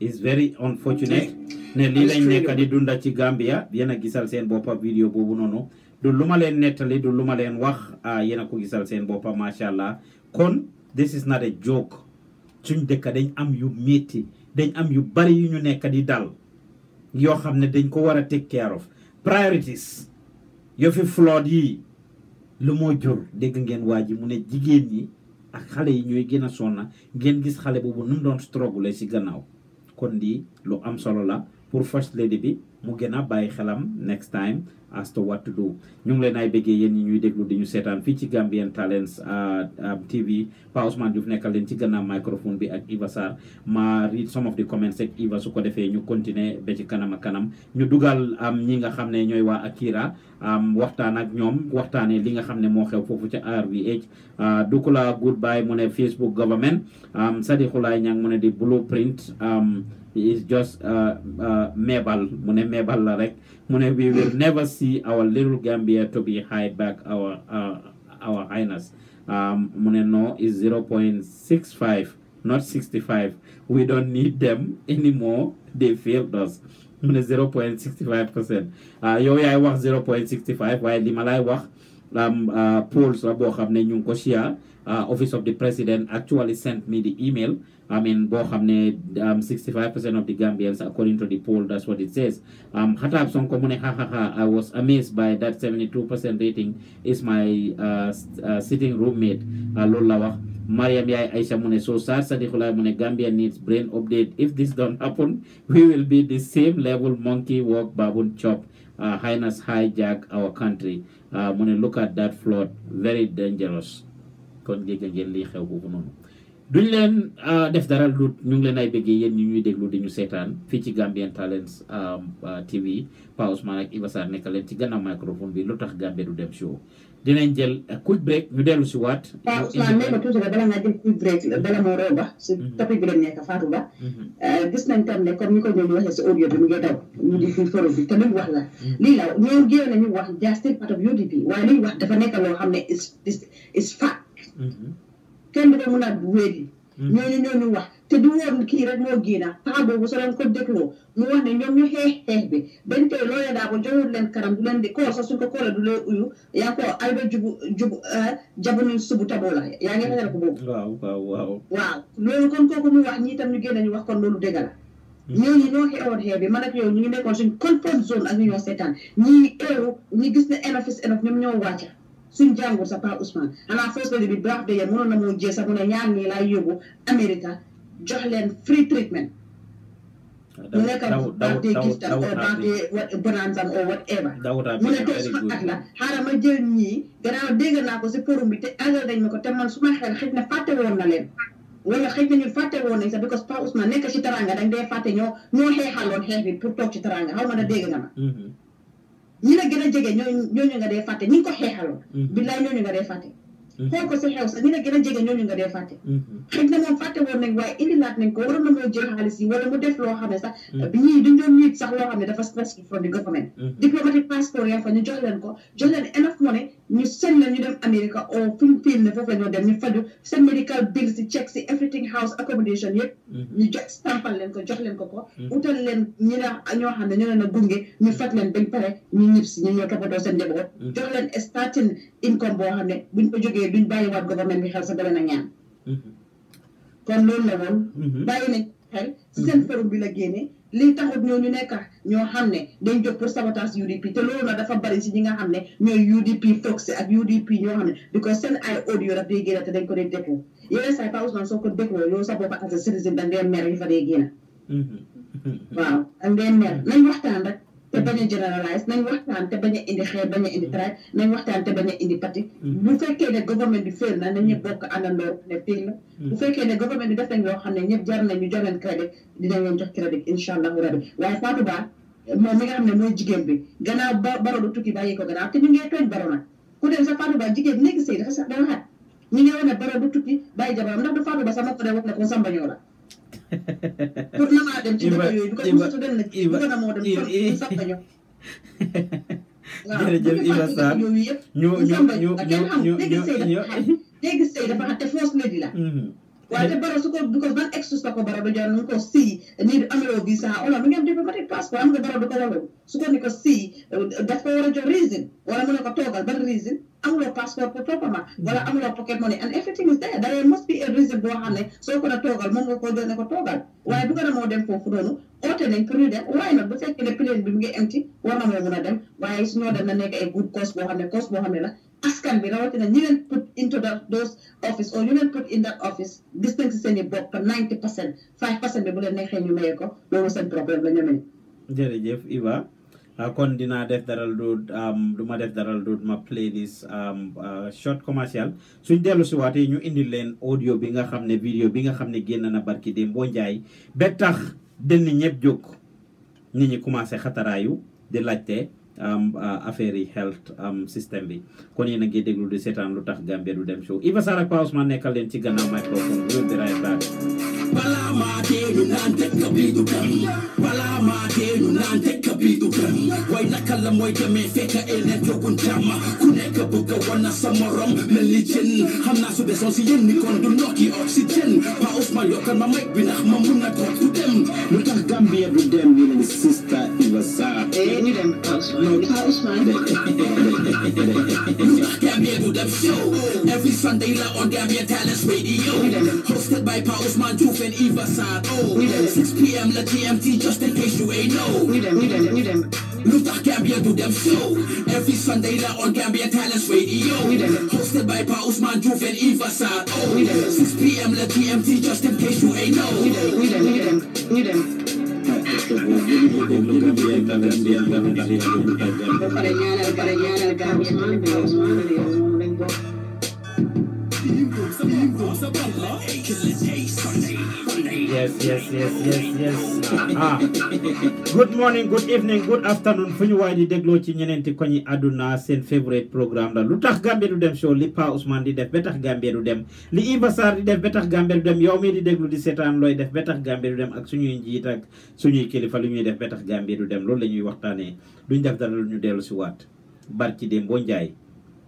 is very unfortunate ne lii lañ nekk di dunda ci Gambia yéen a gisal seen boppa vidéo boobu noonu du lu ma leen nettali du lu ma leen wax ah, yéen a ko gisal seen boppa macha allah kon this is not a joke. suñ dëkk dañ am yu métti dañ am yu bari yu ñu nekk di dal yoo xam ne dañ ko war a take care of priorities yoo fi flood yi lu moo jur dégg ngeen waa ji mu ne jigéen ñi ak xale yi ñooy gën a sonna ngeen gis xale boobu nu mu doon struggle si gannaaw kon di lu am solo la pour first lady bi mu gën a bàyyi xelam next time as to what to do ñu ngi leen ay bëggee yéen ñi ñuy déglu di ñu seetaan fii ci Gambian Talents uh, um, TV Pa Ousman Joof nekkal leen ci gannaaw microphone bi ak Eva Sarr ma read some of the comments ak Eva su ko defee ñu continuer be ci kanam a kanam ñu dugal am um, ñi nga xam ne ñooy waa Akira um, waxtaan ak ñoom waxtaanee li nga xam ne moo xew foofu ca RVH uh, Dukula Goodbye mu ne Facebook government Sadikulaay Ñang mu ne di blueprint is just uh, meebal mu ne meebal la rek mu ne we will never see our little Gambia to be high back our uh, our highness. Um, Muneno is 0.65, not 65. We don't need them anymore. They failed us. Mune 0.65%. Uh, yow I wax 0.65 Why li ma laay um, uh, polls la boo xam ne ñu ngi uh, office of the president actually sent me the email I mean, Bohamne, um, 65% of the Gambians, according to the poll, that's what it says. Um, ha ha ha, I was amazed by that 72% rating, is my uh, uh, sitting roommate, uh, Lolawa. Mariam Yai Aisha Mune, so Sar Sadikulai Mune, Gambia needs brain update. If this don't happen, we will be the same level monkey walk, baboon chop, uh, highness hijack our country. Uh, Mune, look at that flood, very dangerous. kon ngeen ngeen liy xew boobu noonu duñ leen euh, def dara lu ñu ngi leen ay bëggee yéen ñu ñuy déglu di ñu seetaan fii ci Gambian Talents um, uh, TV Pa Ousman ak Iba Sarr leen ci gannaaw microphone bi lu tax Gambia du dem show dinañ jël uh, quick break ñu dellu si waat. Pa Ousman nee ma tuuti bala ngaa jël quick break bala moo rooba ah. si mhm. topic bi lañ nekk Fatou Ba. Mhm. Euh, gis nañ tam ne comme ni ko ñoom waxee si audio bi mu ngi daw. ñu di fi forum bi te wax la. Mhm. lii part of UDP waaye li wax dafa nekk loo xam ne is is fact. kenn du ko mun a wéedi mm-hmm. ñooñu ñoo ñu wax te du woon kii rek moo giina paa boobu soo leen ko dégloo mu wax ne daa ko joxul leen karam du di kool sax suñ du leen uyu yaa ko alba jubu jubu euh, yaa ngi xeexal ko boobu waaw waaw waaw waaw loolu kon kooku mu tam ñu génn ñu wax kon loolu dëgg la mm-hmm. ñooñu ñoo xewoon xeex bi man ak yow ñu ngi nekkoon suñ comfort zone a ñu ñoo seetaan ñi eewu ñi gis ne enough is enough ñoom ñoo wàcca suñ jàngul sa pa Ousmane xanaa first lady bi baax de yéen mënoon na moo jël sax mu a ñaar ñii laay yóbbu Amérique jox leen free treatment. mu nekk birthday gift am or birthday bonanza am or whatever mu ne tey suma at la xaaral ma jël ñii gannaaw dégg naa ko si forum bi te àggal dañ ma ko te man suma xel xëy na fàtte woon na leen wala xëy na ñun fàtte woon nañ sax because pa Ousmane nekk ci taranga dañ dee fàtte ñoo ñoo xeexaloon xeex bi pour toog ci taranga xaw a na dégg nga ñi la gën a jege ñooñu ñooñu nga dee fàtte ñi ko xeexaloon. Mm-hmm. billaay ñooñu nga dee fàtte. Mm-hmm. xool ko si a jege ñooñu mm-hmm. na moom fàtte woon nañ waaye indi naat nañ ko waroon na noo xaalis yi wala mu def loo xam ne sax. bi ñuy duñ doon sax loo xam ne dafa stress from the government. diplomatic passport yaa fa ñu jox leen ko jox leen enough ñu seen la ñu dem America o Philippines ne foofu la ñoo ñu faju seen medical bills si check si everything house accommodation yëpp mm-hmm. ñu jox stampal leen ko jox leen ko ko mm-hmm. utal leen ñi la ñoo xam ne ñoo leen a gunge ñu faj leen bañ pare ñu ñib si ñu ñoo toppatoo seen njaboot mm-hmm. jox leen starting income boo xam ne bu buñ ko ñu duñ bàyyiwaat gouvernement bi xel sa dalen na ñaan kon loolu la woon bàyyi xel si seen forum mhm. bi la génne lii taxut ñu nekk ñoo xam ne dañ jóg pour sabotage UDP te loolu nag dafa bari si ñi nga xam ne ñooy UDP Fox ak ñoo xam ne di ko seen ay audio daf dee génn te dañ ko dee déglu yeneen saa yi Pa Ousmane soo ko dégloo yow sa bopp as a citizen da ngeen mer yi fa dee génn mhm. waaw da ngeen mer nañ waxtaan rek te bañ a généralise nañ waxtaan te bañ a indi xeer bañ a indi traite nañ waxtaan te bañ a indi pati mm-hmm. bu fekkee ne gouvernement bi féer na na ñëpp bokk àndandoo ne féer na mm-hmm. bu fekkee ne gouvernement bi def nañ loo xam ne ñëpp jar nañ ñu jox leen crédit dinañ leen jox crédit incha allahu rabi waaye Fatou Ba moom mi ne mooy du tukki bàyyi ko gannaaw te ñu ngee tooñ baro nag ku dem sa Fatou jigéen bi nekk sëy dafa sax dana xat ne baro du tukki bàyyi jabaram ndax du Fatou Ba sama ko de wax ne pour mën a dem ci dëkk yooyu. Iba Iba Iba jërëjëf Iba Sarr ñu ñu ñu ñu ñu ñu ñu waaye te bara su ko because ban bara am nga bara du ko waloon su ko ni si daf ko war a jox reason wala mu ne ko toogal reason amuloo passeport pour proprement ah. mm. wala amuloo pocket money and everything is there there must be a reason boo xam ne soo ko na toogal moom nga ko jox ne ko toogal waaye bu ko na moo dem foofu noonu oote nañ pour ñu dem waaye nag bu fekkee ne plane bi mu ngi empty war na moo mun a dem waaye su ñoo dem na nekk ay good cause boo xam askan bi rawatina ñi leen put into that those office or ñu leen put in that office gis nañ si seen i bopp ninety percent five percent bi bu leen neexee ñu maye ko loolu seen problème la ñoomee jërëjëf Iba ah, kon dinaa def daral duut du ma def daral du ma play this ah, short commercial suñ dellu si waatee ñu indi leen audio bi nga xam ne vidéo bi nga xam ne génn na barki dem boo njaay ba tax ni ñëpp jóg nit ñi commencé xataraayu di laajte um, uh, affaire health um, system bi kon yéen a deglu di setan lu tax du dem show Iba sarak paus Pa Ousman nekkal leen ci gannaaw microphone ray ba pala ma Palamate du nan dëkk bi du ma Palamate du nan dëkk bi du dem way nakal la mooy demee fekk ene jogun jàmm ku nek bu ko wan sa morom mel jenn xamna su besoon si yenn ni kon du nokki oxygen Pa Ousman yokal ma mic bi nak ma mu na ko du dem lu tax Gambia du dem ni sister Iba Sarr No, that Gambia do them show. Every Sunday night on Gambia Talents Radio. Hosted by Paus Manjuf and Eva Sado. 6 p.m. La TMT. just in case you ain't know. We them, we them, we them. Luther Gambia do them show. Every Sunday night on Gambia Talents Radio. Hosted by Paus Manjuf and Eva Sado. 6 p.m. La TMT. just in case you ain't know. We them, we them, we them, we them para ñaanal para yes yes yes yes yes ah good morning good evening good afternoon fu wa di di dégloo nenti ñeneenti koñi aduna sen favorite programme la lu tax du dem show li Pa Ousmane di def betak tax du dem li Iba Sar di def ba tax du dem yow mi di deglu di setan loy def ba tax du dem ak suñuy njiit ak suñuy kilifa lu ñuy def betak gambe du dem loolu la ñuy waxtaanee duñ def dara lu ñu dellu dem bonjai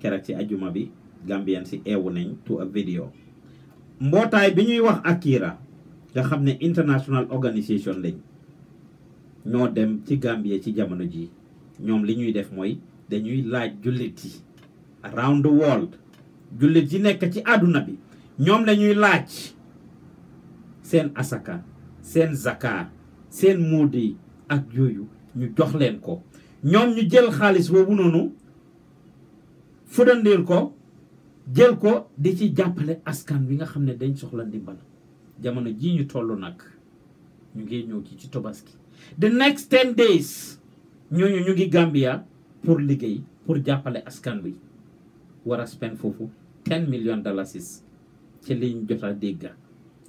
njaay ci Gambian si eewu nañ to a video mbootaay bi ñuy wax Akira nga xam ne international organisation lañ ñoo dem ci Gambie ci jamono ji ñoom li ñuy def mooy dañuy laaj jullit yi around the world jullit yi nekk ci àdduna bi ñoom lañuy laaj seen asaka seen zakar seen muudi ak yooyu ñu jox leen ko ñoom ñu jël xaalis boobu noonu fudandiir ko jël ko di ci jàppale askan wi nga xam ne dañ soxla ndimbal jamono jii ñu toll nag ñu ngi ñëw ci ci tobaski the next ten days ñooñu ñu ngi Gambia pour liggéey pour jàppale askan wi war a spend foofu ten million dollars ci liñ jot a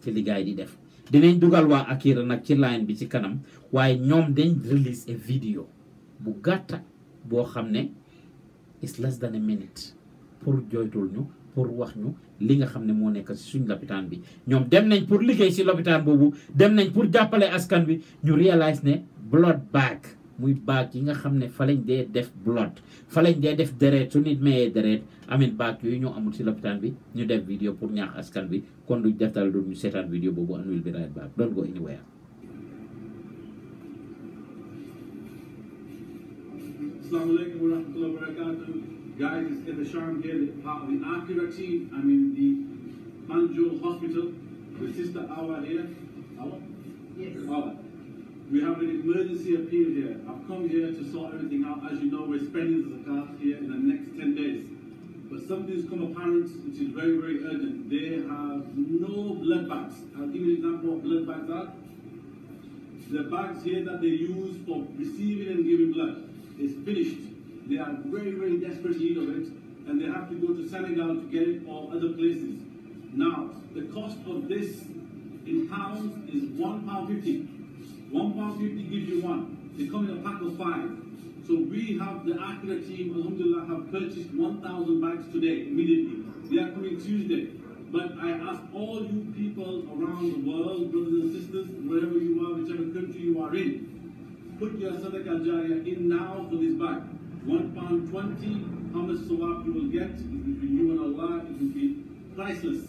ci liggéey di def dinañ dugal waa Akira nag ci line bi ci kanam waaye ñoom dañ release a video bu gàtta boo xam ne is less than minute pour joytul ñu pour wax ñu li nga xam ne moo nekk si suñ lopitaan bi ñoom dem nañ pour liggéey si lopitaan boobu dem nañ pour jàppale askan bi ñu réalise ne blood bag muy baag yi nga xam ne fa dee def blood fa lañ dee def deret su nit mayee deret amin baag yooyu ñoo amul si lopitaan bi ñu def vidéo pour ñaax askan bi kon du def dara duñu seetaan vidéo boobu and will be right back don't go anywhere salaamaaleykum guys at the Sharm here, part of the Akira team, I'm in the Banjul Hospital with Sister Awa here. Awa? Yes. Awa. We have an emergency appeal here. I've come here to sort everything out. As you know, we're spending the zakat here in the next 10 days. But something's come apparent, which is very, very urgent. They have no blood bags. I'll give you an example of blood bags are. The bags here that they use for receiving and giving blood is finished. They are very, very desperate need of it, and they have to go to Senegal to get it or other places. Now, the cost of this in pounds is one pound fifty. One pound fifty gives you one. They come in a pack of five. So we have the Akira team, Alhamdulillah, have purchased 1,000 bags today, immediately. They are coming Tuesday. But I ask all you people around the world, brothers and sisters, wherever you are, whichever country you are in, put your Sadaqah Jariyah in now for this bag. One pound twenty, how much sawab you will get between you and Allah, it will be priceless,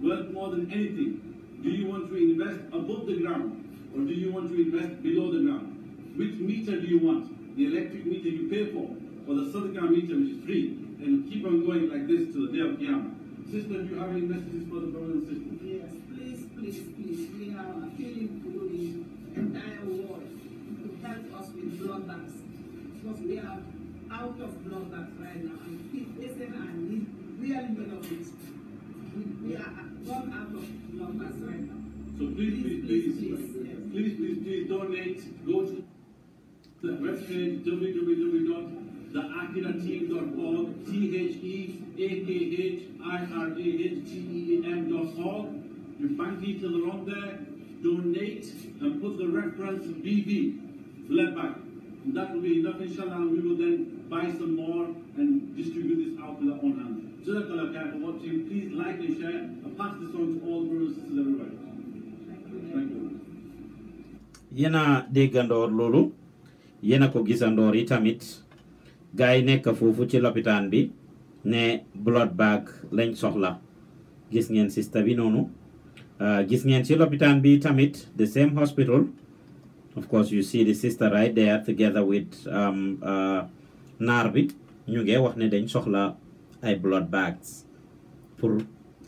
worth more than anything. Do you want to invest above the ground or do you want to invest below the ground? Which meter do you want? The electric meter you pay for or the sadaqah meter which is free and keep on going like this till the day of Qiyamah. Sister, do you have any messages for the brothers and sisters? Yes, please, please, please. We are appealing to the entire world to help us with blood banks because we are out of that's right now. And please listen and need real meaning of it. We, we are gone out of numbers right now. So please, please, please, please, please, yes. please, please, please donate. Go to the website www.theakirateam.org, T-H-E-A-K-H-I-R-A-H-T-E-M.org. You find details are on there. Donate and put the reference BB. Left back that will be enough inshallah we will then buy some more and distribute this out with our own hands. Jazakallah khair for watching. Please like and share and pass this on to all brothers and sisters everywhere. Thank you. Yena déggandoor loolu yena ko gisandoor yi tamit gars yi nekk foofu ci lopitaan bi ne blood bag lañ soxla gis ngeen sista bi noonu ah, gis ngeen ci lopitaan bi tamit the same hospital of course, you see the sister right there together with um, uh, naar bi ñu ngi wax ne dañ soxla ay blood bags pour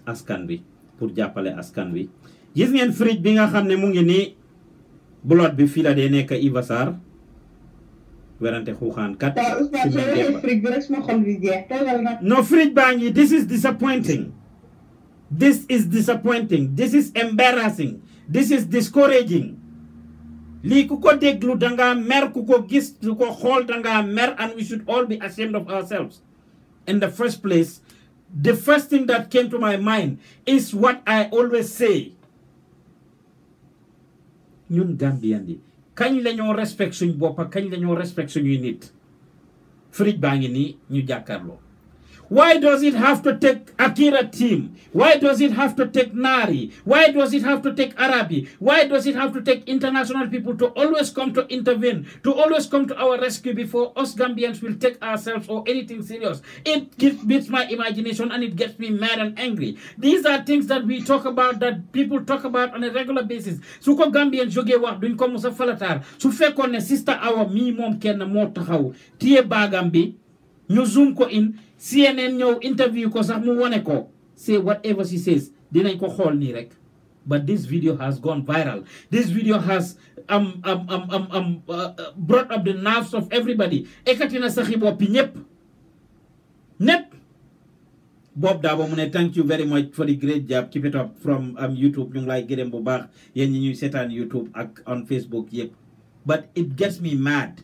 askan bi pour jàppale askan bi gis ngeen fridge bi nga xam ne mu ngi nii blood bi fii la dee nekk Iba Sarr werante xuuxaankat no fridge Bangi. this is disappointing this is disappointing this is embarrassing this is discouraging mer gis mer and we should all be ashamed of ourselves in the first place the first thing that came to my mind is what I always say ñun Gambien yi kañ la respect suñ boppa kañ la respect suñuy nit frij baa ngi ñu jàkkaarloo why does it have to take Akira team? Why does it have to take Nari? Why does it have to take Arabi? Why does it have to take international people to always come to intervene, to always come to our rescue before us Gambians will take ourselves or anything serious? It gives, beats my imagination and it gets me mad and angry. These are things that we talk about, that people talk about on a regular basis. Suko Gambian Gambien jógee wax duñ ko mos a falataar su fekkoon ne sista awa mii moom kenn moo taxaw téye baagam bi ñu zoom in CNN ñëw interview ko sax mu wone ko say whatever she says dinañ ko xool nii rek but this video has gone viral this video has um um um um am um, uh, uh, brought up the nerves of everybody ekati saxi boppi nep. Bob Dabo mu thank you very much for the great job keep it up from um YouTube ñu ngi lay gërëm bu baax yéen ñi ñuy YouTube ak on Facebook yep. but it gets me mad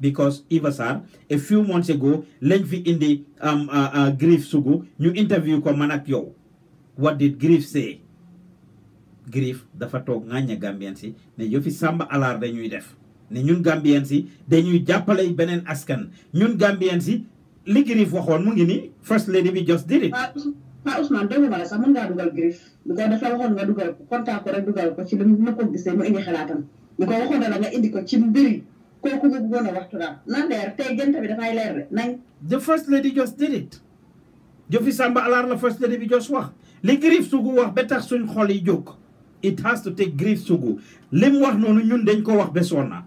because Iba Sarr a few months ago lañ fi indi um, uh, uh, Griff Sougou ñu interview ko man ak yow what did Griff say Griff dafa toog ŋàñña Gambien si ne yëfi Samba Alaar dañuy def ne ñun Gambien si dañuy jàppale beneen askan ñun Gambien si li Griff waxoon mu ngi ni first lady bi just did it Pa Ousmane doomu ma la sax mën ngaa dugal Griff lu ko dafa waxoon nga dugal ko ci lu mu ko gisee mu indi xalaatam lu ko waxoon na la nga indi ko ci mbiri kooku mu bëggoon a na leer tey jënt bi dafay leer de nañ. the first lady just did it. jëfi Samba Alaar la first lady bi just wax li Grief Sougou wax ba tax suñ xol yi jóg it has to take Grief Sougou li wax noonu ñun dañ ko wax ba sonna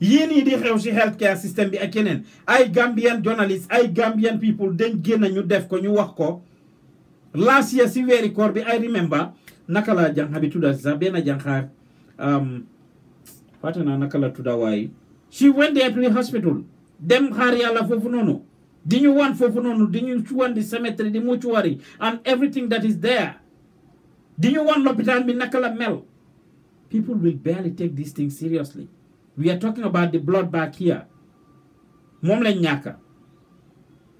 yéen yi di xew si healthcare system bi ak yeneen ay Gambian journalists ay Gambian people dañ génn ñu def ko ñu wax ko last year si weeri koor bi I remember naka la jànq bi tudda sax benn jànqaar um, fàtte naa naka la she went there to the hospital dem xaar yàlla foofu noonu you want wan foofu you want the wan di cemetery the mortuary and everything that is there di you wan hospital? bi nakala mel people will barely take these things seriously we are talking about the blood back here Momlenyaka. lañ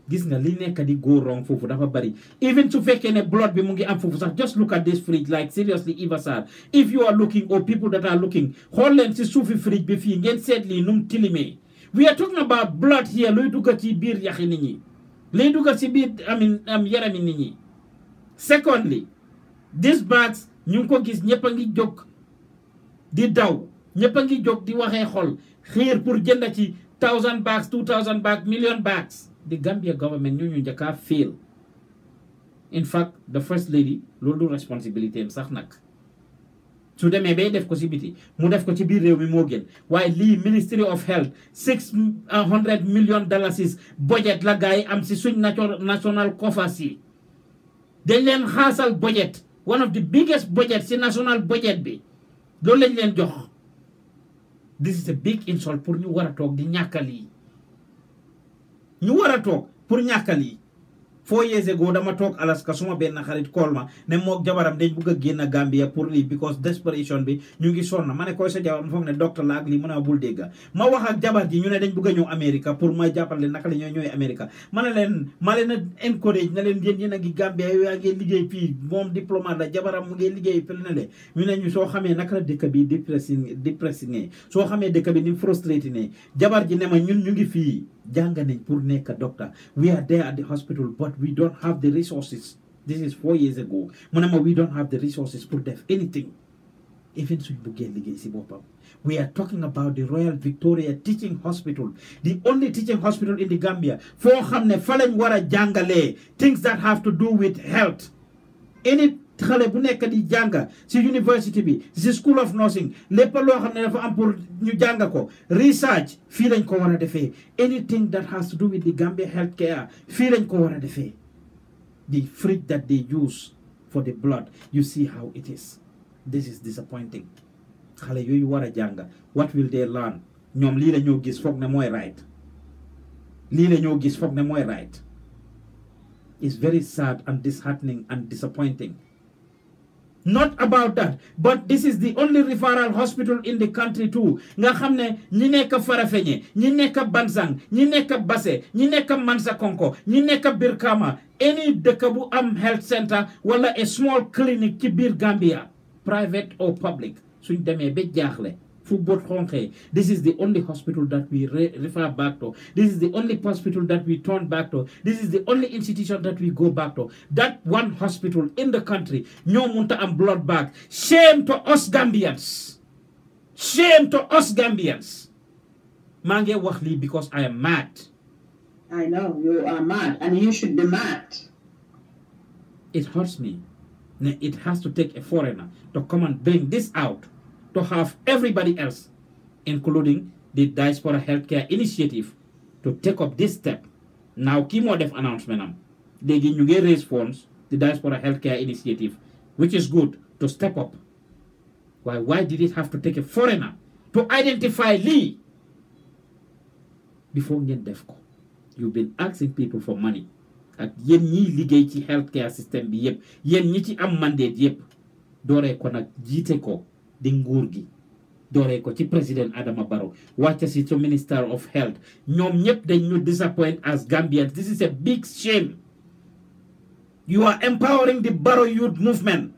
gis nga li nekk di go wrong foofu dafa bari even su fekkee ne blood bi mu ngi am foofu sax just look at this fridge like seriously Eva Sarr if you are looking or people that are looking xool leen si suufi fridge bi fii ngeen seet lii nu mu tilimee we are talking about blood here luy dugg ci biir yaxi ni ñi luy dugg si biir amin am yarami ni ñi secondly these bags ñu ngi ko gis ñëpp a ngi jóg di daw ñëpp a ngi jóg di waxee xol xiir pour jënd ci thousand bags two thousand bags million bags the Gambia government ñoo ñu njëkk a fail in fact the first lady loolu du sax nag su demee bay def ko si biti mu def ko ci biir réew mi moo gën waaye lii ministry of health six hundred million dollars budget la gars yi am si suñ national coffers yi dañ leen xaasal budget one of the biggest budget si national budget bi loolu lañ leen jox this is a big insult pour ñu war a toog di ñàkkal yi ñu war a toog pour ñàkkal yi foo yeese goo dama toog alaska suma benn xarit kool ma ne moo jabaram dañ bugg a génn Gambia pour lii because desperation bi ñu ngi sonna ma ne koy sa jabar mu foog ne docteur la ak lii mën ma wax ji ñu ne dañ bugg ñëw Amérique pour ma jàppale naka la ñoo ñëwee Amérique ma ne leen ma leen a encourage na leen yéen yéen a ngi Gambia yow liggéey fii moom diplomate la jabaram mu ngi liggéey fële na le ñu ne ñu soo xamee naka la dëkk bi depressing depressing soo xamee dëkk bi ni frustrate ne jabar ji ne ma ñun ñu ngi fii jàng nañ pour nekk doctor we are there at the hospital but we don't have the resources this is four years ago mu we don't have the resources pour def anything even suñ buggee liggéey si boppam we are talking about the Royal Victoria Teaching Hospital the only teaching hospital in the Gambia foo xam ne fa lañ war a jàngalee things that have to do with health xale bu nekk di jànga si university bi si school of nursing lépp loo xam ne dafa am ñu jànga ko research fii lañ ko war a defee anything that has to do with the Gambia health care fii lañ ko war a defee di fridge that they use for the blood you see how it is this is disappointing xale yooyu war a jàng what will they learn ñoom lii la ñoo gis foog ne mooy right lii la ñoo gis foog ne mooy right it's very sad and disheartening and disappointing not about that but this is the only referral hospital in the country too nga xam ne ñi nekk Farafenni ñi nekk Bansang ñi nekk Basse ñi nekk Mansakonko ñi nekk Birkama any dëkk bu am health center wala a small clinic ci biir Gambia private or public suñ demee ba football honke. This is the only hospital that we re refer back to. This is the only hospital that we turn back to. This is the only institution that we go back to. That one hospital in the country, Nyomunta and blood back. Shame to us Gambians. Shame to us Gambians. Mange Wahli because I am mad. I know you are mad and you should be mad. It hurts me. It has to take a foreigner to come and bring this out to have everybody else, including the Diaspora Healthcare Initiative, to take up this step. Now, ki def announcement they léegi ñu ngi raise funds the Diaspora Healthcare Initiative which is good to step up Why? why did it have to take a foreigner to identify Lee before ngeen get defco? you've been asking people for money ak yéen ñiy liggéey healthcare system bi yëpp ñi ti am mandate yëpp dooree ko ko Dingurgi, nguur gi ko ci président Adama Barrow wàcce si to minister of health ñoom ñëpp dañ ñu disappoint as Gambians this is a big shame you are empowering the Barrow youth movement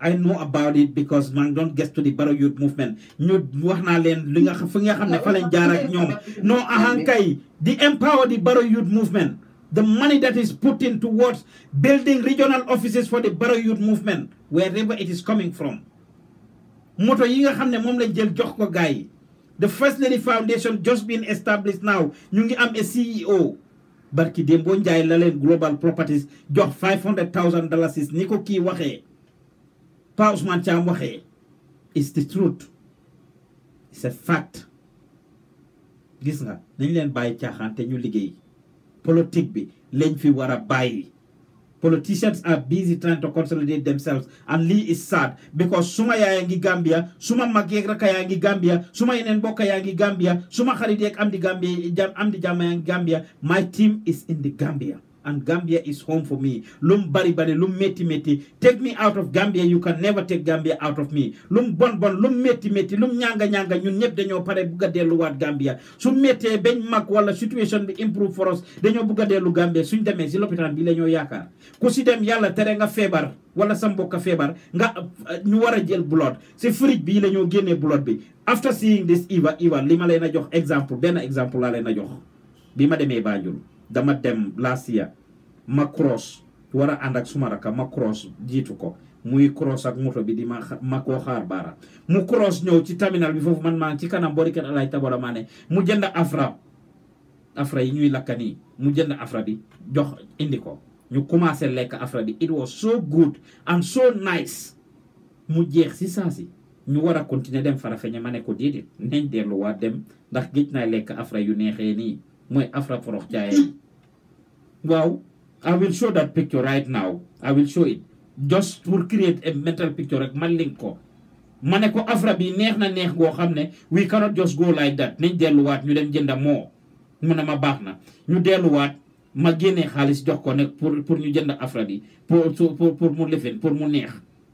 I know about it because don't get to the Barrow youth movement ñu wax naa leen li nga fi nga xam ne fa lañ jaar ak No. non ahankay di empower the Barrow youth movement the money that is put in towards building regional offices for the Barrow youth movement wherever it is coming from moto yi nga xam ne moom lañ jël jox ko gars yi the First Lady Foundation just been established now ñu ngi am a CEO barki Dembo Njaay la leen Global Properties jox five hundred thousand dollars ni ko kii waxee Pa Ousmane am waxee it's the truth it's a fact gis nga nañ leen bàyyi caaxaan te ñu liggéey politique bi lañ fi war a bàyyi Politicians are busy trying to consolidate themselves. And Lee is sad because suma yangi Gambia, suma magegra kayangi Gambia, suma inenbo yangi Gambia, suma kharidek amdi Gambia, amdi jama Gambia. My team is in the Gambia. and Gambia is home for me lum bari ba bari lum metti metti take me out of Gambia you can never take Gambia out of me lum bon bon lum metti metti lum ñanga ñanga ñun ñëpp dañoo pare bugg a delluwaat Gambia su méttee bañ mag wala situation bi improve for dañoo bugg a dellu Gambia suñ demee si lopitaan bi la yaakaar ku si dem yàlla tere nga feebar wala sa mbokk feebar nga uh, ñu war a jël blood si fridge bi lañoo génnee blood bi after seeing this Eva li ma leen a jox exemple benn exemple laa leen a jox bi ma demee Banjul dama dem last year ma cross wara a ak suma rakka ma cross jitu ko muy cross ak moto bi di ma ma ko xaar bara mu cross ñew ci terminal bi fofu man ma ci kanam boori kër alaay tabara mané mu jënd afra afra yi ñuy lakani mu jënd afra bi jox indi ko ñu commencé lek afra bi it was so good and so nice mu jeex si sansi ñu wara continuer dem fara feñ mané ko déedéet nañ wa dem ndax géej naa afra yu nexé ni mooy afra forox jaayam waaw I will show that picture right now I will show it just pour create a mental picture rek man link ko ma ne ko afra bi neex na neex goo xam ne we cannot just go like that nañ delluwaat ñu dem jënda moo mu ne ma baax na ñu delluwaat ma génnee xaalis jox ko ne pour pour ñu jënd afra bi pour pour mu lifin pour mu neex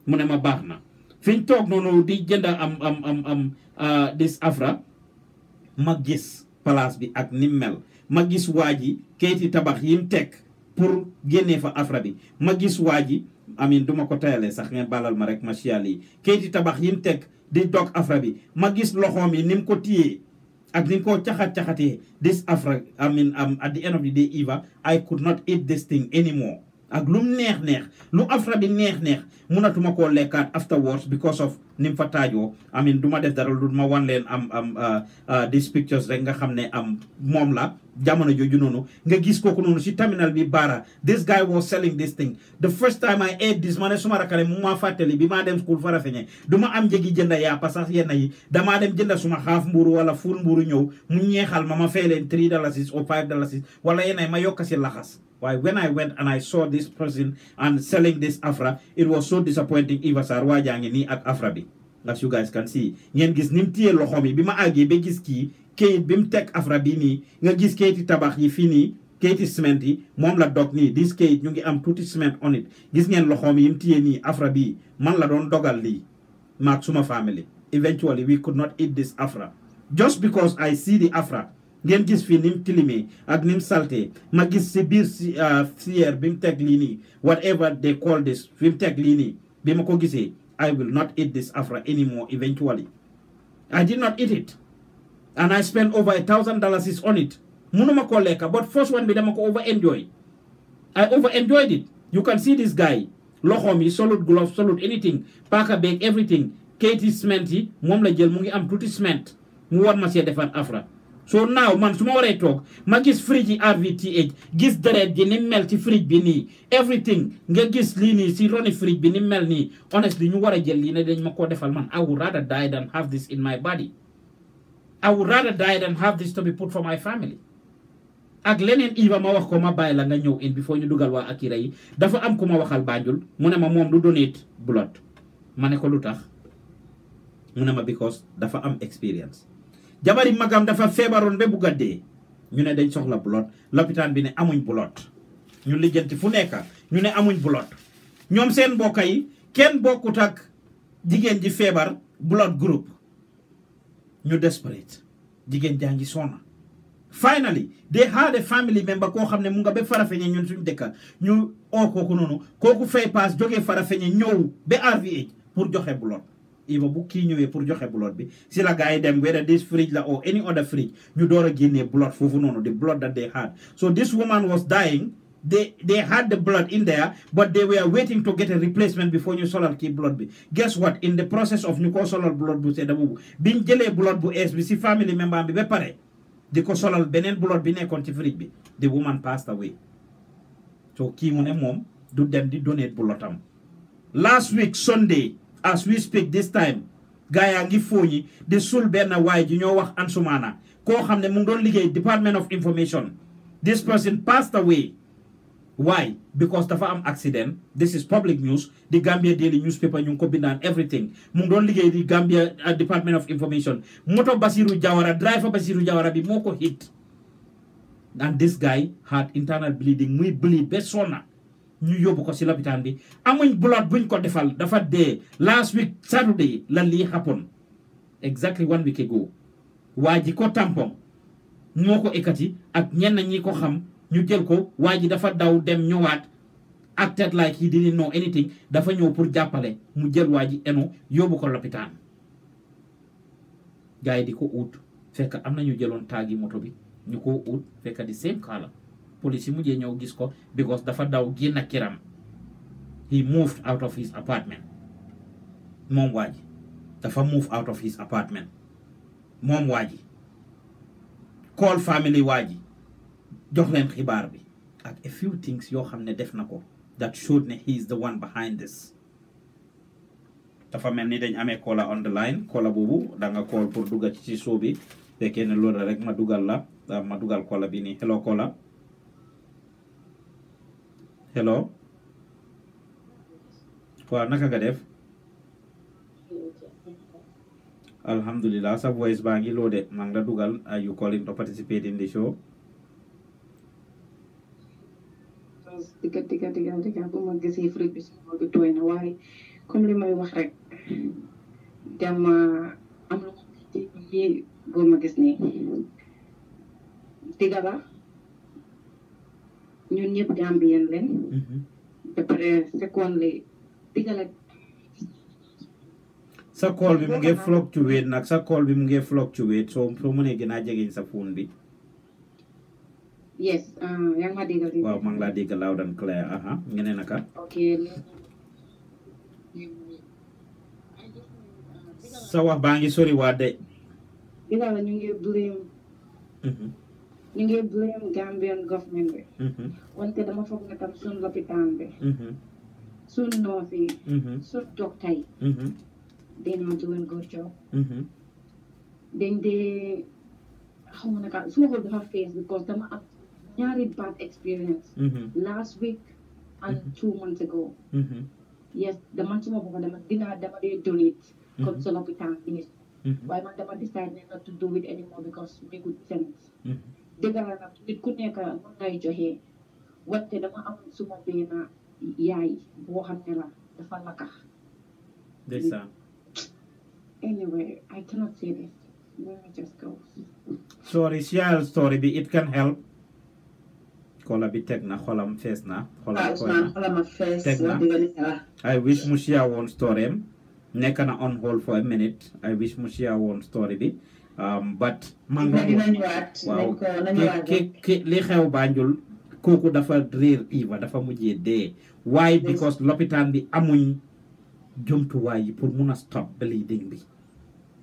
mu ne ma baax na fiñ toog noonu di jënd am am am am ah, this afra ma gis place bi ak nim mel ma gis waa ji kayiti tabax yim tekk pour génne fa afra bi ma gis waa ji amin du ma ko tayalee sax ngeen balal ma rek ma siyaal yi kayiti tabax yim tekk di dog afra bi ma gis loxoom yi ni mu ko téyee ak ni ko caxat caxatee this afra I mean um, at the end of the day Eva I could not eat this thing anymore ak lum neex neex lu afra bi neex neex munatuma koo lekkaat afterwards because of nim fa taajoo amin duma def dara lu ma wan len am am uh, uh, these pictures rek nga xamne ne am momla, la jamono joju nonu nga gis koku nonu si terminal bi bara, this guy was selling this thing the first time I ate this man suma rakale mu ma fateli bi ma dem school fara feñe duma am am jenda ya ya sax yenn yi dama dem jenda suma xaf mburu wala full mburu ñew mu ñeexal mama ma fay leen three is or five is wala yenn ma yokasi laxas why when I went and I saw this person and selling this Afra, it was so disappointing. Iva Sarwajangi jangini at bi. as you guys can see ngeen gis ni mu téye Bima yi bi gis kii kayit bi mu afra bi nii nga gis kayiti tabax yi fii nii cement yi la dog nii dis kayit ñu ngi am tuuti cement on it gis ngeen loxoom yi mu ni afra bii man la doon dogal lii maak suma family eventually we could not eat this afra just because I see the afra ngeen gis fii ni tilime tilimee ak ma gis si biir si sière ah, bi mu whatever they call this fi mu teg lii ko gisee I will not eat this afra anymore eventually. I did not eat it. And I spent over a thousand dollars on it. Munuma koleka, but first one bidamako over enjoy. I over enjoyed it. You can see this guy. Lohomi, solid gloves, solid anything. Parker bag, everything. Katie cement, mom la jel mungi am tutti cement. Mu war ma si defan afra. so naaw man su ma waree toog ma gis fridge yi RVTH gis deret ji ni mel ci fridge bi nii everything nga gis lii nii si roni fridge bi ni mel nii honestly ñu war a jël lii ne dañ ma koo defal man I would rather die than have this in my body I would rather die than have this to be put for my family ak leneen iva ma wax ko ma bàyyi la nga ñëw in before ñu dugal waa akira yi dafa am ku ma waxal Banjul mu ne ma moom du donate blood ma ne ko lu tax mu ne ma because dafa am experience jabari magam dafa feebaroon ba bugg a dee ñu ne dañ soxla blood lopitaan bi ne amuñ blood ñu lijjanti fu nekk ñu ne amuñ blood ñoom seen mbokk yi kenn bokkut ak jigéen ji feebar blood group ñu desperate jigéen jaa ngi sonna finally they had a family member koo xam ne mun nga ba Farafenni ñu suñu dëkka ñu oo kooku noonu kooku fay paas jógee Farafenni ñëw ba RVH pour joxe blood even bu kii ñëwee pour joxe blood bi si la gars yi dem whether this fridge la or any other fridge ñu not get génnee blood foofu noonu the blood that they had so this woman was dying they they had the blood in there but they were waiting to get a replacement before ñu solal kii blood bi guess what in the process of ñu ko solal blood bu sedda boobu biñ jëlee blood bu ees bi si family member bi ba pare di ko solal blood bi nekkoon ci fridge bi the woman passed away so ki mu ne moom du dem di donate blood am last week Sunday as we speak this time gaya yaa ngi sole di sul benn waay ji ñoo wax Ansumana koo mu ngi department of information this person passed away why because dafa am accident this is public news the Gambia Daily newspaper ñu ngi ko everything mu ngi doon di Gambia uh, department of information moto Basiru Jawara driver Basiru Jawara bi moko hit and this guy had internal bleeding muy bleed ba sonna ñu yóbbu ko si lapitaan bi amuñ blood buñ ko defal dafa dee last week saturday la lii happen exactly one week ago waa ji ko tàmpoom moo ko ekkati ak ñenn ñi ko xam ñu jël ko waa ji dafa daw dem ñëwaat acted like he didn't know anything dafa ñëw pour jàppale mu jël waa ji eno yóbbu ko lopitaan gars yi di ko ut fekk am na ñu jëloon taagi moto bi ñu ko ut fekk di same kaala police yi mujjee ñëw gis ko because dafa daw génn ak kiram he moved out of his apartment moom waa ji dafa move out of his apartment moom waa ji call family waa ji jox leen xibaar bi ak a few things yoo xam ne def na ko that showed ne he is the one behind this dafa mel ni dañ amee caller on the line caller boobu da nga call pour dugga ci show bi fekkee ne loolu rek ma dugal la ma dugal caller bi nii hello caller hello waaw naka nga def alhamdulillah sa voice baa ngi loaded maa ngi dugal are uh, you calling to participate in the show diga diga diga diga bu ma gisee fruit bi sama bi tooy na waaye comme li may wax rek dama am lu ko boo ma gis nii diga la ñun ñëpp gambien leen mm-hmm. sa call bi mu ngi fluctuate nag sa call bi mu ngi fluctuate soo soo mënee gën a jegeñ sa phone bi yes ah, yaa ngi ma waaw maa ngi laa dégg loud and aha ngeen ne naka sa wax baa ngi sori waa de digale ñu ngi blame ñu ngi blame Gambian government bi wante dama foog ne tam suñ lopitaan bi suñ noos yi suñ doctor yi they not doing good job dañ dee xaw na ka suma xool dafa face because dama am ñaari bad experience mm-hmm. last week and mm-hmm. two months ago mm-hmm. yes dama suma boppa dama dinaa dama dee donate comme sa lopitaan bi waaye man dama decide ne not to do it anymore because make good sense dëgg la nag nit ku nekk mun ngay joxe wante dama am suma benn yaay boo xam ne la dafa lakkax. ndeysaan. anyway I cannot story bi it can help. kola bi teg na xolam fees na. xolam na I wish mu share woon story am na on hold for a minute I wish mu share woon story bi. Um, but man wow! ki ki li xew Banjul kooku dafa réer Eva dafa mujjee dee why because lopitaan bi amuñ jumtuwaay yi pour mun stop bleeding bi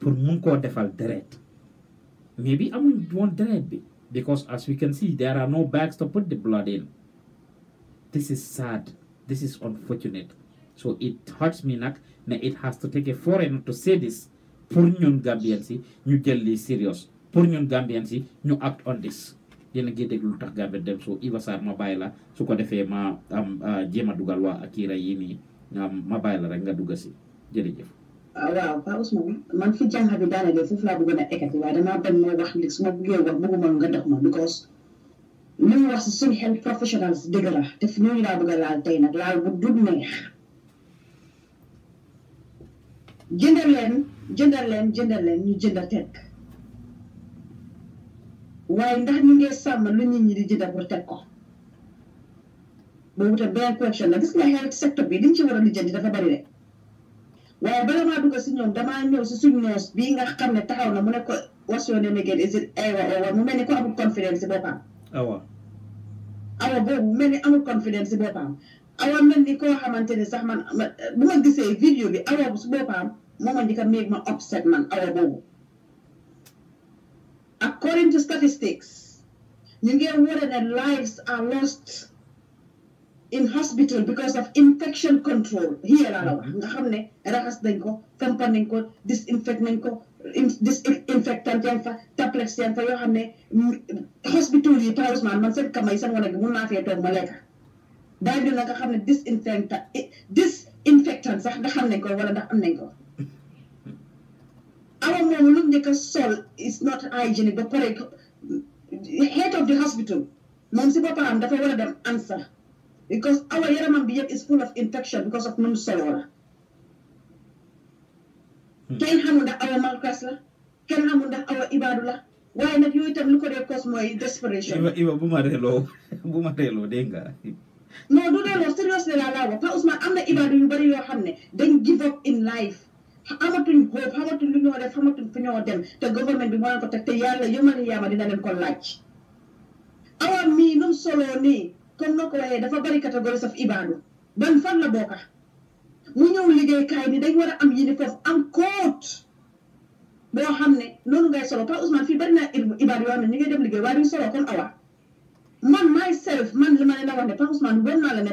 pour mun koo defal deret mais bi amuñ woon deret bi because as we can see there are no bags to put the blood in this is sad this is unfortunate so it hurts me nak. ne it has to take a foreigner to say this pour ñun Gambien ci ñu jël li serious pour ñun Gambien ci ñu act on this yena gi deglu tax Gambia dem so Iba sar ma bayla su ko defé ma am ah, jema dugal wa Akira yi nii ma bayla rek nga ci si jërëjëf. Ah, waaw Pa Ousmane man fi jàng bi def fofu la bu gëna ekati wa dama dem mo wax li suma bu gëw wax bëgguma nga dox ma because ñu wax ci sun health professionals dëgg la te fi ñooñu laa bëgg a laal tey nag laal bu dul neex jënd len jëndal leen jëndal leen ñu jënd teg waaye ndax ñu ngi sàmm lu ñii ñi di jënd pour teg ko boobu tam beneen question la gis nga health secteur bi liñ ci war a lijjanti dafa bari rek waaye bala maa dugg si ñoom damaa ñëw si suñu noos bii nga xam ne taxaw na mu nekk ko wasion ne ngeen is it aywa mu mel ni ko amul confidence si boppam. awa awa boobu mu mel ni amul confidence si ni sax man bu ma gisee vidéo bi awa bu si boppam. mooma di ka make ma upset man a awa boobu according to statistics ñu ngi wone ne lives are lost in hospital because of infection control here laa la wax nga xam ne raxas nañ ko tampan nañ ko disinfect nañ ko disinfectant yan fa taplex yan fa yoo xam ne hospital yi par exemple man seen kama yi seen wala gi mun naa fee toog ma lekka daal di la nga xam ne disinfectant eh, disinfectant sax nga xam nañ ko wala ndax am nañ ko xale noonu lu njëkk a sol is not hygienic ba pare head of the hospital si boppam dafa war a dem answer because awa yaramam bi yëpp is full of infection because of nu mu soloo la kenn xamul ndax awa malkas desperation iba iba bu ma reeloo bu ma nga seriously laa laa wax am na ibaadu yu bari yoo xam ne dañ give up in life amatuñ góob amatuñ lu ñoo def amatuñ fu ñoo dem bi moo leen ko teg te yàlla yëmal yaama dina mii num soloo nii comme na ko dafa bari catégorie saf ibaadu ban fan la bokka mu ñëw liggéeykaay bi dañ war a am uniforme am koot boo xam ne noonu ngay solo Pa Ousmane fii bari naa ngay dem liggéey waaye duñ soloo kon awa man ne la ne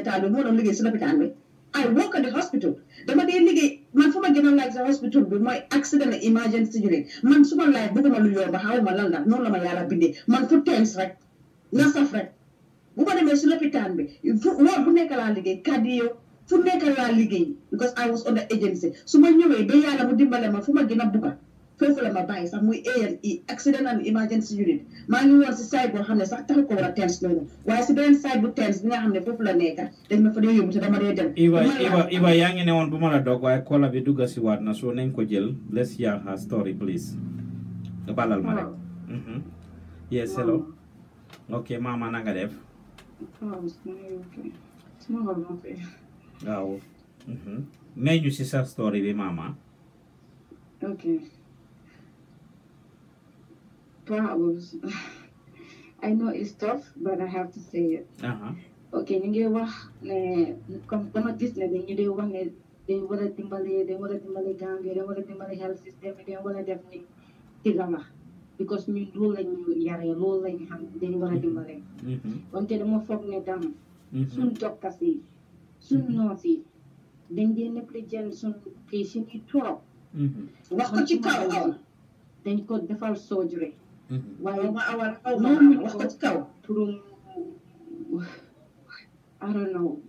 Pa moo doon liggéey si lopitaan bi I work at hospital dama dee liggéey man fu ma gën a like sa hospital bi mooy accident emergency unit man su like bëgguma lu yomba xawma lan la noonu la ma yàlla bindee man fu tens rek nga saf rek bu ma demee si lopitaan bi fu waa bu nekk laa liggéey cardio fu nekk laa liggéey because I was on the agency su ma ñëwee ba yàlla mu dimbale ma fu ma gën a bugga fofu la ma bàyyi sax muy ANI accident and emergency unit maa ngi won si site bo xamne sax taxu ko war a tens noonu waaye si beneen site bu tens bi nga xamne fofu la nekk dañ ma fa dee yobu te dama dee dem. Iba Iba Iba ya ngi newon woon bu la dog waye kola bi dugga ci wat na so nañ ko jël let's hear her story please. nga balal ma rek. yes hello. okay maama na nga def. waaw. mais ñu si sa story bi Mama? Okay. problems. I know it's tough, but I have to say it. Uh-huh. ok ñu ngi wax eh, ne comme dama gis ne dañu dee wax ne dañ war a dimbali eh, dañ war a dimbali Gambie dañ war a dimbali health system bi dañ war a def ni tiga la because ñun loolu lañ ñu yaree loolu lañ xam dañ war a dimbali wante dama ne dam suñ doctors yi suñ nurse yi dañ dee négligent suñ patient yi trop wax ko ci kaw dañ ko defal surgery Mm-hmm. waaye ma awar xaw ma wax ko ci kaw pour I don't know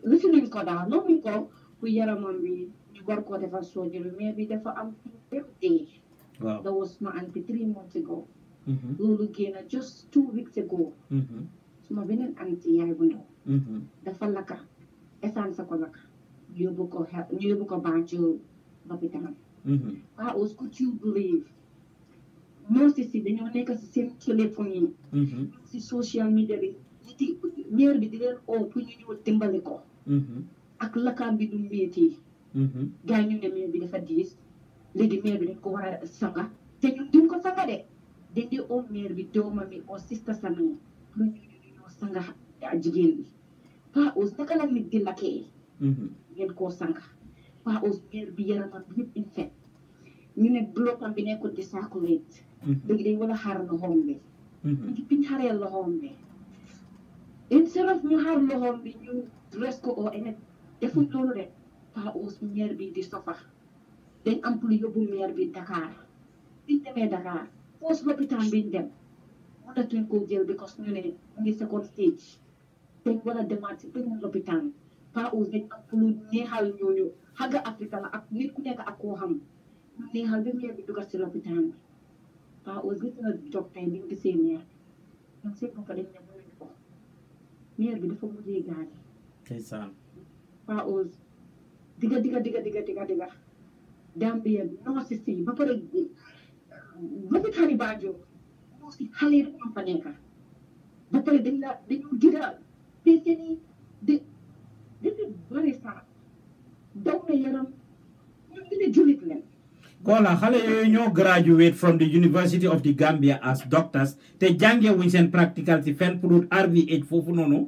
listening ko daal noonu ko ku yaramam bi ñu war koo defal soojulu mais bi dafa am birthday waaw that was my auntie three months ago mm-hmm. loolu génn just two weeks ago mm-hmm. suma beneen auntie yaay bu ndaw dafa lakka essence ko lakka ñu yóbbu ko ñu yóbbu ko Banjul lopitaan ah was could you believe narcissiste yi dañoo nekk si seen téléphone yi. Mm-hmm. si social media bi nit yi meer bi di leen oo pour ñu ñëw dimbali ko. Mm-hmm. ak lakaam bi du métti. Mm-hmm. gars ñu ne meer bi dafa diis léegi meer bi dañ a sanga te ñun duñ ko sanga de dañ di oo bi doomam mi oo sista sanga yi lu ñu ñoo sanga jigéen bi pas aussi naka la nit di lakkee. ngeen koo sanga pas aussi meer bi yaramam bi yëpp infect ñu ne bloquant bi nekkul di circulate léegi day wala xaar loxoom bi mm-hmm. di biñ xaree loxoom bi instead ñu xaar loxoom bi ñu ko defuñ mm-hmm. loolu rek paa aus maire bi di sofa dañ am pour yóbbu bi Dakar biñ demee Dakar foos lopitaan biñ dem mënatuñ koo jël because ñu ne mu ngi second stage dañ war a demaat si beneen lopitaan paa aus dañ am pour neexal ñooñu xagga Afrique la ak nit ku nekk ak koo xam neexal bi meer bi dugal si lopitaan bi waaw aussi gis nga toog tey bi ñu gisee meer bi ñoom seen bopp dañ ne mënuñu ko meer bi dafa mujjee gaañu. ndeysaan. waaw aussi diga diga diga diga diga diga Gambia noosi si ba pare lopitaan yi Banjul noosi xale yi ñoo fa nekk ba pare dañ la dañu gida peese nii di di bëri sax daw na yaram ñoom dina julit leen Kola xale yooyu ñoo graduate from the University of the Gambia as doctors te jànge seen practical ci fenn RVH foofu noonu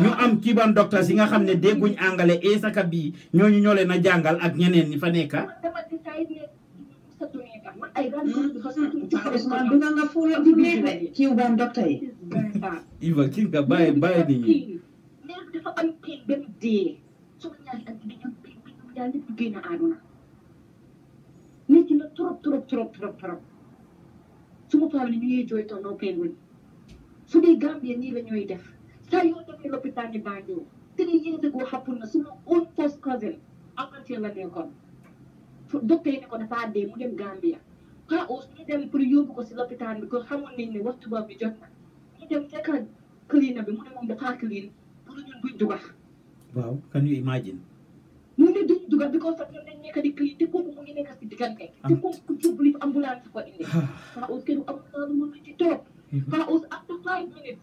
ñu ah. am kiiban doctors yi nga xam ne dégguñ àngale e saka bi ñooñu ñoo leen a jàngal ak ñeneen ñi fa nekka Iva kii nga bàyyi bàyyi nit ñi métti na trop trop trop trop trop suma famille ñu ngi jooy toon noppeeguñ su dee Gambie nii la ñooy def saa yoo demee lopitaan ni Banjul three years na suma own first cousin ko dafa dee mu dem Gambia ah aussi ñu dem pour yóbbu ko si lopitaan bi ko xamoon nañ ne waxtu bi jot na ñu dem fekk clean bi mu ne moom dafa clean pour ñun buñ dugax waaw can you imagine because after five minutes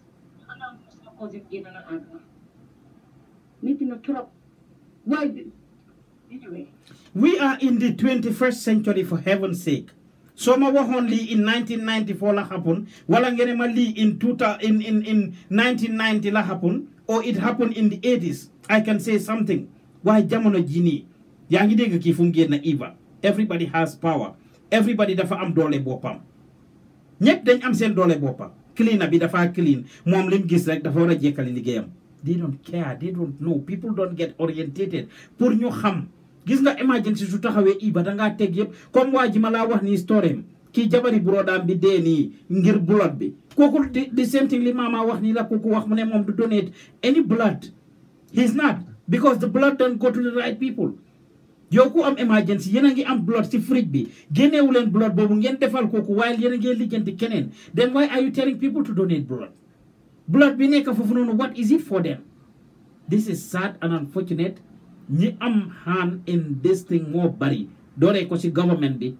We are in the 21st century for heaven's sake. So, ma waxoon in 1994 la happen wala ngeen ma in in 1990 la or it happened in the 80s I can say something. waaye jamono ji nii yaa ngi dégg kii fu mu génn Iba everybody has power everybody dafa am doole boppam ñëpp dañ am seen doole boppam clean bi dafa clean moom lim gis rek dafa war a jekkali liggéeyam they don't care they don't know people don't get orientated pour ñu xam gis nga emergency su taxawee Iba dangaa teg yëpp comme waa ji ma laa wax nii storeem kii jabari brodaam bi dee nii ngir blood bi kooku di same thing li maama wax nii la kooku wax mu ne moom du donate any blood he's because the blood don't go to the right people yow ku am emergency yéen a ngi am blood si fridge bi génneewu leen blood boobu ngeen defal kooku waaye yéen a ngi lijjanti keneen then why a you telling people to donate blood blood bi nekk foofu noonu what is it for them this is sad and unfortunate ñi am hand in this thing moo bari dooree ko si government bi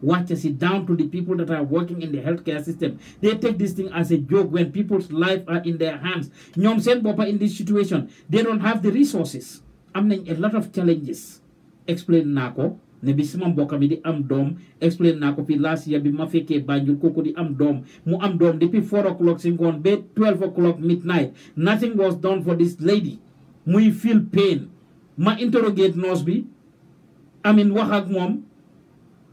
watches it down to the people that are working in the healthcare system. They take this thing as a joke when people's lives are in their hands. Nyom Sen Bopa in this situation, they don't have the resources. I am mean, a lot of challenges. Explain Nako. ne bi sama mi di am dom. explain Nako. ko last year bi ma fekkee Banjul kooku di am dom. mu am doom depuis four o'clock singon bed, twelve o'clock midnight nothing was done for this lady Mu feel pain ma interrogate nurse I mean, wax ak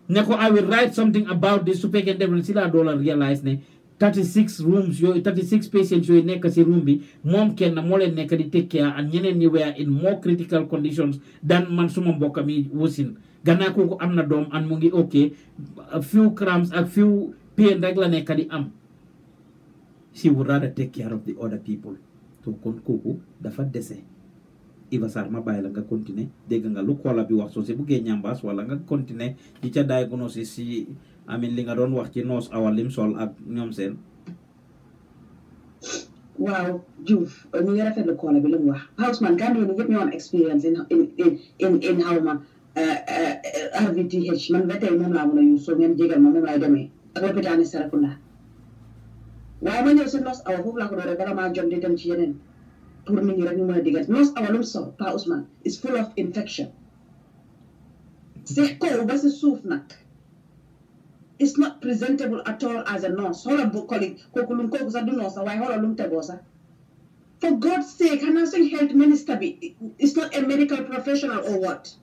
ne ko I will write something about this su fekkee def na si laa doon realize ne 36 rooms yooyu 36 patients yooyu nekk si room bi moom kenn moo leen nekk di take care ak ñeneen ñi were in more critical conditions dan man suma mbokkam yi wasin gannaaw kooku am na doom an mu ngi ok few cramps ak few pain rek la nekk di am she would rather take care of the other people to kon kooku dafa dese Iba Sarr ma bàyyi la nga continuer dégg nga lu koola bi wax soo si buggee ñambaas wala nga continuer di ca diagnosis si amin li nga doon wax ci noos awal lim sol ak ñoom seen waaw Diouf ñu ngi rafetlu koola bi li mu wax Ousmane Gambie ni ñëpp ñoo am expérience in ma RVTH eh, eh, man ba tey moom laa a yu soo ngeen jégal waaye ma ñëw noos awa foofu laa ko doore bala maa jom di ci yeneen pour nit ñi rek ñu mën a dégg nos awalum sow Pa Ousmane is full of infection si kaw ba si suuf nag it's not presentable at all as a nurse xoolal bu colleague kooku lu kooku sax du nurse sax waaye xoolal lu mu tegoo sax for God's sake xanaa suñ health minister bi Is not a medical professional or what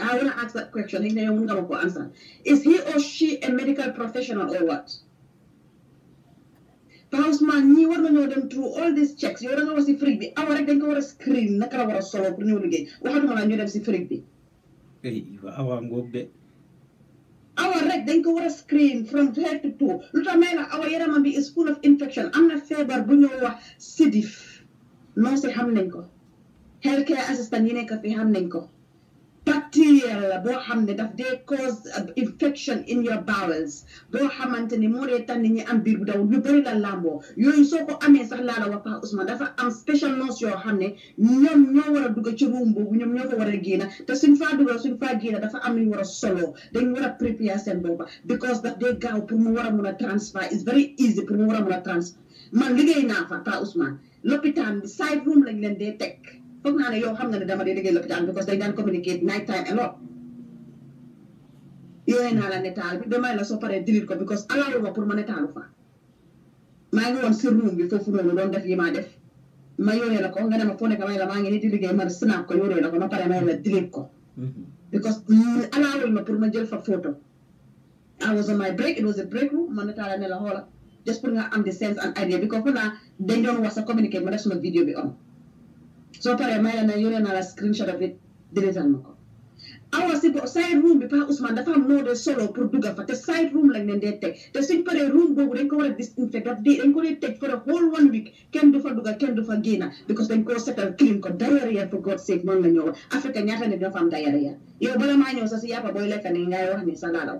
I want to ask that question xëy na answer is he or she a medical professional or what houseman ñii war nañoo dem through all these checks yow da nga war si frig bi awa rek dañ ko war a screen naka la a solo pour ñëw liggéey waxatuma la ñu dem si frig bi awa ngoog de awa dañ ko war a screen from head to toe lu tax may la awa yaramam bi is full of infection am na feebar bu ñoo wax sidif non si xam nañ ko healthcare assistant yi nekk fi xam nañ ko bacterial la boo xam ne daf dee cause uh, infection in your bowels boo xamante ni moo dee tax nit ñi am biir bu daw ñu bëri la làmboo yooyu soo ko amee sax laa la wax pax Ousmane dafa am special nurse yoo xam ne ñoom ñoo war a dugg ci ruum boobu ñoom ñoo ko war a génna te suñ faa dugal suñ dafa am nañ war a soloo dañ war a prépare seen booba because daf dee gaaw pour mu war a mun a transfer is very easy pour mu war a mun a transfer man liggéey naa fa pax Ousmane leen dee teg foog naa ne yoo xam na ne dama dee liggéey lopitaan because dañ daan communicate night time a lot yooyu naa la netaal bi ba may la soo paree dilit ko because alalu ma pour ma netaalu fa maa ngi woon si room doon def maa def ma yónnee la ko ne ma maa ngi nii di liggéey ma snap ko ko ko mm-hmm. ma jël fa photo I was on my break it was a break room ma netaala ne la xoola just pour nga am the sense and idea because foog naa dañ doon wax sa communiqué ma def suma vidéo bi on soo paree may la ne yore naa la of it deletal ma ko awa si bo side room bi pa Ousmane dafa am noo de solo pour dugga fa te side room lañ leen dee teg te suñ paree room boobu dañ ko war a disinfect daf dañ ko dee teg for a whole one week kenn du fa dugga kenn du fa génna because dañ ko setal clean ko diarrhea for God sake moom la ñoo wax Afrique ñaata nit ñoo fa am diarrhea yow bala maa ñëw sax si yàppa booy lekk nii ngay wax ni sa laalaw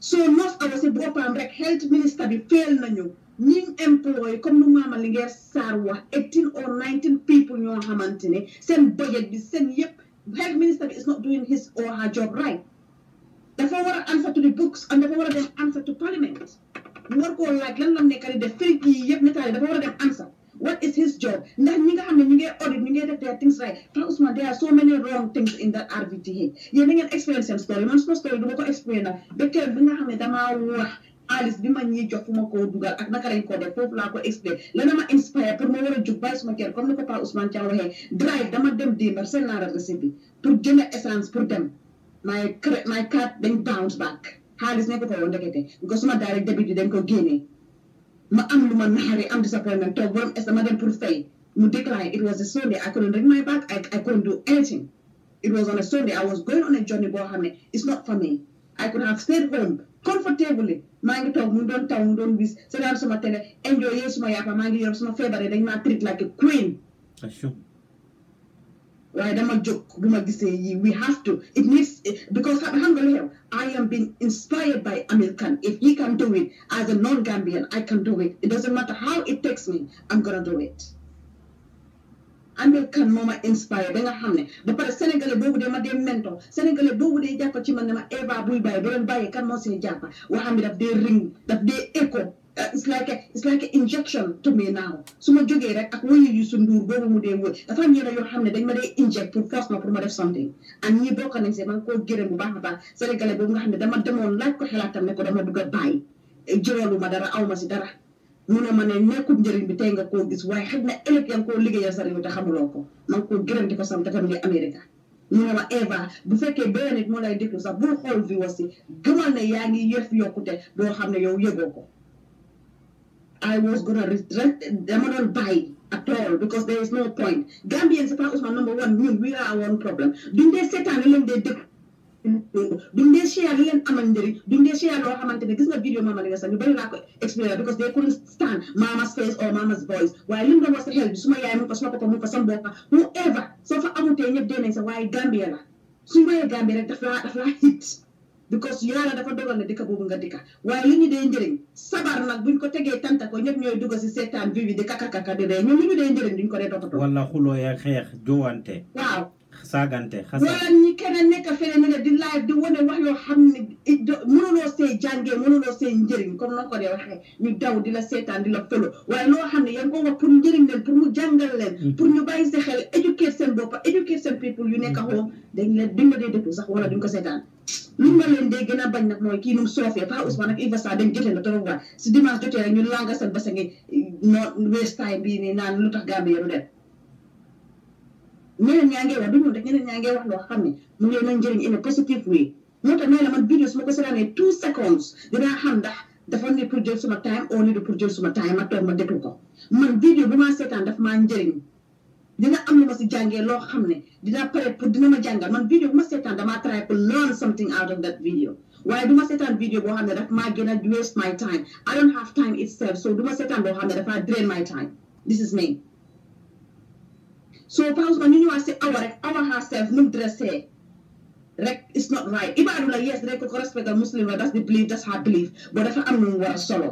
soo noos awa si ñim employé comme nu maama li ngeer saar wax eighteen or nineteen people ñoo xamante ne seen budget bi seen yëpp health minister bi is not doing his or her job right dafa war a answer to the books and dafa war a dem answer to parliament mu war koo lan nekka di def fake yi yëpp netaali dafa war a dem answer what is his job ndax ñi nga xam ne ñu ngi audit ñu ngi def their things right te Ousmane there are so many wrong things in that RVTH yéen da ngeen experience man suma story du ma ko explain nag ba keroog bi nga xam ne damaa wax Alice, bi ma ñii jox fu ma koo dugal ak naka lañ koo def foofu laa ko expliqué lana ma inspire pour ma war a jug bàyyi suma kër comme ni ko Pa Ousmane Thiam waxee drive dama dem diimar seen naa la recette bi pour jënd essence pour dem my my card dañ bounce back xaalis nekk fa woon ndekete nga suma direct débit bi dañ ko génnee ma am lu ma naxari am disappointment toog borom est ma dem pour fay mu déclaré it was a Sunday I couldn't read my back I I couldn't do anything it was on a Sunday I was going on a journey boo xam ne it's not for me I could have stayed home comfortably maa ngi toog mu doon taw mu so wis seetaan suma enjoy yee my yàppa maa ngi so suma feebaree dañ I treat like a queen waaye dama jóg joke. We must say we have to it needs because xam I am being inspired by American. if he can do it as a non-Gambian I can do it it doesn't matter how it takes me I'm gonna do it amee kan moo ma inspire ba nga xam ne ba pare boobu de ma dee mentor sénégalais boobu dee jàpp ci man ne ma Eva buy bàyyi ba doon bàyyi kan moo see jàpp waxam bi daf dee ring daf dee écho uh, it's a, it's like an injection to me su ma jógee rek ak woyu su nduur boobu mu dee wóor dafa am yeneen yoo xam ne dañ ma dee inject pour force ma pour ma def something ak ñi bokk nañ man koo gërëm bu baax a baax sénégalais boobu nga xam ne dama demoon laaj ko xalaatam ne ko dama bëgg a bàyyi jëloolu ma dara aw ma si dara mu ne ma ne nekkul njëriñ bi tey nga koo gis waaye xëy na ëllëg yaa ngi koo liggéeyal sa réew te xamuloo ko maa ngi koo gërëm ko sant dafa muy Amérique mu ne bu fekkee benn nit moo lay déglu sax bul xool fi si gëmal ne yaa ngi yëf yokkute doo xam ne yow yëgoo ko I was gonna regret dama doon bàyyi at all because there is no point Gambien c'est pas Ousmane number one ñun we are our own problem duñ dee seetaan leen dee déglu dundee share li leen amal njëriñ dundee share loo xamante ne gis nga vidéo Mama Linguère sax ñu bëri naa ko expliqué because they couldn't stand mama's face or mama's voice bi suma yaay mu fa suma papa mu fa sama boppa mu eva soo fa amutee ñëpp dee nañ dee njëriñ sabar nag buñ ko tegee tanta ko ñëpp ñooy dugg si seetaan bi bi di kakakaka di ree ñoom ñu dee njëriñ duñ ko dee toppatoo wala xuloo ya xeex jowante saagante xasee. loolu ñi keneen nekk feneen ne di live di wane wax yoo xam ne mënuloo see jàngee mënuloo see njëriñ comme noonu ko dee waxee ñu daw di la seetaan di la fëlo waaye loo xam ne yaa ngi ko wax pour njëriñ leen pour mu jàngal leen. Mm-hmm. pour ñu bàyyi sa xel éduquer seen bopp éduquer seen people yu nekk xoo dañ leen duñ dee déglu sax wala duñ ko seetaan. lu ma leen dee gën a bañ nag mooy kii nu soofee Pa Ousmane ak Iva Sarr dañ jotee na trop waaye eh, lu tax Gambie yoru dem ñeneen ñaa ngee wax du ñu rek ñeneen ñaa ngee wax loo xam ne mu ngi leen njëriñ in a positive way moo tax nee la man vidéo su ma ko seetaanee two seconds dafa ne pour jël suma time oo ne du pour jël suma time ma toog ma déglu ko man vidéo bu ma seetaan daf maa njëriñ dina am lu ma si jàngee loo xam ne dina pare pour dina ma jàngal man vidéo bu ma seetaan damaa try pour learn something out of that video waaye du ma seetaan vidéo boo xam ne daf maa gën a waste my time I don't have time itself so du ma seetaan xam ne dafa drain my time this is so pause ba ñu ñëwaat si our, rek herself nu mu dressé rek it's not right If I do like yes they could respect al muslim la that's the belief that's her belief boo dafa am lu mu war a solo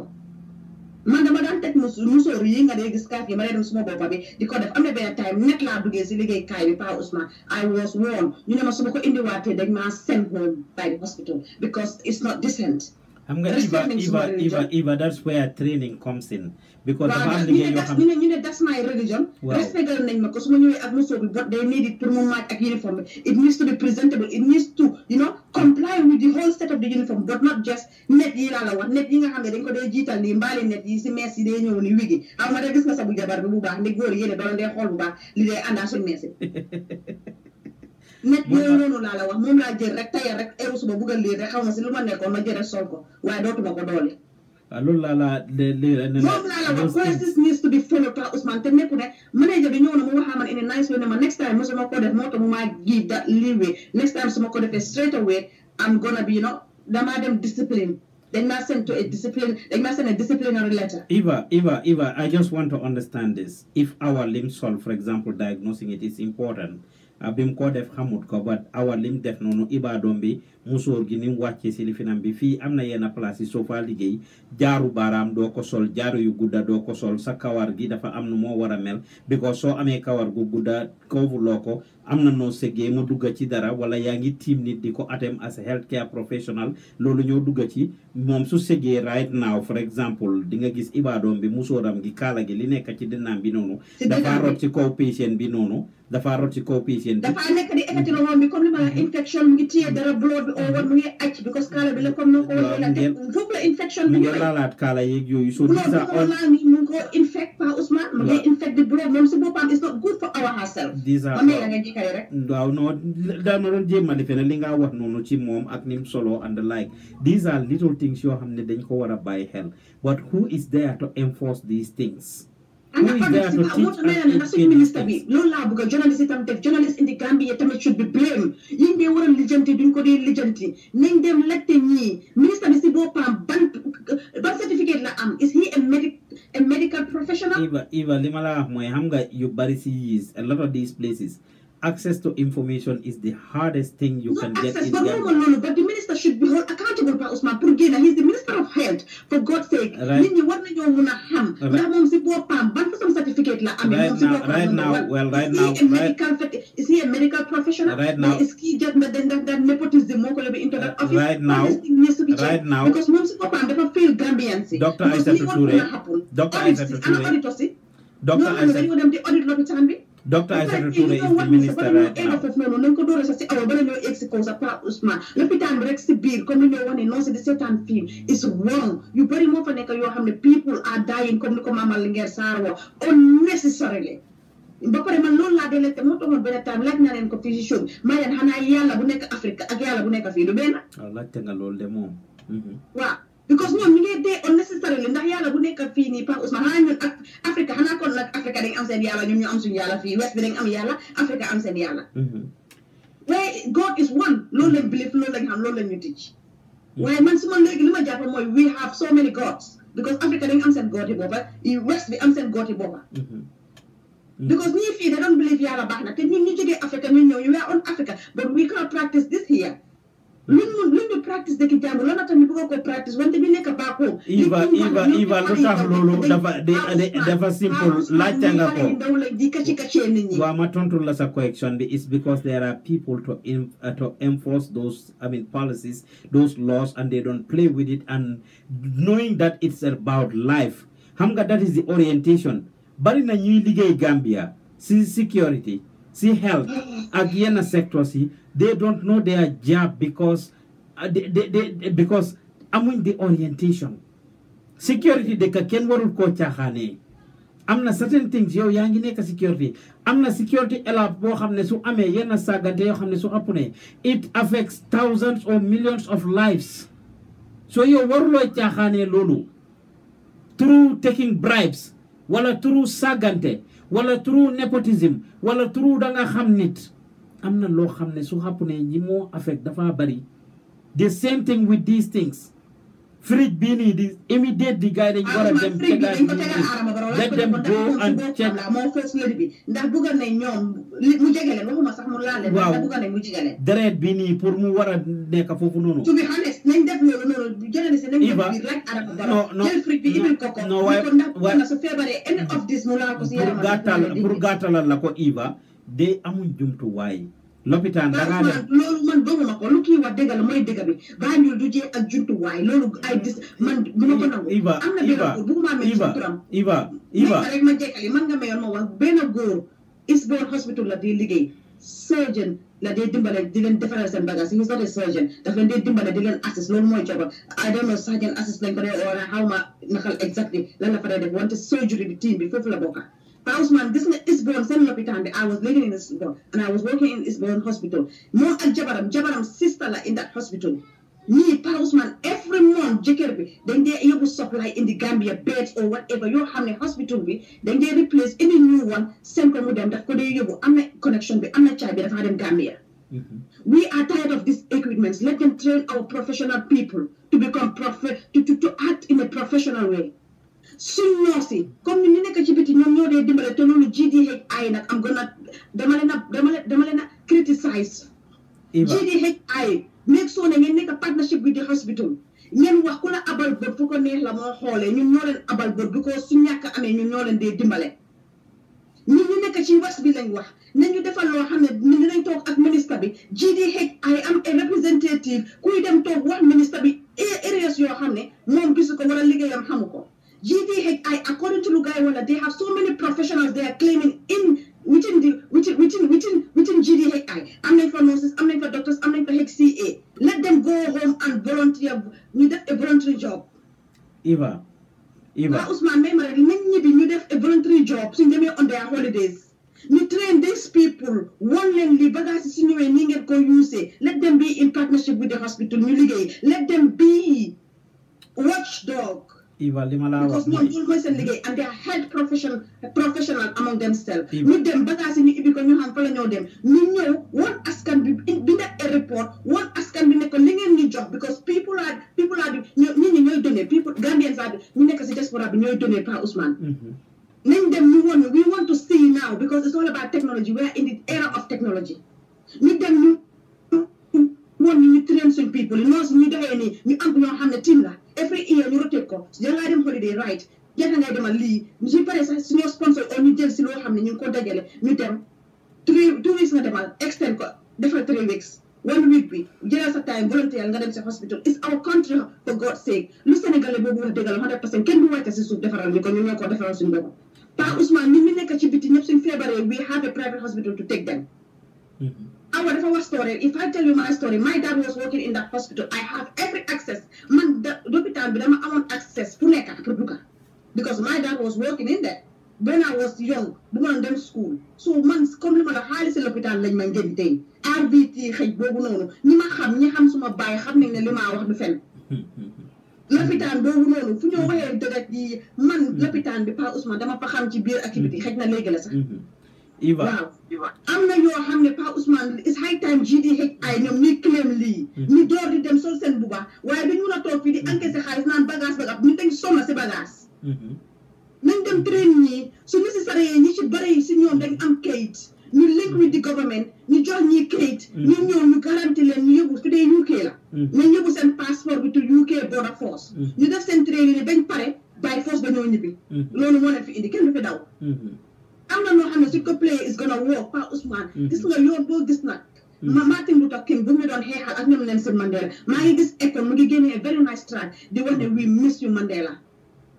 man dama daan teg musóor yi nga dee gis kaaf yi ma dee dem suma boppa bi di ko am na benn time net laa duggee si "Kai, bi Pa Ousmane I was warned You know, ma su ma ko indiwaatee dañ maa send home by the hospital because it's not decent xam nga Iva Iva Iva Iva ne ñu ne religion. waaw respectal nañ ma ko su ma ñëwee ak mosoo but they need it pour mu match ak uniform it needs to be presentable it needs to comply with the whole set of the uniform but not just net yi laa la wax net yi nga xam ne dañ ko dee jiital nii mbaali net yi si mees yi day ñëw ni wigi xam nga de gis nga sabu jabar bi bu baax ndi góor yéene doon dee xool bu baax li dee àndaa suñ mees yi nit ñooñu noonu laa la wax moom la jël rek tey rek heure suba bugg a rek xaw ma si lu ma nekkoon ma jël rek sol ko waaye dootuma ko doole. waaw ah, loolu laa la de lii la ne la. la wax crisis needs to be followed par Ousmane te nekku ne manager bi ñëw na mu waxaa man in nice way ne ma next time mosuma ko def moo tax mu maa gi da lii wee next time suma ma ko defee straight away am gonna bi you know damaa dem discipline. Then must send to a discipline. They must send a disciplinary letter. Eva, Eva, Eva. I just want to understand this. If our limb sol, for example, diagnosing it is important, Ah, bi mu ko def xamut ko ba awal lim def noonu ibaadoom bi musóor gi ni mu wàccee si bi fii am na yenn place yi soo faa liggéey jaaru baaraam doo ko sol jaaru yu gudda doo ko sol sa kawar gi dafa am na moo war a mel because soo amee kawar gu gudda koofu loo ko am na noo sëggee mu dugg ci dara wala yaa ngi tiim nit di ko atem as health care professional loolu ñoo dugg ci moom su sëggee right now for example di nga gis ibaadoom bi musóoram gi kaala gi li nekk ci dinaam bi noonu dafa rot ci kaw patient bi dafa nekk di ekkati loxoom mhm. ngi téye dara blood bi oo war mu comme ko la def infection bi nga laalaat kaala yeeg yooyu soo di sa on mu ngi ko infect pa Ousmane di blood moom si boppam is not good la daa ma doon a defe ne li nga wax noonu ci moom ak nim solo and like these are little things yoo xam ne dañ ko war a bàyyi xel but who is there to enforce these things laa bëgg journalist itam def journalist indi Gambia tamit should be blamed yi ngeen waroon lijjanti duñ ko dee lijjanti nañ dem laajte ñii ministre bi si boppam ban ban certificate la am is he a medic a medical professional. Eva Eva li ma la wax mooy xam nga a lot of these places. access to information is the hardest thing you can get the minister should be accountable by Usman Purgena. He's the minister of health, for God's sake. Right. Right now, right now, well, right now, is he a medical, right, is he a medical professional? Right now, is he just then that, that nepotism into that office? Right now, right now, because Mumsi Popan never failed Gambiancy. Dr. Aisha Tuture, Dr. Aisha Tuture, Dr. Aisha Docteur Aïssatou Touré is the minister right now. noonu nañ ko doore sax si awa bala ñoo egg si kaw sax pas Ousmane lopitaan bi rek si biir comme ni ñoo wane non si di seetaan film is wrong yu bëri moo fa nekk yoo xam ne people are dying comme ni ko Mama Linguère Sarr wax unnecessarily ba pare man loolu laa delloo te moo taxoon benn taam laaj naa leen ko fii si show bi maa leen xanaa yàlla bu nekk Afrique ak yàlla bu nekk fii lu benn. waaw laajte nga loolu de moom. Mhm. waaw. because ñoom ñu ngi dee unnecessarily ndax yàlla bu nekk fii nii Pape Ousmane xanaa ñun ak Afrique xanaa kon nag Afrique dañ am seen yàlla ñun ñu am suñu yàlla fii West bi dañ am yàlla Africa am seen yàlla. Mm-hmm. Where God is one loolu lañ belief, no lañ xam no lañ ñu teach. waaye man su ma léegi li ma we have so many gods because Africa dañ am seen God yi booba West bi am seen God yi booba. Mm-hmm. because ñii fii don't believe yàlla baax na te ñun ñu jógee Afrique ñun ñëw ñu we are on Africa but we cannot practice this here. luñ mun luñ ñu practice dëkk jàmm loolu nag tamit bëgg ko dafa simple laajte nga ko. waaw ma tontu la sa correction bi is because there are people to uh, to enforce those laws and they don't play with it and knowing that it's about life xam nga that is the orientation bari na ñuy liggéey Gambia si security si health ak yenn sectors yi. they don't know their job because uh, they, they, they, because amuñ the orientation security dëkk kenn warul koo caaxaanee am na certain things yow yaa ngi nekk security am na security elab boo xam ne su amee yenn sàggante yoo xam ne su app ne it affects thousands or millions of lives so yow waruloo caaxaanee loolu through taking bribes wala through sàggante wala through nepotism wala through da nga xam nit am na loo xam ne su ne ñi moo affect dafa bari the same thing with these things fridge bii nii di immediate di gars yi dañu a dem check let them go and check ndax bëgg na ñoom mu jege leen waxuma sax mu laal waaw ndax mu jege leen deret bi nii pour mu war a nekk noonu to be honest nañ def loolu noonu jëlale si nañ def biir rek ko na feebaree end of this mu laal ko si yaram pour gàttalal la ko Iba de amuñ jumtuwaay. lopitaan dangaa dem loolu man doxuma ko lu kii wax dëgg la mooy dëgg bi Banjul du jee ak jumtuwaay loolu ay dis man du ma ko nangu. Iba Iba Iba Iba Iba rek man nga mayoon ma wax benn góor Eastbourne Hospital la di liggéey surgeon la dee dimbale di leen defaral seen bagage he's not a surgeon daf leen dee dimbale di leen assist loolu mooy jobam I don't know surgeon assist lañ ko dee oora xaw ma naxal exactly lan la fa dee def wante surgery bi team bi foofu la bokka By this is Isborn, send me I was living in Isborn and I was working in Isborn hospital. More at Jabaram, Jabaram's sister like, in that hospital. Me, Pa every month, Jekerbi, then they able supply in the Gambia beds or whatever your the hospital be, then they replace any new one, same come with them that could you I'm a connection be, I'm a child, that I've Gambia. Mm -hmm. We are tired of these equipments. Let them train our professional people to become prof to, to, to act in a professional way. suñu ñoo si comme ni ñu nekk ci biti ñoom ñoo dee dimbale te loolu GDHI nag am gën a dama leen a dama leen dama leen a criticise GDHI nekk soo ne ngeen nekk partnership bi di hospital ñeen wax ku la abal bët fu ko neex la moo xoolee ñun ñoo leen abal bët bi ko su ñàkk amee ñun ñoo leen dee dimbale ñun ñu nekk ci west bi lañ wax ñu defal loo xam ne dinañ toog ak ministre bi GDHI am ay représentative kuy dem toog wax ministre bi areas yoo xam ne moom gisu ko wala liggéeyam xamu ko GDH, I, according to Lugaiwana, they have so many professionals they are claiming in within the within within within within GDHI. I'm in for nurses, I'm in for doctors, I'm in for HCA. Let them go home and volunteer with a voluntary job. Eva. Eva. That was my memory. Many of you have a voluntary job since they on their holidays. We train these people, one lengthy senior sinuwe ninget go use. Let them be in partnership with the hospital. Let them be watchdog. Iva li ma laa wax mooy ñoom mooy liggéey and they are professional among themselves ñu dem bagage yi ñu ubbi ko ñu xam fa la ñoo dem ñu ñëw woon askan bi binda a report woon askan bi nekk ko li ngeen ñu jox because people are people are ñoo nit ñi ñooy donné people Gambians are ñu nekk si diaspora bi ñooy donné Pa Ousmane mm-hmm. nañ dem ñu woon we want to see now because it's all about technology we are in the era of technology ñu dem ñu woon ñu train suñ people yi noonu ñu doxee nii ñu am ñoo xam ne team every year ñu rotate ko yow ngaa dem holiday right gerte demal lii su paree sax suñoo sponsor on ñu jël si loo xam ne ñu ko dajale ñu dem three two weeks nga demal extend ko defal three weeks one week bi jëlal sa time volontaire nga dem si hospital it's our country for God's sake lu Sénégalais boobu wax dëggal hundred percent kenn du wàcce si suuf defaral ñu ko ñu ñoo ko defaral suñu bopp Pa Ousmane nekk ci biti ñëpp suñu feebaree we have am awa dafa wax story if I tell you my story my dad was working in that hospital I have every access man da lopitaan bi dama amoon access fu nekk pour dugg because my dad was working in there when I was young bu ma doon dem school so man comme li ma la xaalis lopitaan lañ ma ngeen tey RVT xëj boobu noonu ñi ma xam ñi xam suma baay xam ne li maa wax du fen lopitaan boobu noonu fu ñoo waxee dëgg ak man hmm. lopitaan bi par Ousmane dama fa xam ci biir activité xëj na léegi la am na yoo xam ne Pa Ousmane it's high time GDHI ñoom ñuy claim lii. Mm-hmm. ñu door di dem sol seen bu baax waaye dañu mën a toog fii di encaissé xaalis naan bagage bagage ñu dañ sonna si bagage. Mm-hmm. nañ dem train ñii su nécessaire yi ñi ci bëri si ñoom dañ am kayit ñu link with the government ñu jox ñii kayit. Mm-hmm. ñu ñëw ñu garanti leen ñu yóbbu su dee UK la. nañ yóbbu seen passeport bi to UK border force. ñu def seen train yi ne pare by force ba ñoo ñibbi. loolu moo leen fi am na loo xam ne suñ ko play is gonna work Pa Ousmane. Mm-hmm. gis nga yoon boo gis nag. Mm-hmm. ma Martin Luther King bu ñu doon xeexal ak ñoom Nelson Mandela maa ngi gis école mu ngi génnee very nice track di wax ne mm-hmm. we miss you Mandela.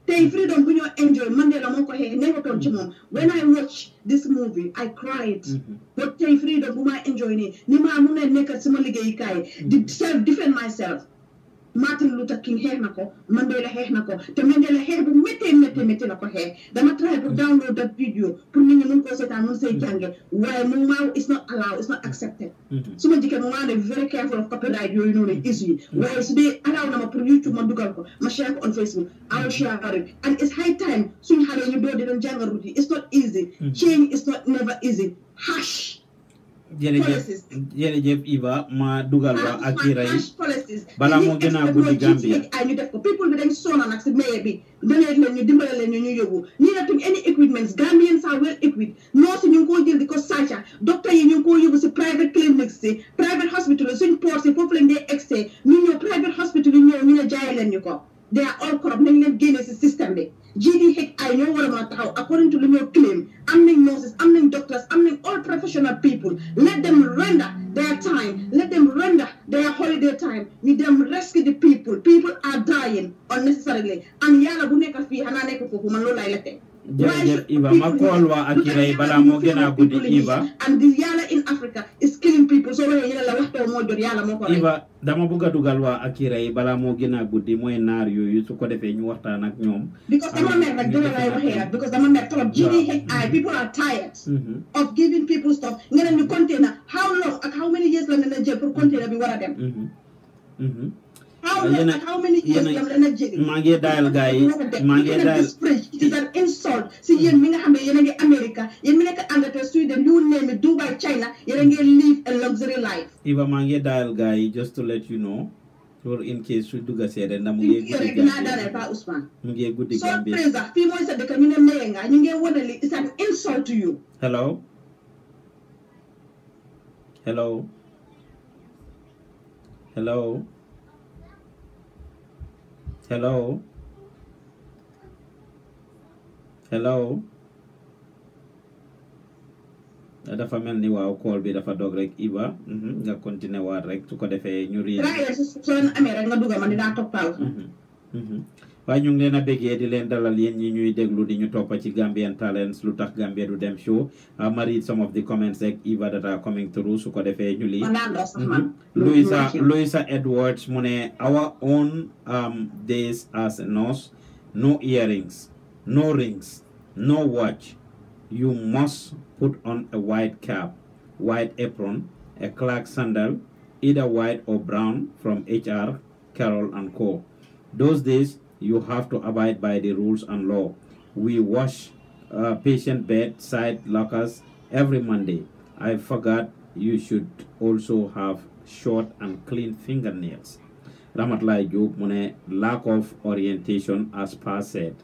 tey freedom bu ñoo enjoy Mandela moo ko xeex nekkatoon ci moom when I watch this movie I cried. but tey freedom bu maa enjoy nii ni maa mun a nekkal liggéey liggéeyukaay di self defend myself. Martin Luther King xeex na ko Mandela xeex na ko te Mandela xeex bu méttee méttee méttee la ko xeex dama try pour download that video pour nit ñi mun koo seetaan mun say jànge mu maaw it's not allowed it's not accepted mhm. su ma jikee mu maa very careful of copyright yooyu noonu mhm. issue yi mhm. waaye su allow na ma pour YouTube ma dugal ko ma share ko on Facebook aw share it and it's high time suñu xale ñu doo di doon jànga it's not easy change is not never easy harsh jërëjëf jërëjëf Iba ma dugal la ak kii rey balaa moo gën a guddi Gambia ñu def ko people bi dañ sonal nag si maye bi donate leen ñu dimbale leen ñu ñu yóbbu ñu ne any equipments Gambians are well equipped nurse ñu ngi koo jël di ko sàcca docteur yi ñu ngi koo si private clinics si private hospital suñ port si foofu lañ dee excès ñu ñëw private hospital yi ñëw ñu ne jaay leen ñu ko they are all corrupt nañ leen génne si système bi GDHI i war a maa taxaw according to li ñoo claim am nañ nurses am nañ doctors am nañ all professional people let them render their time let them render their holiday time ñu dem rescue the people people are dying unnecessarily and yàlla bu nekk fii xanaa nekk foofu man loolu laay lettee jërëjëf Iba ma kool waa Akira yi balaa moo gën a guddi Iba. Iba dama bëgg a dugal waa Akira yi balaa moo gën a guddi mooy naar yooyu su ko defee ñu waxtaan ak ñoom. because dama mer nag dama lay waxee rek because dama mer trop GDHI people are tired. Mm-hmm. of giving people stuff nga ne ni container how long ak how many years la nga leen jël pour container bi wara a dem. How many, and how many years you have energy? maa ngi daayal gars yi maa ngi daayal si yéen mi nga xam ne yéen a ngi America yéen mi Sweden you name it China yéen a live a luxury life. Iba maa ngi daayal yi just to let you know. pour in case su dugg a seede ndax mu ngi guddi Gambie Pa Ousmane mu mooy sa dëkk ñu ne nga ñu ngi wane li insult to you. hello hello hello. Hello. Hello. dafa mel ni waaw kool bi dafa dog rek Iba mhm, nga continuer waat rek su ko defee ñu. riir soo amee rek nga dugal ma dinaa toppal. Mhm, mhm. waaye ñu ngi leen a béggee di leen dalal yéen ñi ñuy déglu di ñu toppa ci Gambian Talents lu tax Gambia du dem show ah, ma read some of the comments rek Eva data coming through su ko defee ñu lii mm-hmm. Louisa Louisa Edwards mu ne our own um, days as nos. no earrings no rings no watch you must put on a white cap white apron a Clark sandal either white or brown from HR Carol and Co those days you have to abide by the rules and law. We wash uh, patient bedside lockers every Monday. I forgot you should also have short and clean fingernails. Ramatlai Job Mune, lack of orientation, as Pa said.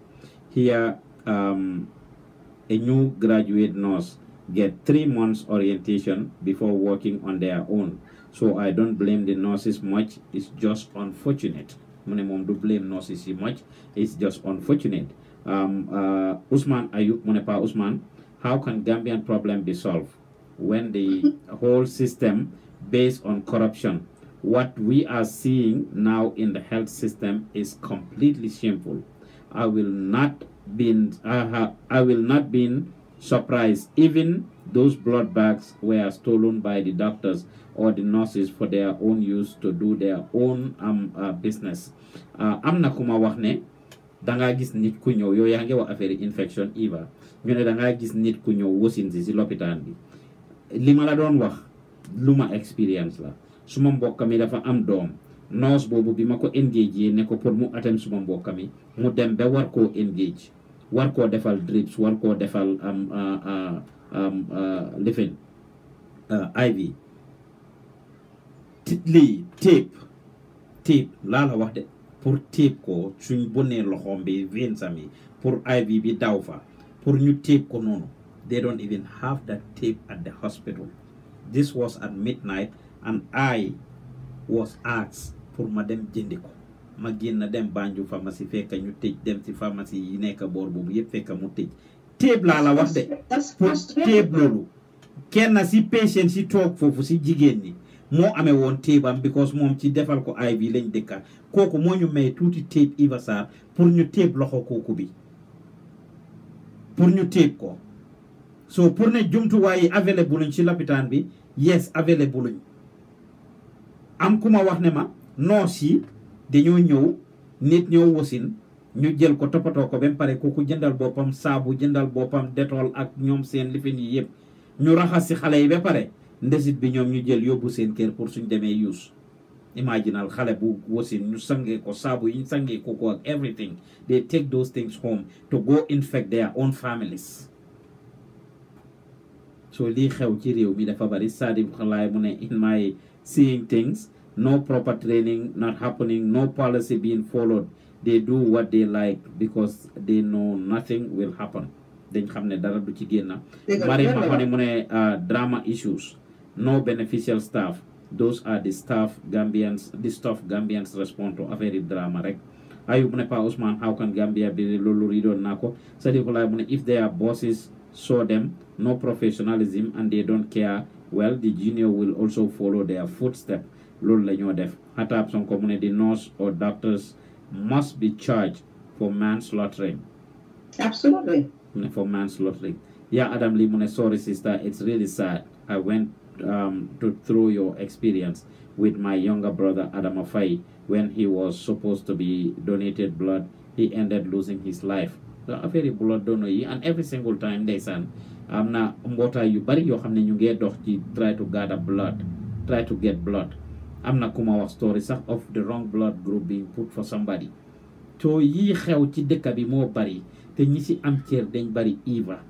Here, um, a new graduate nurse get three months orientation before working on their own. So I don't blame the nurses much. It's just unfortunate mu do du blame nurses much it's just unfortunate Ousmane um, uh, Ayub mu ne Pa Usman how can Gambian problem be solved when the whole system based on corruption what we are seeing now in the health system is completely shameful I will not been I, uh, I will not been surprised even Those blood bags were stolen by the doctors or the nurses for their own use to do their own am um, uh, business uh, am na ku ma wax ne dangaa gis nit ku ñëw yow yaa ngi wax affaire infection IVA ñu ne dangaa gis nit ku ñëw wasin si si lopitaan bi li ma la doon wax lu ma expérience la suma ma mbokk mi dafa am doom nurse boobu bi ma ko engage ne ko pour mu atteindre suma mbokk mi mu dem ba war koo engage war koo defal drips war koo defal am um, uh, lifin IV lii tape tape laa la wax de pour tape ko suñ bonnee loxoom bi vein sam pour IV bi daw fa pour ñu tape ko noonu they don't even have that tape at the hospital this was at midnight and I was asked pour ma dem jëndi ko ma génn dem Banjul pharmacie fekk ñu tëj dem ci pharmacie yi nekk boor boobu yëpp fekk mu tëj téeb laa la wax de pour téeb loolu kenn si patient si toog foofu ci jigéen ñi moo amee woon téebam because moom ci defal ko ay bi lañ dëkka kooku moo ñu may tuuti téeb Eva pour ñu téeb loxo kooku bi pour ñu téeb ko so pour ne jumtuwaay yi available luñ ci lapitaan bi yes available luñ am ku ma wax ne ma noos si dañoo ñëw nit ñoo wasin ñu jël ko toppatoo ko ba pare kooku jëndal boppam saabu jëndal boppam détool ak ñoom seen lifin yi yëpp ñu raxas si xale yi ba pare ndesit bi ñoom ñu jël yóbbu seen kër pour suñ demee yuus imaginal xale bu wasin ñu sangee ko saabu yi ñu sangee ak everything they take those things home to go infect their own families so lii xew ci réew mi dafa bari Sadio Xalaay mu ne in my seeing things no proper training not happening no policy being followed they do what they like because they know nothing will happen dañ xam ne dara du ci génna mari maxone drama issues no beneficial staff those are the staff Gambians the staff Gambians respond to affaire drama rek ayub mu ne pa Ousmane how can Gambia bi lolu riidoon naa ko Sadikulaay mu ne if their bosses saw them no professionalism and they don't care well the junior will also follow their footstep loolu la ñoo def Hatab Sonko mu ne the or doctors must be charged for manslaughtering. Absolutely. For manslaughtering. Yeah, Adam Lee Mune, sorry, sister. It's really sad. I went um, to, through your experience with my younger brother, Adam Afai, when he was supposed to be donated blood. He ended losing his life. So, a very blood donor. And every single time, they said, I'm not, what are you? But you have to try to gather blood, try to get blood am na story sax of the wrong blood group being put for somebody to yi xew ci dëkk bi moo bari te ñi si am cër dañ bari eva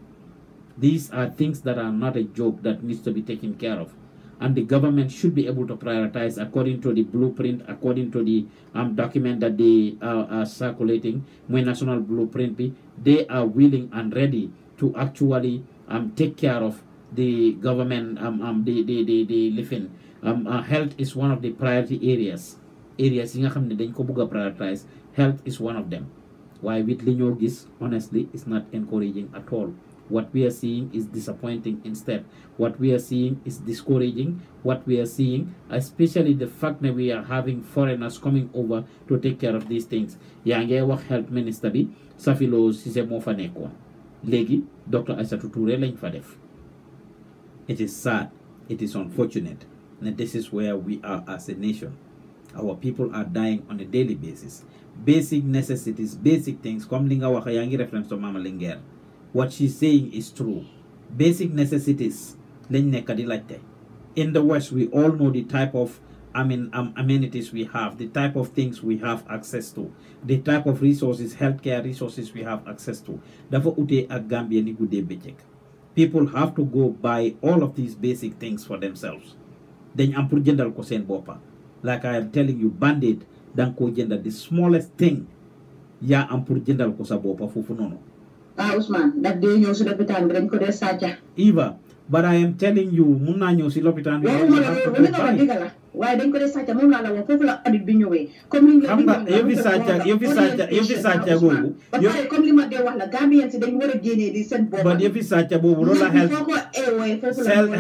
these are things that are not a joke that needs to be taken care of and the government should be able to prioritize according to the blueprint, according to the um, document that they uh, are circulating, my national blueprint, they are willing and ready to actually um, take care of the government, um, um, the, the, the, the living um, uh, health is one of the priority areas areas yi nga dañ ko bëgg prioritize health is one of them Why, with li gis honestly is not encouraging at all what we are seeing is disappointing instead what we are seeing is discouraging what we are seeing especially the fact that we are having foreigners coming over to take care of these things yaa wax health minister bi Safilo Ceesay moo fa nekkoon léegi Aissatou Touré lañ fa def it is sad it is unfortunate and this is where we are as a nation. Our people are dying on a daily basis. Basic necessities, basic things. reference to Mama Linguère. What she's saying is true. Basic necessities In the West, we all know the type of I mean, um, amenities we have, the type of things we have access to, the type of resources, healthcare resources we have access to. at Gambia ni People have to go buy all of these basic things for themselves. dañ am pour jëndal ko seen boppa like I am telling you bandit danga koo jëndal the smallest thing yaa am pour jëndal ko sa boppa foofu noonu. ah Ousmane ndax dee ñëw si lopitaan bi dañ ko dee sàcca. Iva. but I am telling you mun naa ñëw si lopitaan bi. waaye dañ ko dee sàcca moom laa la wax foofu la audit bi ñëwee. comme ni ñu la wax yëfi sàcca yëfi sàcca yëfi sàcca boobu. comme li ma dee wax la Gambien si dañ war a génnee di boobu loolu la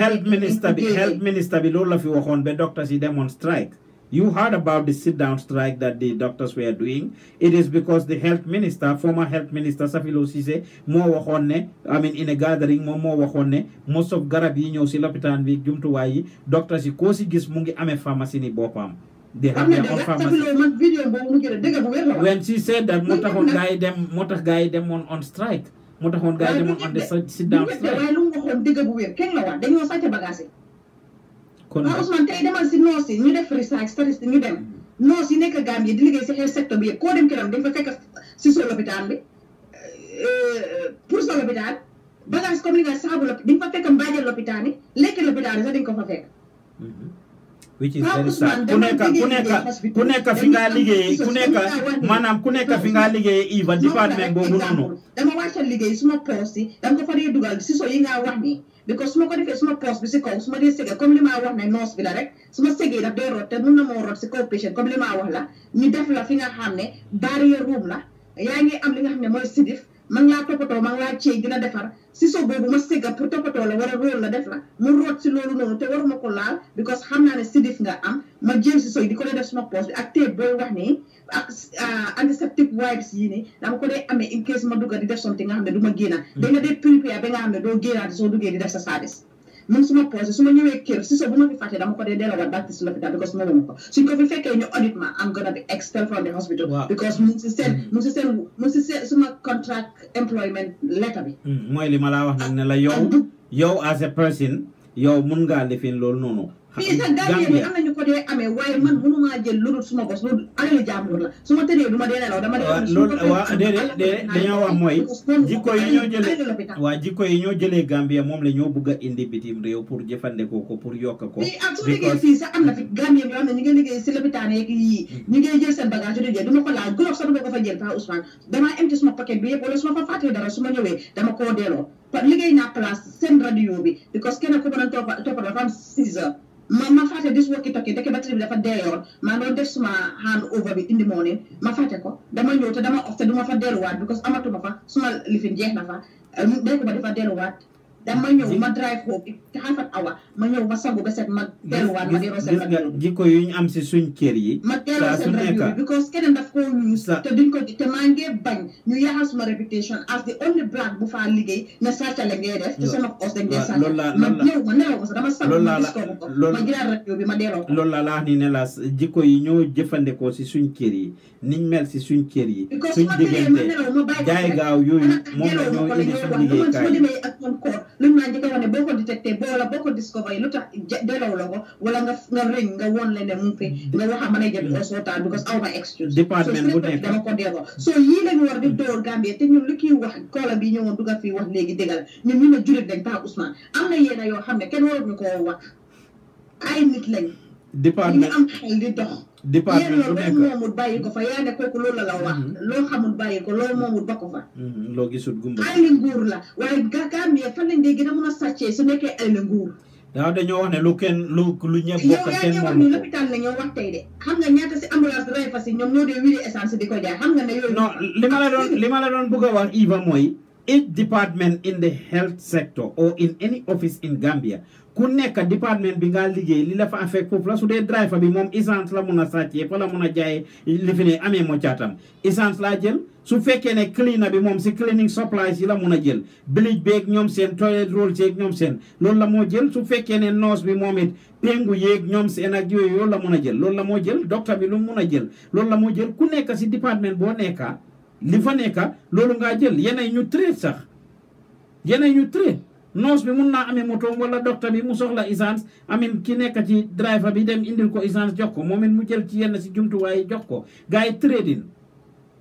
health minister bi health minister bi loolu la fi waxoon ba docteur si demoon strike. You heard about the sit-down strike that the doctors were doing. It is because the health minister, former health minister Safilo Cisse, moo waxoon ne I mean in a gathering moom moo waxoon ne most of garab yi ñëw si lopitaan bi jumtuwaay yi docteurs yi ko si gis mu ngi amee pharmacie ni boppam. they have their own pharmacy. When she said that moo taxoon gaa yi dem moo tax gaa on strike moo taxoon gaa yi demoon on the sit-down strike. kon nag Ousmane tey demal si noos yi ñu def research statistique ñu dem noos yi nekk Gambie di liggéey si xel secteur bi yëpp koo dem këram dañ fa fekk si sol lopitaan bi euh, pour sol lopitaan bagage comme li nga saabu lopitaan dañ fa fekk mbaaje lopitaan lekki lopitaan yi dañ ko fa fekk. Mhm. which is very sad ku nekk ku nekk fi nga liggéey ku nekk maanaam ku nekk fi nga liggéey even département boobu noonu dama wàcce liggéey suma post yi dama ko fa dee dugal si so yi nga wax ni because su ma ko defee suma post bi si kaw su dee sege comme li maa wax ne noos bi rek su ma daf dee rot te mun na moo rot si kaw comme li maa wax la ñu def la fi nga xam ne barrière room la yaa ngi am li nga xam ne mooy sidif man laa toppatoo man laa cey dina defar si so boobu ma sëgga pour toppatoo la war a róol la def la mu root si loolu noonu te waruma ko laal because xam naa ne sidif nga am ma jël si soy di ko dee def suma poos bi ak téeb booy wax nii ak ah, antiseptic wipes yii nii dama ko dee amee in case ma dugga di def something nga xam ne du ma génnaat mm. da nga dee prépare ba nga xam ne doo génnaat soo duggee di def sa service man su ma su ma ñëwee kër si so bu ma fi fàtte dama ko mu mm-hmm. si seen mu si seen suma contract employment letter bi mm-hmm. mooy li ma laa wax nag ne la yow yow as a person yow mun ngaa lifin loolu noonu président Gambie bi am nañu ko dee amee waaye man mënumaa jël lu suma bos loolu alalu jàmbur dee nelaw dama dee loolu waaw déedéet déedéet dañoo wax yi ñoo jëlee waaw jikko yi moom la ñoo bëgg a indi bitim ko pour yokk ko ak su liggéey fii sax am na fi ko fa jël pa Ousmane damaa am ci suma paquet bi yëpp wala su ma fa fàttee dara su ñëwee dama koo delloo liggéey naa place seen radio bi because kenn ku mën a toppa toppa dafa am six heures ma ma fàtte dis walkie talkie dëkk batterie bi dafa deeyoon maa doon def suma hand over bi in the morning ma fàtte ko dama ñëw te dama off te du ma fa delluwaat because amatuma fa suma lifin jeex na fa dëkk ba dafa delluwaat dama ñëw ma drive ko bi xaafat awa ma ñëw ma sangu ba set ma delluwaat ma jikko ñu am si suñ kër yi ma delloo seen rajo bi because te duñ ko di te maa ngi bañ bu faa liggéey na sàccale ngay def te sama os dañ dee sàcc ma ñëw ma nelaw ko sax ma gis ko ko la wax la jikko yi ñoo jëfandikoo si suñ kër yi niñ mel si suñ kër yi suñ diggante jaay gaaw yooyu moom la ñoo indi suñ liggéeykaay luñ maa njëkk a wax ne boo ko détecté boo la boo ko discover lu tax delloo la ko wala nga nga nga woon le ne mu ngi fi nga wax a jël osotaan because aw ma excuse département bu nekk dama ko delloo soo yii lañu war wax koola bi ñëwoon dugga fii wax léegi déggal ñun ñu ne jurit dañ tax Ousmane am na yéena yoo xam ne kenn waroon ñu koo wax ay nit lañ département ñu am xel di dox départ bi lu ko fa yaa ne loolu la la wax. Mm-hmm. loo xamul bàyyi ko loolu moomut ba ko fa. Mm-hmm. loo gisul gumba ayli nguur la waaye Gambia fan lañ dee gën a mën a sàccee su nekkee ayli nguur. daaw dañoo wax ne lu kenn lu ko yow yaa ngi wax ne lopitaan la ñoo wax tey de. xam nga ñaata si ambulance bi rey fa si ñoom ñoo dee wiri essence di ko jaay xam nga ne yooyu. non li ma la doon li ma la doon a wax Eva mooy. each department in the health sector or in any office in Gambia ku nekk département bi ngaa liggéey li la fa affect foofu la su dee driver bi moom essence la mun a sàccee fa la mun a jaayee li fi ne amee moo caatam laa jël su fekkee ne cleaner bi moom si cleaning supplies yi la mun a jël bleach beeg ñoom seen toilet roll seeg ñoom seen loolu la moo jël su fekkee ne nurse bi moom it péngu yéeg ñoom seen ak yooyu la mun a jël loolu la moo jël docteur bi lu mun a jël loolu la moo jël ku nekk si département boo nekka li fa nekka loolu ngaa jël yeneen ñu traite sax yeneen ñu traite noos bi mun naa amee moto wala docteur bi mu soxla essence amin ki nekk ci driver bi dem indil ko essence jox ko moom it mu jël ci yenn si jumtuwaay jox ko gars yi trading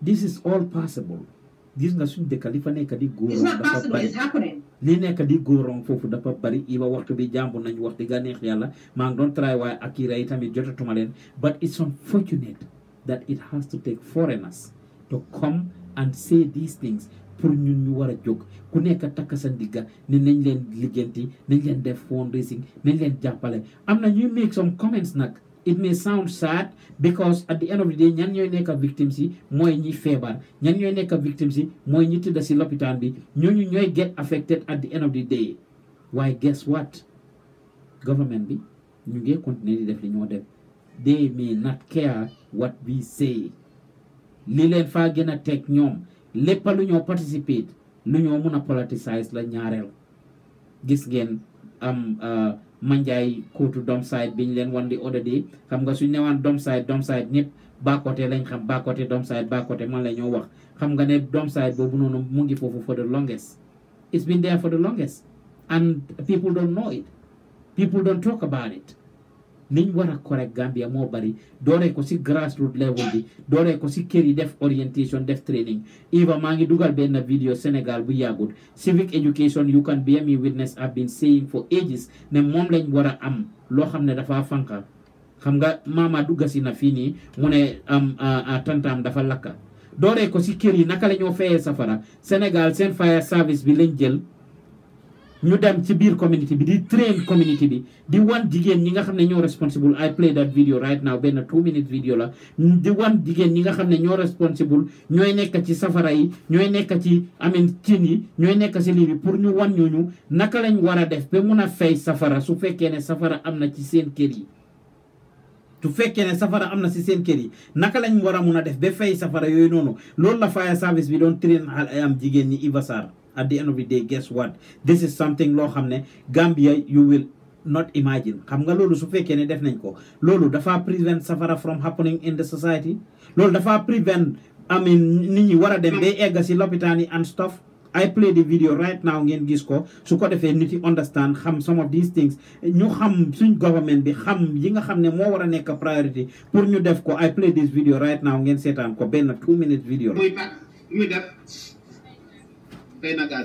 this is all possible gis nga suñ dëkk li fa nekk di góorong dafa bari li nekk di góorong foofu dafa bari iba waxtu bi jàmbu nañu wax di ga neex yàlla maa ngi doon try waaye ak kiira yi tamit jotatuma leen but it's unfortunate that it has to take foreigners to come and say these things pour ñun ñu war a jóg ku nekk takk sa ndigga ne nañ leen liggéenti nañ leen def fundraising nañ leen jàppale am na ñuy make some comments nag it may sound sad because at the end of the day ñan ñooy nekk victimes si mooy ñi feebar ñan ñooy nekk victimes si mooy ñi tëdd si lopitaan bi ñooñu ñooy get affected at the end of the day waaye guess what government bi ñu ngi continuer di def li ñoo def they may not care what we say li leen faa gën a teg ñoom lépp lu ñoo participate nu ñoo mun a politicize la ñaareel gis ngeen am euh, manjaay kootu domside biñ leen wan di other day xam nga suñ newaan domside domside ñëpp baakote lañ xam baakote domside baakote ma la ñoo wax xam nga ne domside boobu noonu mu ngi foofu for the longest it's been there for the longest and people don't know it people don't talk about it niñ war a correct Gambia moo bari dooree ko si grassroot level bi dooree ko si kër yi def orientation def training Eva maa ngi dugal benn video Sénégal bu yàggut civic education you can bear me witness I've been saying for ages ne moom lañ war a am loo xam ne dafa fanka xam nga maama dugga si na fii nii mu ne am tantaam dafa lakka dooree ko si kër yi naka la ñoo fayee safara Sénégal seen fire service bi lañ jël ñu dem ci biir community bi di train community bi di wan jigéen ñi nga xam ne ñoo responsible I play that video right now benn two minute video la di wan jigéen ñi nga xam ne ñoo responsible ñooy nekk ci safara yi ñooy nekk ci amin cin yi ñooy nekk ci lii bi pour ñu wan ñooñu naka lañ war a def ba mun a fay safara su fekkee ne safara am na ci seen kër yi su fekkee ne safara am na si seen kër yi naka lañu war a mun a def ba fay safara yooyu noonu loolu la fire service bi doon train am jigéen ñi Iba at the end of the day guess what this is something loo xam ne Gambia you will not imagine xam nga loolu su fekkee ne def nañ ko loolu dafa prevent safara from happening in the society loolu dafa prevent I mean nit ñi war a dem be egg si lopitaan yi and stuff I play the video right now ngeen gis ko su ko defee nit yi understand xam some of these things ñu xam suñ government bi xam yi nga xam ne moo war a nekk priority pour ñu def ko I play this video right ngeen seetaan ko benn two minutes fay na na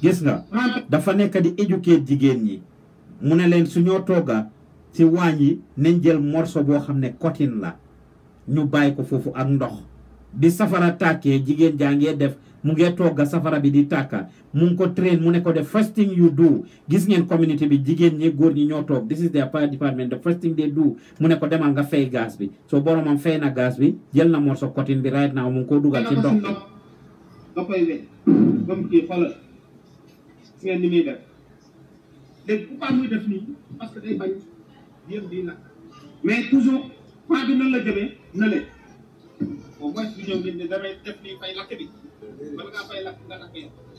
gis nga dafa nekk di éduquer jigéen ñi mu ne leen su ñoo tooga ci waañ yi nañ jël morso boo xam ne cotine la ñu bàyyi ko foofu ak ndox di safara tàkkee jigéen jaa ngee def mu ngee togga safara bi di tàkka mu ngi ko train mu ne ko the first thing you do gis ngeen community bi jigéen ñi góor ñi ñoo toog this is their fire department the first thing they do mu ne ko demal nga fay gaz bi so boromam fay na gaz bi jël na morso cotton bi right now mu ngi koo dugal ci toujours point bi nan la jëmee na le au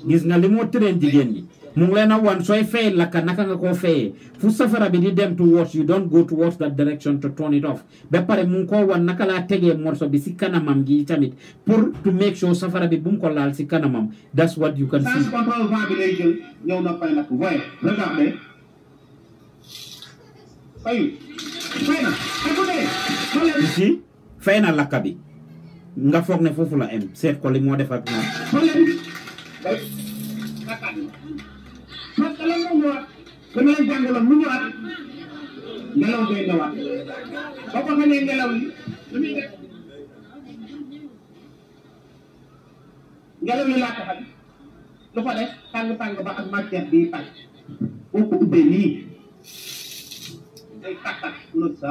gis nga li mu train jigéen ñi mu ngi leen a wan sooy fay lakka naka nga koo fayee fu safara bi di dem towards you don't go towards that direction to turn it off ba pare mu koo wan naka laa tegee morso bi si kanamam gi tamit pour to make sure safara bi bu mu ko laal si kanamam that's what you can see bi lay jël ñëw na fay lakk na lakka bi nga foog ne fofu la em set ko li mo def ak ñaan parce ko lu def ba ak matière bi ko day lu sa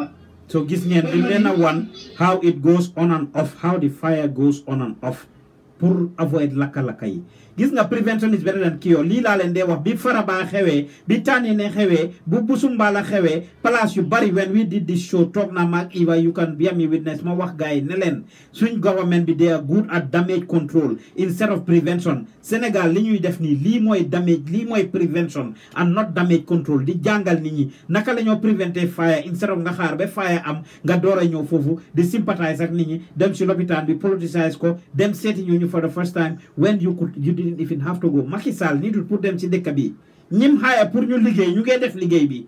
so gis ngeen di leen a wan how it goes on and off how the fire goes on and off pour avoid lakka-lakka yi gis nga prevention is better than cure lii laa leen dee wax bi Faraba xewee bi Tanine xewee bu Busumbala xewee place yu bari when we did this show talk na maag you can be me witness ma wax gars yi ne leen suñ government bi they are good at damage control instead of prevention Sénégal li ñuy def nii damage limo mooy prevention and not damage control di jàngal nit ñi naka la prevente fire instead of nga xaar ba fire am nga door a ñëw foofu di sympathize ak nit ñi dem si lopitaan bi politicize ko dem seeti ñooñu for the first time when you could you. didn't even have to go Macky Sall nitul pour dem ci dëkk bi ñim xaaya pour ñu liggéey ñu ngee def liggéey bi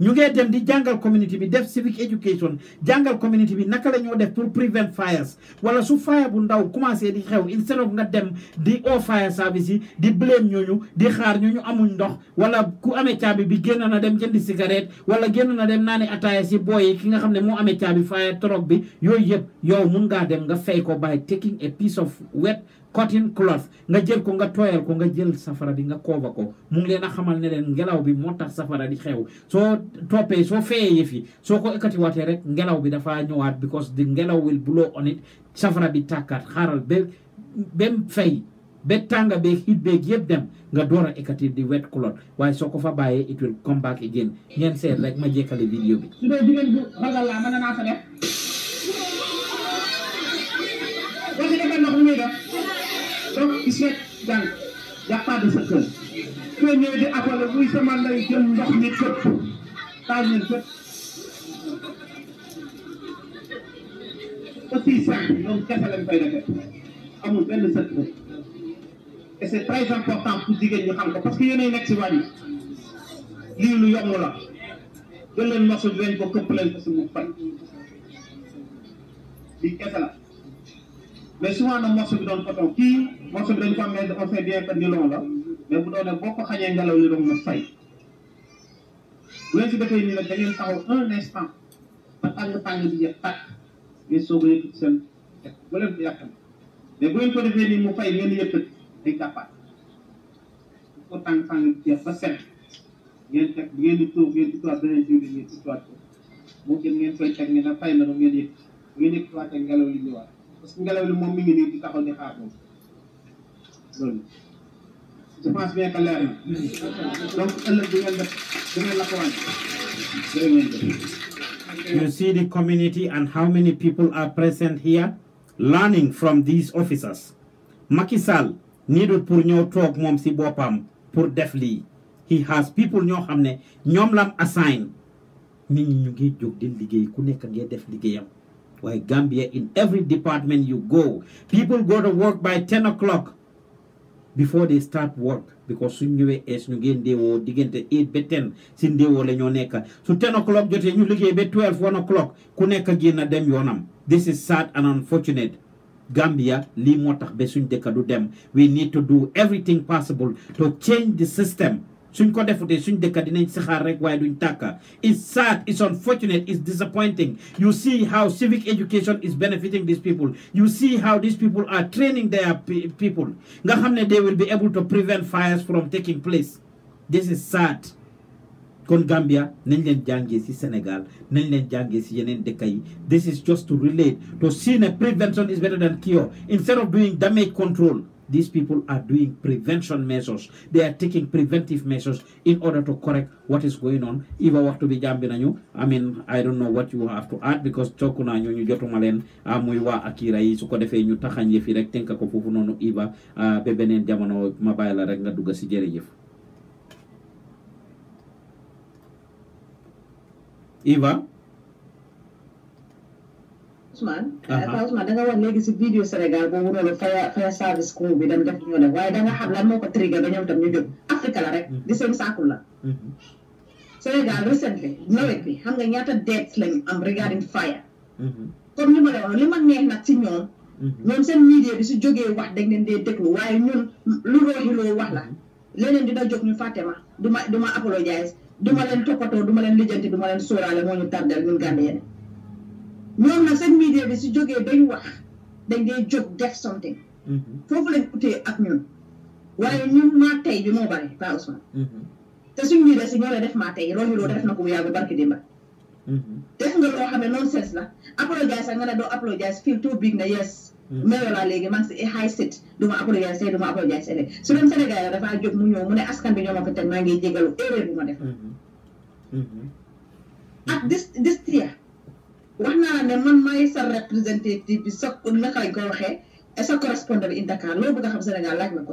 ñu ngee dem di jàngal community bi def civic education jàngal community bi naka la def pour prevent fires wala su fire bu ndaw commencé di xew instead of nga dem di o fire service yi di blame ñooñu di xaar ñooñu amuñ ndox wala ku amee caabi bi génn na dem jëndi cigarette wala génn na dem naani ataaya si booyi ki nga xam ne moo amee caabi fire torog a cotton cloth nga jël ko nga tooyal ko nga jël safara bi nga kooba ko mu ngi leen a xamal ne leen ngelaw bi moo tax safara di xew soo toppee soo feeyee yëf yi soo ko ekkatiwaatee rek ngelaw bi dafa ñëwaat because the ngelaw will blow on it safara bi tàkkaat xaaral ba bem fay ba tànga beek hit beeg yëpp dem nga door a ekkati di wet cloth waaye soo ko fa bàyyee it will come back again ngeen seet rek ma jekkale vidéo bi. seet dal jàppaa de sa kër kër ñëw di abale sama lay jël ndox mi këpp taal leen këpp aussi sax ñoom kese lañ koy defee amul benn secret et c'est très important jigéen ñu xam ko parce que yéenay nekk si wàññi lii lu yomb la jël leen mosu weñ ko këpp leen ko si mu fan kese la mais souvent nag morceau bi doon coton kii morceau bi dañ ko amee on sait bien que nylon la mais bu doonee boo ko xañee ngelaw li doon na fay bu leen si defee nii nag da ngeen taxaw un instant ba tàng tàng bi jeex tàkk ngeen soog a yëkkati seen bu leen ko yàqal mais bu leen ko defee nii mu fay ngeen yëkkati day jàppaat bu ko tàng tàng bi jeex ba set ngeen teg ngeen di tuur ngeen di tuwaat beneen jiw bi ngeen di tuwaat ko moo gën ngeen koy teg ngeen a fay na ngeen yëkkati ngeen yëkkatiwaat ak ngelaw li ñëwaat parce que ngelaw li moom mi ngi nii di taxaw di xaar moom loolu je pense bien que leer na donc ëllëg di ngeen def di ngeen la ko wàññi You see the community and how many people are present here learning from these officers. Macky Sall needul pour ñëw toog moom si boppam pour def lii. He has people ñoo xam ne lam assign nit ñi ñu ngi jóg di liggéey ku nekk ngay def liggéeyam. Why Gambia, in every department you go, people go to work by 10 o'clock before they start work because you suñ ñëwee es ñu ngeen deewoo to 8 ba 10 they ndeewoo la ñoo nekk So 10 o'clock you jotee ñu liggéey ba 12 1 o'clock ku nekk génn dem yoonam this is sad and unfortunate Gambia lii moo tax ba suñ dem we need to do everything possible to change the system suñ ko defutee suñ dëkka dinañ saxaar rek waaye duñ tàkka it's sad it's unfortunate it's disappointing you see how civic education is benefiting these people you see how these people are training their people nga xam ne they will be able to prevent fires from taking place this is sad kon Gambia nañ leen jàngee Sénégal nañ leen jàngee ci yeneen yi this is just to relate to see ne prevention is better than cure instead of doing damage control these people are doing prevention measures they are taking preventive measures in order to correct what is going on iba waxtu bi jàmbi nañu i mean i don't know what you have to add because cokku naa ñooñu jotuma leen ah, muy waa akira yi su ko defee ñu taxañ yëf yi rek tënk ko foofu noonu iba ah, ba beneen jamono ma bàyyi la rek nga dugg si jërëjëf iba Ousmane. Pa Ousmane eh, da nga wax léegi si vidéo Sénégal boobu noonu fire service crew bi dem def ñu ne waaye da nga xam lan moo ko trigger ba ñoom tam ñu jóg Afrique la rek. Mm-hmm. di seen saakul la. Mm-hmm. Sénégal recently nawet bi xam nga ñaata dettes lañu am regarding fire. Mm-hmm. comme ni ma la li ma neex nag ci ñoom. ñoom seen media bi su jógee wax dañ leen dee déglu waaye ñun lu rooxi loo wax la leneen dina jóg ñu fàtte ma du ma du ma apologize du ma leen toppatoo du ma leen lijjanti du ma leen sóoraale moo ñu tardel ñun gàmbe ñoom nag seen media bi su jógee bañ wax dañ dee jóg def something mm-hmm. foofu lañ utee ak ñun waaye ñun maa tey bi moo bari Pa Ousmane mm-hmm. te suñ media si ñoo la def maa tey roñu loo def na ko bu yàgg barki démba mm-hmm. def nga loo xam ne non sens la apologize sax nga ne doo apologize feel too big na yes mayo laa léegi man si high sit duma apologize tey duma apologize ëllëg su dem Sénégal ya dafaa jóg mu ñëw mu ne askan bi ñoo ma teg maa ngi jégalu erreur bu ma def ak dis dis tiya wax naa la ne man maay sa représentative bi sa naka lañ ko waxee sa correspondant bi in Dakar loolu bëgg a xam Sénégal laaj ma ko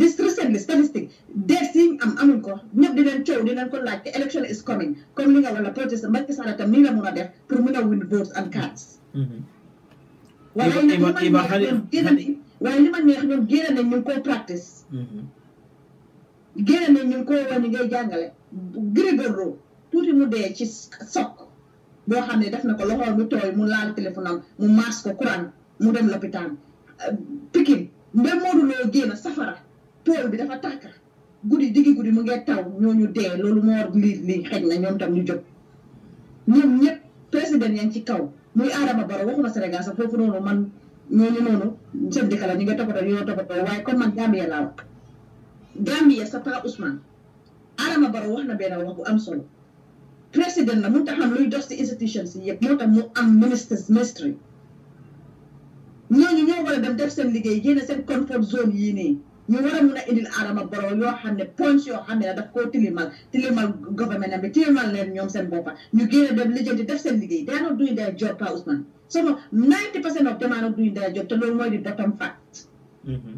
dis recently statistique des yi am amuñ ko ñëpp di leen coow di leen ko laaj te election is coming comme li nga wala protest Macky Sall tam nii la mun a def pour mun a win votes and cards mhm. waaye li ma neex ñoom génn waaye li ma neex ñoom génn nañ ñu ngi koo practice mhm. génn nañ ñu ngi koo wane ngay jàngale gërëgëroo tuuti mu dee ci sokk bo xam def nako loxo mu toy mu laal téléphone am mu maas ko courant mu dem l'hôpital pikin mbé modou lo gëna safara pool bi dafa tàkk gudi digi gudi mu ngi taw ñoñu dé lolu mo war li li xej na ñom tam ñu jox ñom ñëpp président yañ ci kaw muy Adama baro waxuma Sénégal sax fofu nonu man ñoñu nonu jëf dëkk la ñu ngi toppatoo ñu ngi toppatoo waaye man Gambia la wax Gambia sa pa Ousmane Adama baro wax na bénn wax bu am solo président la mënut a xam luy dox si institution si yëpp moo tax mu am ministers ministry ñooñu ñoo a dem def seen liggéey génne seen comfort zone yii nii ñu war a na a indil Adama Barrow yoo xam points yoo xam ne daf koo tilimal tilimal gouvernement bi tilimal leen ñoom seen boppa ñu génne dem lijjanti def seen liggéey they are not doing their job Pa Ousman sama ninety percent of them are not doing their job te loolu mooy di bottom fact mm-hmm.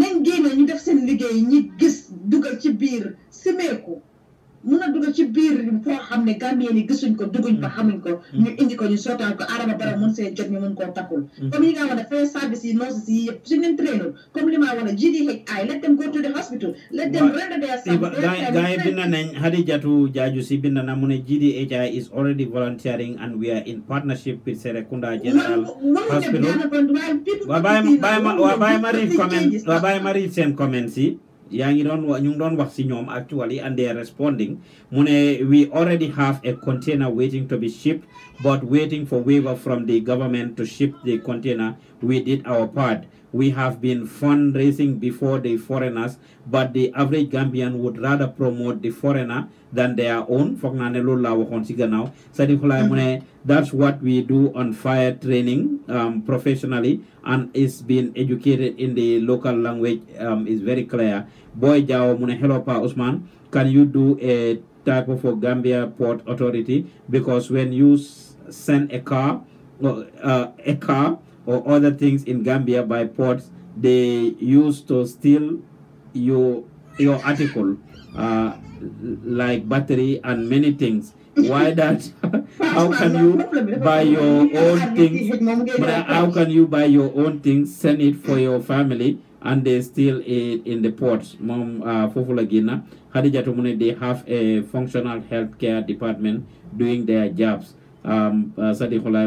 nañ génne ñu def seen liggéey ñi gis dugal ci biir simeeku mun a dugg ci biir foo xam ne gambien yi gisuñ ko dugguñ ko mm. xamuñ ko mm. ñu indi ko ñu sootaan ko Adama Barrow mun see jot ñu mun koo takkul mm. comme yi nga wax ne fee service yi nurses yi yëpp suñ leen trainul comme li maa wax ne GDHI let them go to the hospital gaa yi bind nañ Hadijatu Jaaju si bind na mu ne GDHI is already volunteering and we are in partnership with Serekunda General waa bàyyi ma seen comment yi yaa ngi doon ñu ngi wax actually and they are responding mu we already have a container waiting to be shipped but waiting for waiver from the government to ship the container we did our part we have been fundraising before the foreigners, but the average Gambian would rather promote the foreigner than their own. Mm-hmm. That's what we do on fire training um, professionally, and it's been educated in the local language um, is very clear. Boy Jao Mune Usman, can you do a type of a Gambia Port Authority? Because when you send a car, uh, uh a car or other things in Gambia by ports they used to steal your your article uh, like battery and many things why that how can you buy your own things how can you buy your own things send it for your family and they steal it in the ports. mom uh, Fufula gina hadija tumune they have a functional healthcare department doing their jobs um uh,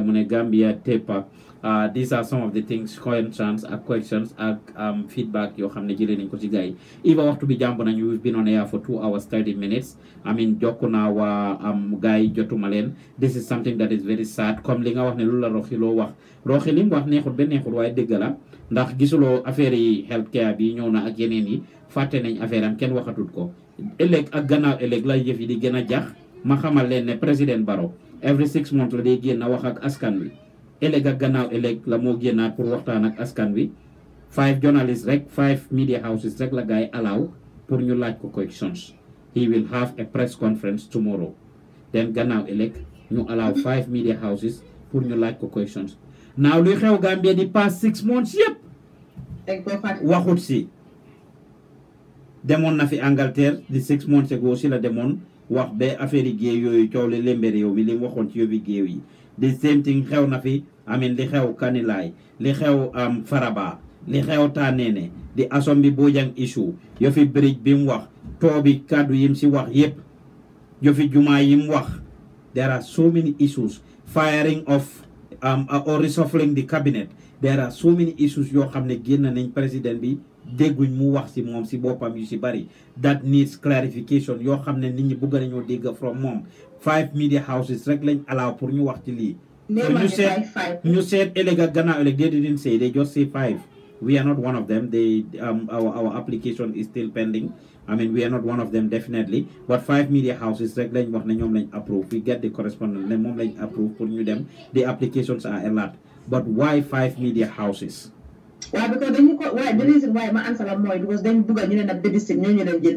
mune gambia tepa Uh, these are some of the things concerns ak questions ak um, feedback yoo xam ne jëlee nañ ko ci gars yi waxtu bi jàmb nañu we've been on air for two hours thirty minutes I mean jokk naa wa am um, gars yi jotuma leen this is something that is very sad comme li nga wax ne loolu la roxi loo wax roxi li mu wax neexut ba neexut waaye dëgg la ndax gisuloo affaire yi health care bi ñëw na ak yeneen yi fàtte nañ affaire am ken waxatut ko ëllëg ak gannaaw ëllëg la yëf yi di gën a jax ma xamal leen ne président Barrow every six la day génn wax ak askan wi ëllëg ak gannaaw ëllëg la moo génnaat pour waxtaan ak askan wi five journalists rek five media houses rek la gars yi allow pour ñu laaj ko questions he will have a press conference tomorrow then gannaaw ëllëg ñu allow five media houses pour ñu laaj ko questions naaw luy xew Gambia di past six months yëpp waxut si demoon na fi Angleterre di six months ago si la demoon wax ba affaire yi yooyu coow li lembe réew mi li waxoon ci yóbbi géew yi the same thing xew na fi I mean li xew Kanilaay li xew um, Faraba li xew Tanene di Assombi Bojang issue yofi bridge bi mu wax bi kàddu yim si wax yépp yofi jumaa mu wax there are so many issues firing of um, or reshuffling the cabinet there so many issues yoo xam ne génn nañ président bi dégguñ mu wax si moom si boppam yu si bëri that needs clarification yoo xam ne nit ñi bëgg nañoo dégg from moom five media houses rek lañ allow pour ñu wax ci lii ñu seet ñu seet ëllëg ak gannaaw ëllëg they didn't say they just say five we are not one of them they um, our, our application is still pending I mean, we are not one of them, definitely. But five media houses, regular wax na ñom lañ approve. We get the correspondence, mom lañ approve pour ñu dem. The applications are a lot. But why five media houses? Why? because the reason why my answer la more because dañ bugg a ñu babysit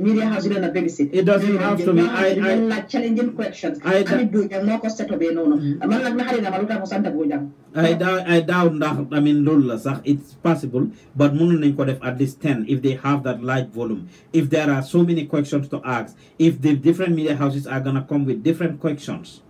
media has ñu leen a babysit it doesn't have to be I I like challenging questions amit Bojang moo ko setobee noonu mm-hmm. man nag ma xarit I'm not going to sant Bojang I doubt, I doubt that, I mean, Lula, it's possible, but Mununin could have at least 10 if they have that light volume. If there are so many questions to ask, if the different media houses are going to come with different questions,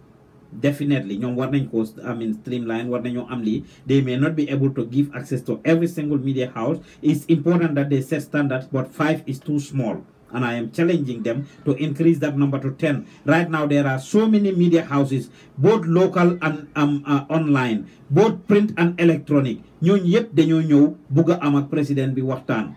definitely ñoom war nañ ko I mean streamline war nañoo am lii they may not be able to give access to every single media house it's important that they set standards but five is too small and I am challenging them to increase that number to 10. Right now, there are so many media houses, both local and um, uh, online, both print and electronic. Ñooñu yëpp dañoo ñëw bugg am ak président bi waxtaan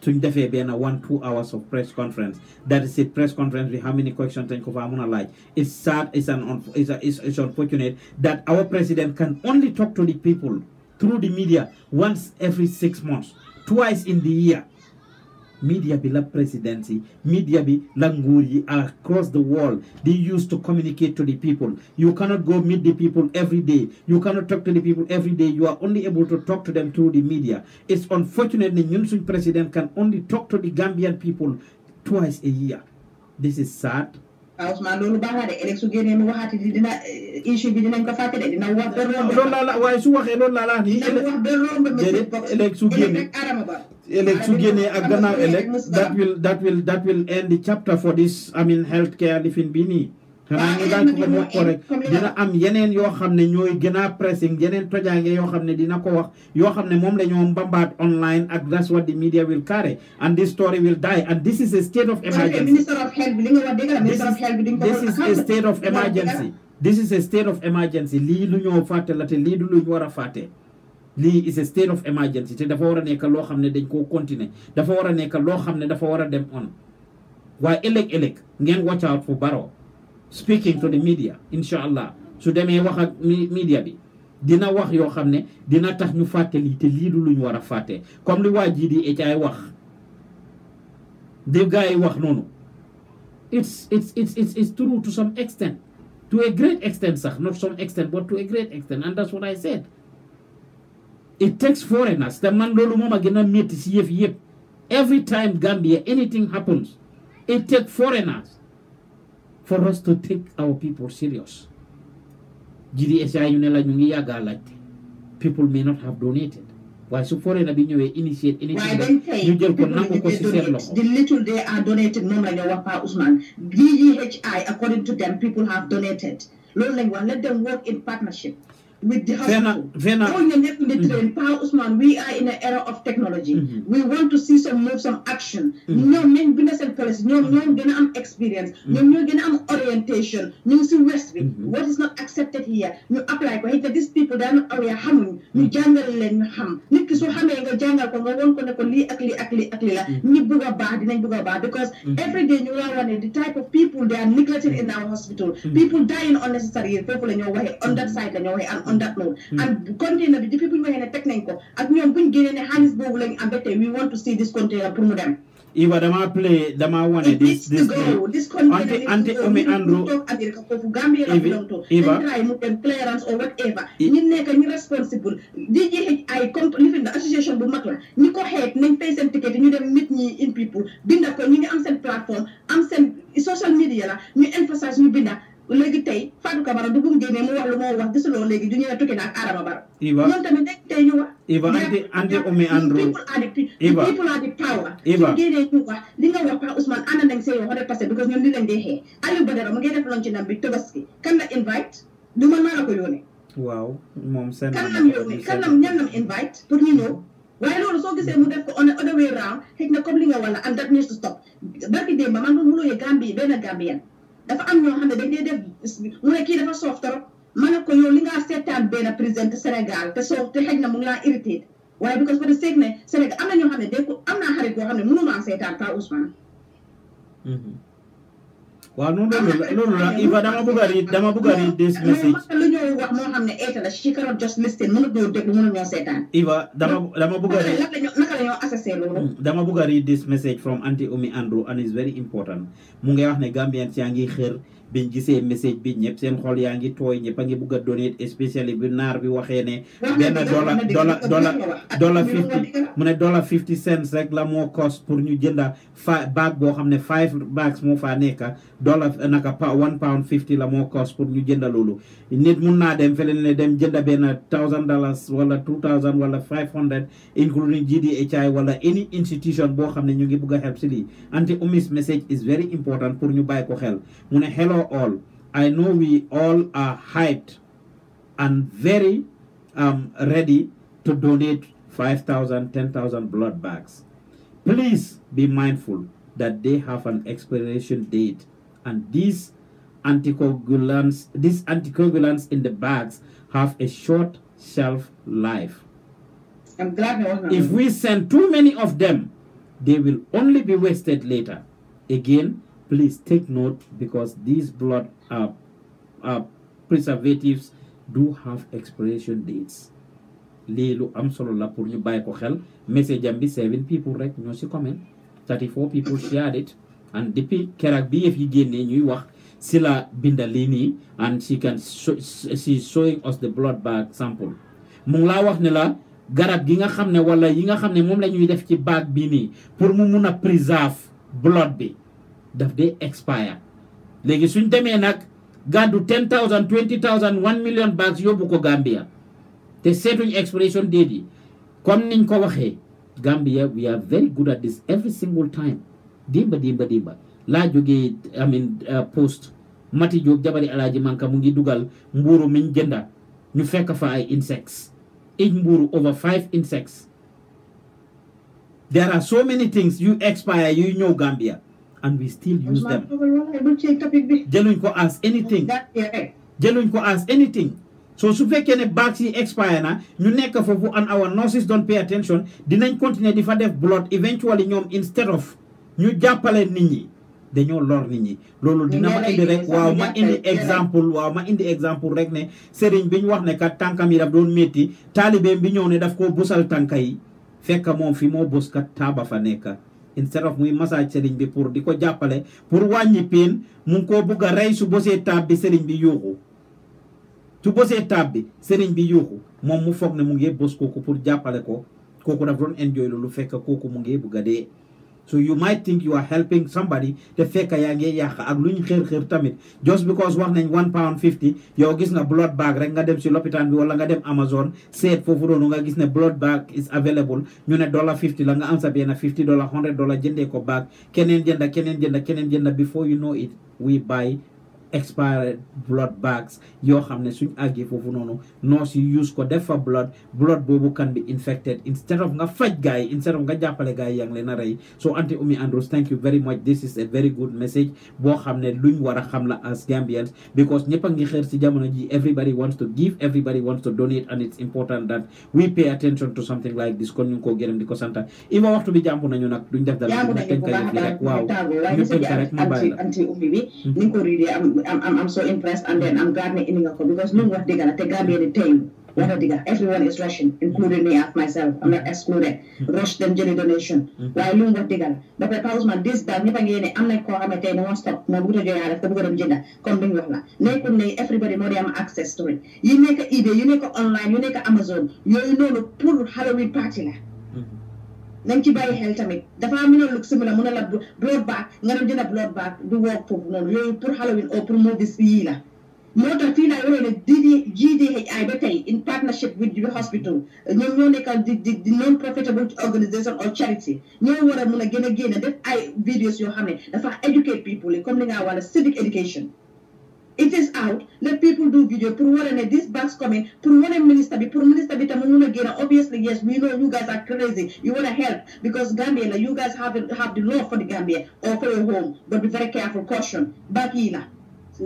suñ defee a one two hours of press conference that is a press conference We how many questions and cover fa mun it's sad it's an it's, a, it's, it's unfortunate that our president can only talk to the people through the media once every six months twice in the year media bi la presidency media bi la yi across the world they use to communicate to the people you cannot go meet the people every day you cannot talk to the people every day you are only able to talk to them through the media it's unfortunate ne ñun suñ president can only talk to the Gambian people twice a year this is sad waaw ah, Ousmane loolu baax na de élection su génnee mu waxaati di dina eh, issue bi dinañ ko fàtte de dina wax ba romb. loolu laa la waaye su waxee loolu laa la nii. dina wax ba romb ba bokk élec su génnee élec su génnee ak gannaaw élec that will that will that will end the chapter for this I mean healthcare lifin bi nii. xanaa ñu daaj mu wax dina am yeneen yoo xam ne ñooy gën a pressing yeneen tojaange yoo xam ne dina ko wax yoo xam ne moom la mbambaat online ak that's what the media will carry and this story will die and this is a state of emergency this is a state of emergency lii lu ñoo fàtte la te lii du luñ war a fàtte lii is a state of emergency te dafa war a nekk loo xam ne dañ koo continuer dafa war a nekk loo xam ne dafa war a dem on waaye ëllëg ëllëg ngeen watch out fu baro speaking to the media inshallah, so su may wax ak media bi dina wax yoo xam ne dina tax ñu fàtte lii te lii du luñ war a comme li waa di ay wax di gars wax noonu it's it's it's it's true to some extent to a great extent sax not some extent but to a great extent and that's what I said it takes foreigners The man loolu moom a to meet métti si yëf every time Gambia anything happens it takes foreigners for us to take our people serious GDSI ñu ne la ñu ngi yàgg a laajte people may not have donated waaye su foreigner bi ñëwee initiate initiate ñu jël ko nangu ko si seen loxo the little they are donated moom la ñu wax Pa Ousmane according to them people have donated loolu lañ wax let them work in partnership with the hospital. Vena, Power Usman, we are in an era of technology. Mm -hmm. We want to see some move, some action. No men business and policy, no men gonna am experience, no men gonna am orientation, no see West mm What is not accepted here? You apply for it these people that are not aware ham, you mm-hmm. jangle len ham. Niki so ham mm-hmm. nga jangal ko ngon ko ne ko li ak li ak li ak li la. Ni buga the type of on that note. Hmm. and container bi depuis bu ñu waxee ne teg nañ ko ak ñoom bu ñu génnee ne boobu lañ am ba we want to see this container pour mu dama play dama wane this this this ante nekk ñi responsible DGHI comme lifin da association bu mag la ñi ko xeet nañ fay seen ticket ñu dem nit ñi in people binda ko ñu ngi am seen plateforme am seen social media la ñu emphasize ñu binda léegi tey Fatou Camara du bum génnee mu wax lu moo wax gisuloo léegi du ñëwee na ak Adama Barrow. Eva tamit dañ tey ñu wax. Eva people are the Eva people are the power. Eva su génnee ñu wax li nga wax Pa Ousmane ànd nañ say wax parce que because ñoom li lañ dee xee Aliou Badara mu ngi def loon ci bi Tabaski kan la invite du man maa la ko yónnee. waaw moom seen. kan lam yónnee kan lam invite pour ñu ñëw. waaye loolu soo gisee mu def ko on other way round xëy na comme li nga wala dafa am ñoo ne dañ dee def mu kii dafa soof torop ma ne ko yow li ngaa seetaan benn président Sénégal te soof te xëj na mu ngi laa irrité waaye because for the sake ne Sénégal am na ñoo xam ne de ko am naa xarit boo xam ne mënumaa seetaan Pa Ousmane mm-hmm. waaw noonu loolu la loolu la Iva dama bëgg a read dama bëgg a read this message. lu ñuy wax moo xam ne état la she cannot just listen mënut ñoo déglu mënut ñoo seetaan. Iva dama dama bëgg a read naka la ñoo assasé loolu. Mm, dama bëgg a read this message from Aunty Omi Andrew and it's very important mu ngi wax ne Gambians yaa ngi xër. biñ gisee message bi ñëpp seen xol yaa ngi tooy ñëpp a ngi bugg a donate especially bi naar bi waxee ne benn dollar dollar mu ne dollar fifty cents rek la moo cost pour ñu jënda fa bag boo xam ne five bags moo faa nekka dollar naka one pound fifty la pour ñu jënda loolu nit mun naa dem fele ne dem jënda benn thousand dollars wala two thousand wala five hundred including GDHI wala any institution boo xam ne ñu ngi bugg a help si lii anti omis message is very important pour ñu bàyyi ko xel mu ne hello know all. I know we all are hyped and very um, ready to donate 5,000, 10,000 blood bags. Please be mindful that they have an expiration date and these anticoagulants, these anticoagulants in the bags have a short shelf life. I'm glad If we send too many of them, they will only be wasted later. Again, please take note because these blood uh, uh, preservatives do have expiration dates lii lu am solo la pour ñu bàyyi ko xel message am bi seven people rek ñoo si comment thirty four people shared it and depuis keroog bi yëf yi génnee ñuy wax si la binda lii nii and she can she showing us the blood bag sample mu laa wax ne la garab gi nga xam ne wala yi nga xam ne moom la ñuy def ci bag bi nii pour mu mën a préserve blood bi daf day expire léegi suñ démé nak gàddu ten thousand twenty thousand one million bags yóbbu ko Gambia té sétuñ expiration date yi comme niñ ko waxé Gambia we are very good at this every single time dimba dimba dimba La jogé I mean uh, post Mati jog jabari alaji manka mu ngi dugal mburu miñ jënda ñu fekk fa ay insects In mburu over five insects there are so many things you expire you know Gambia and we still use them jëluñ ko as anything jëluñ ko as anything so su fekkee ne bags yi expire na ñu nekk foofu and our nurses don't pay attention dinañ continuer di fa def blood eventually ñoom instead of ñu jàppale nit ñi dañoo lor nit ñi loolu dina ma indi rek waaw ma indi exemple waaw ma indi exemple rek ne sëriñ bi ñu wax ne kat tànkam yi daf doon métti taalibeem bi ñëw ne daf koo busal tànka yi fekk moom fi moo bus kat taaba fa nekk instead of muy massage sëriñ bi pour di ko jàppale pour wàññi pain mu ngi koo bugg rey su bosee taab bi sëriñ bi yuuxu su bosee taab bi sëriñ bi yuuxu moom mu foog ne mu ngi bos kooku pour jàppale ko kooku daf doon enjoy lu fekk kooku mu ngi bugg a dee so you might think you are helping somebody te fekk yaa ngi yàq ak luñ xër xër tamit just because wax nañ one pound fifty yow gis na blood bag rek nga dem si lopitaan bi wala nga dem Amazon seet foofu doonu nga gis ne blood bag is available ñu ne dollar fifty la nga am sa benn fifty dollar hundred dollar jëndee ko bag keneen jënda keneen jënda keneen jënda before you know it we buy expired blood bags yoo xam ne suñ àggee foofu noonu nurse yi use ko def fa blood blood boobu can be infected instead of nga faj gars yi instead of nga jàppale gars yi yaa ngi leen a rey so anti Umi Andrews thank you very much this is a very good message boo xam ne luñ war a xam la as Gambians because ñëpp ngi xeer si jamono ji everybody wants to give everybody wants to donate and it's important that we pay attention to something like this kon ñu ngi koo gërëm di ko santa Iva waxtu ñu tënk rek waaw ñu tënk I'm, I'm, I'm so impressed. And then I'm glad me in because no one digger, they got me the team. Everyone is rushing, including me as myself. I'm not excluded. Rush them jelly donation. Why you what digger? But the thousand this that never again, I'm like call my time won't stop. No good jail at the bottom gender. Come bring your Make only everybody more am access to it. You make a eBay, you make online, Amazon, you know the poor Halloween party. nañ ci bàyyi xel tamit dafa am lu lug simila mun a la blood bag nga dem jënd blood back. du woog foofu noonu yooyu pour Halloween oo pour movies yii la moo tax fii laa yoroon ne GDHI ba tey in partnership with the hospital ñoom ñoo nekkal di di di non profitable organisation or charity ñoo war a mun a gën a génne def ay videos yoo xam ne dafa educate people yi comme li nga wax la civic education it is out let people do video Put one in this box. coming Put one in minister bi Put minister bi tam mun obviously yes we know you guys are crazy you want to help because Gambia la you guys have have the law for the Gambia or for your home but be very careful caution back here.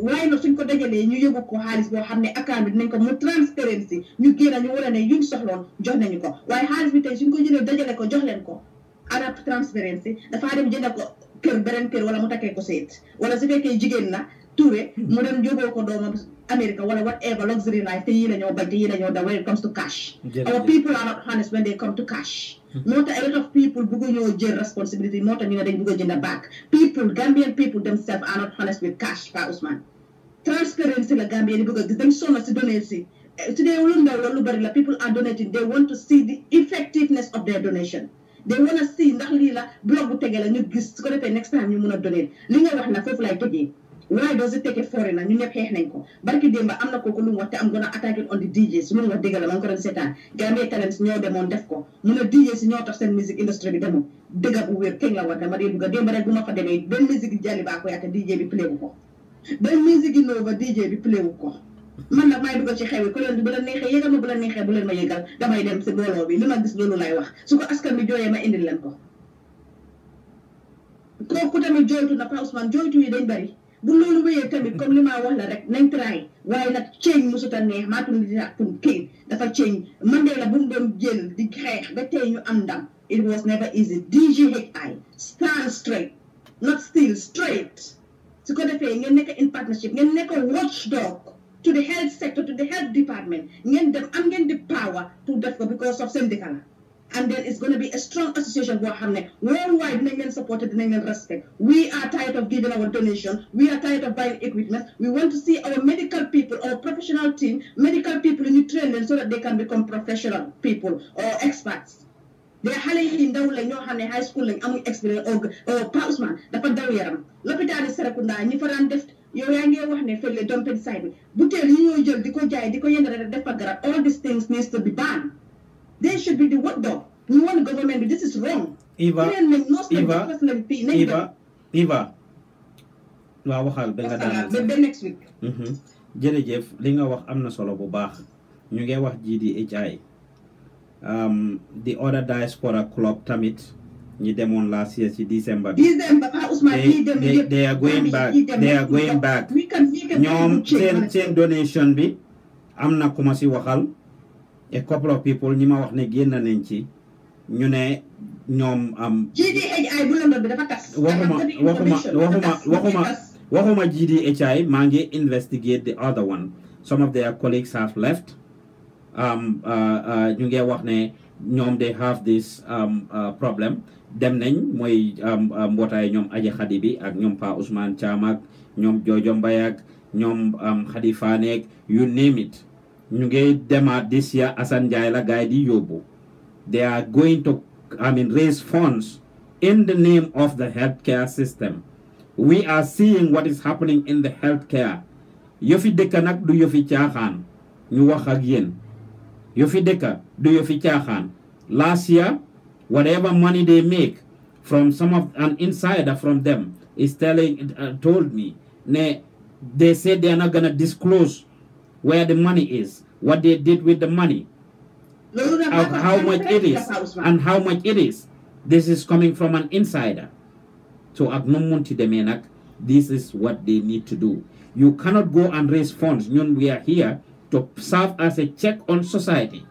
Why not nag suñ ko dajalee ñu yóbbu ko xaalis boo xam ne account bi dinañ more transparency You get ñu war a ne yuñ soxloon jox nañu ko waaye xaalis bi tey suñ ko jëlee dajale ko jox leen ko ana transparency The father jënd ko kër beneen kër wala mu takkee ko seet wala su fekkee jigéen na Touré hmm. mu dem yóbboo ko doomam America wala whatever luxury life te yii la ñoo bañ te yii la ñoo daw it comes to cash our people are not honest when they come to cash hmm. moo tax a lot of people bugg ñoo jël responsibility moo tax ñu ne dañ bugg a back people Gambian people themselves are not honest with cash Pa Ousman transparency la Gambia yi gis dem sonna si données si today eh, lu ndaw lu bari la people are donating they want to see the ñu gis su a na why does it take a foreigner ñu ñëpp xeex nañ ko barki démba am na kooku lu mu wax te am gën a attaqué on the DJ su mun wax dëgg la ma ngi ko doon seetaan Gambia Talents ñoo demoon def ko mun a DJ si ñoo tax seen musique industry bi demoon dëgg bu wér teg la war dama dee dugga démba rek bu ma fa demee benn musique yi jàlli baa ko yaate DJ bi play wu ko benn musique yi nova DJ bi play wu ko man nag maay dugg ci xew yi ku leen bu la neexee yégal ma bu la neexee bu leen ma yégal damay dem si mbooloo bi li ma gis loolu lay wax su ko askan bi jooyee ma indil leen ko kooku tamit jooytu na Pa Ousmane jooytu yi dañ bari bu loolu wéyee tamit comme li maa wax la rek nañ try waaye nag change mosut a neex maa tudd dina ak tudd kenn dafa change la bu mu doon di xeex ba tey ñu am ndam it was never easy DGHI stand straight not still straight su ko defee ngeen nekk in partnership ngen nekk watchdog to the health sector to the health department ngeen def am ngeen di power pour def ko because of di la and then it's going to be a strong association boo xam worldwide dinañ supported supporter dinañ respect we are tired of giving our donation we are tired of buying equipment we want to see our medical people our professional team medical people in train leen so that they can become professional people or experts They are yi in daule ñoo xam high school and amuñ experience o or Ousmane The daw yaram l'hôpital yi Serekunda ñi fa daan def yow yaa ngi wax ne fële dompen side bi butéel yi ñoo diko di ko jaay di all these things needs to be banned They should Eva, Eva, Eva, Eva. waxal ba nga daaneel ba next mhm. li nga wax am na solo bu baax ñu ngi wax GDHI um, the other diaspora club tamit ñi demoon last year ci December bi. December ah dem they are going back they are going back ñoom seen seen donation bi am na ku ma waxal. a couple of people ñi ma wax ne génn nañ ci ñu ne ñoom am. GDHI bu lëndëm bi dafa tas. waxuma waxuma waxuma waxuma GDHI maa ngi investigate the other one some of their colleagues have left um uh, uh ñu ngi wax ne ñoom they have this um, uh, problem dem nañ mooy um, uh, mbootaay ñoom aji xadi bi ak ñoom Pa Ousmane Thiam ak ñoom Jojo Mbaye ak ñoom xadi um, Fane ak you name it. ñu ngi demaat this year Assane Ndiaye la they are going to I mean raise funds in the name of the healthcare system we are seeing what is happening in the healthcare Yofi dëkk nag du yofi caaxaan ñu wax ak yéen yëfi dëkk du yëfi last year whatever money they make from some of an insider from them is telling uh, told me ne they said they are not gonna disclose where the money is, what they did with the money, how much it is, and how much it is. This is coming from an insider. So agnomunti Demenak, this is what they need to do. You cannot go and raise funds. We are here to serve as a check on society.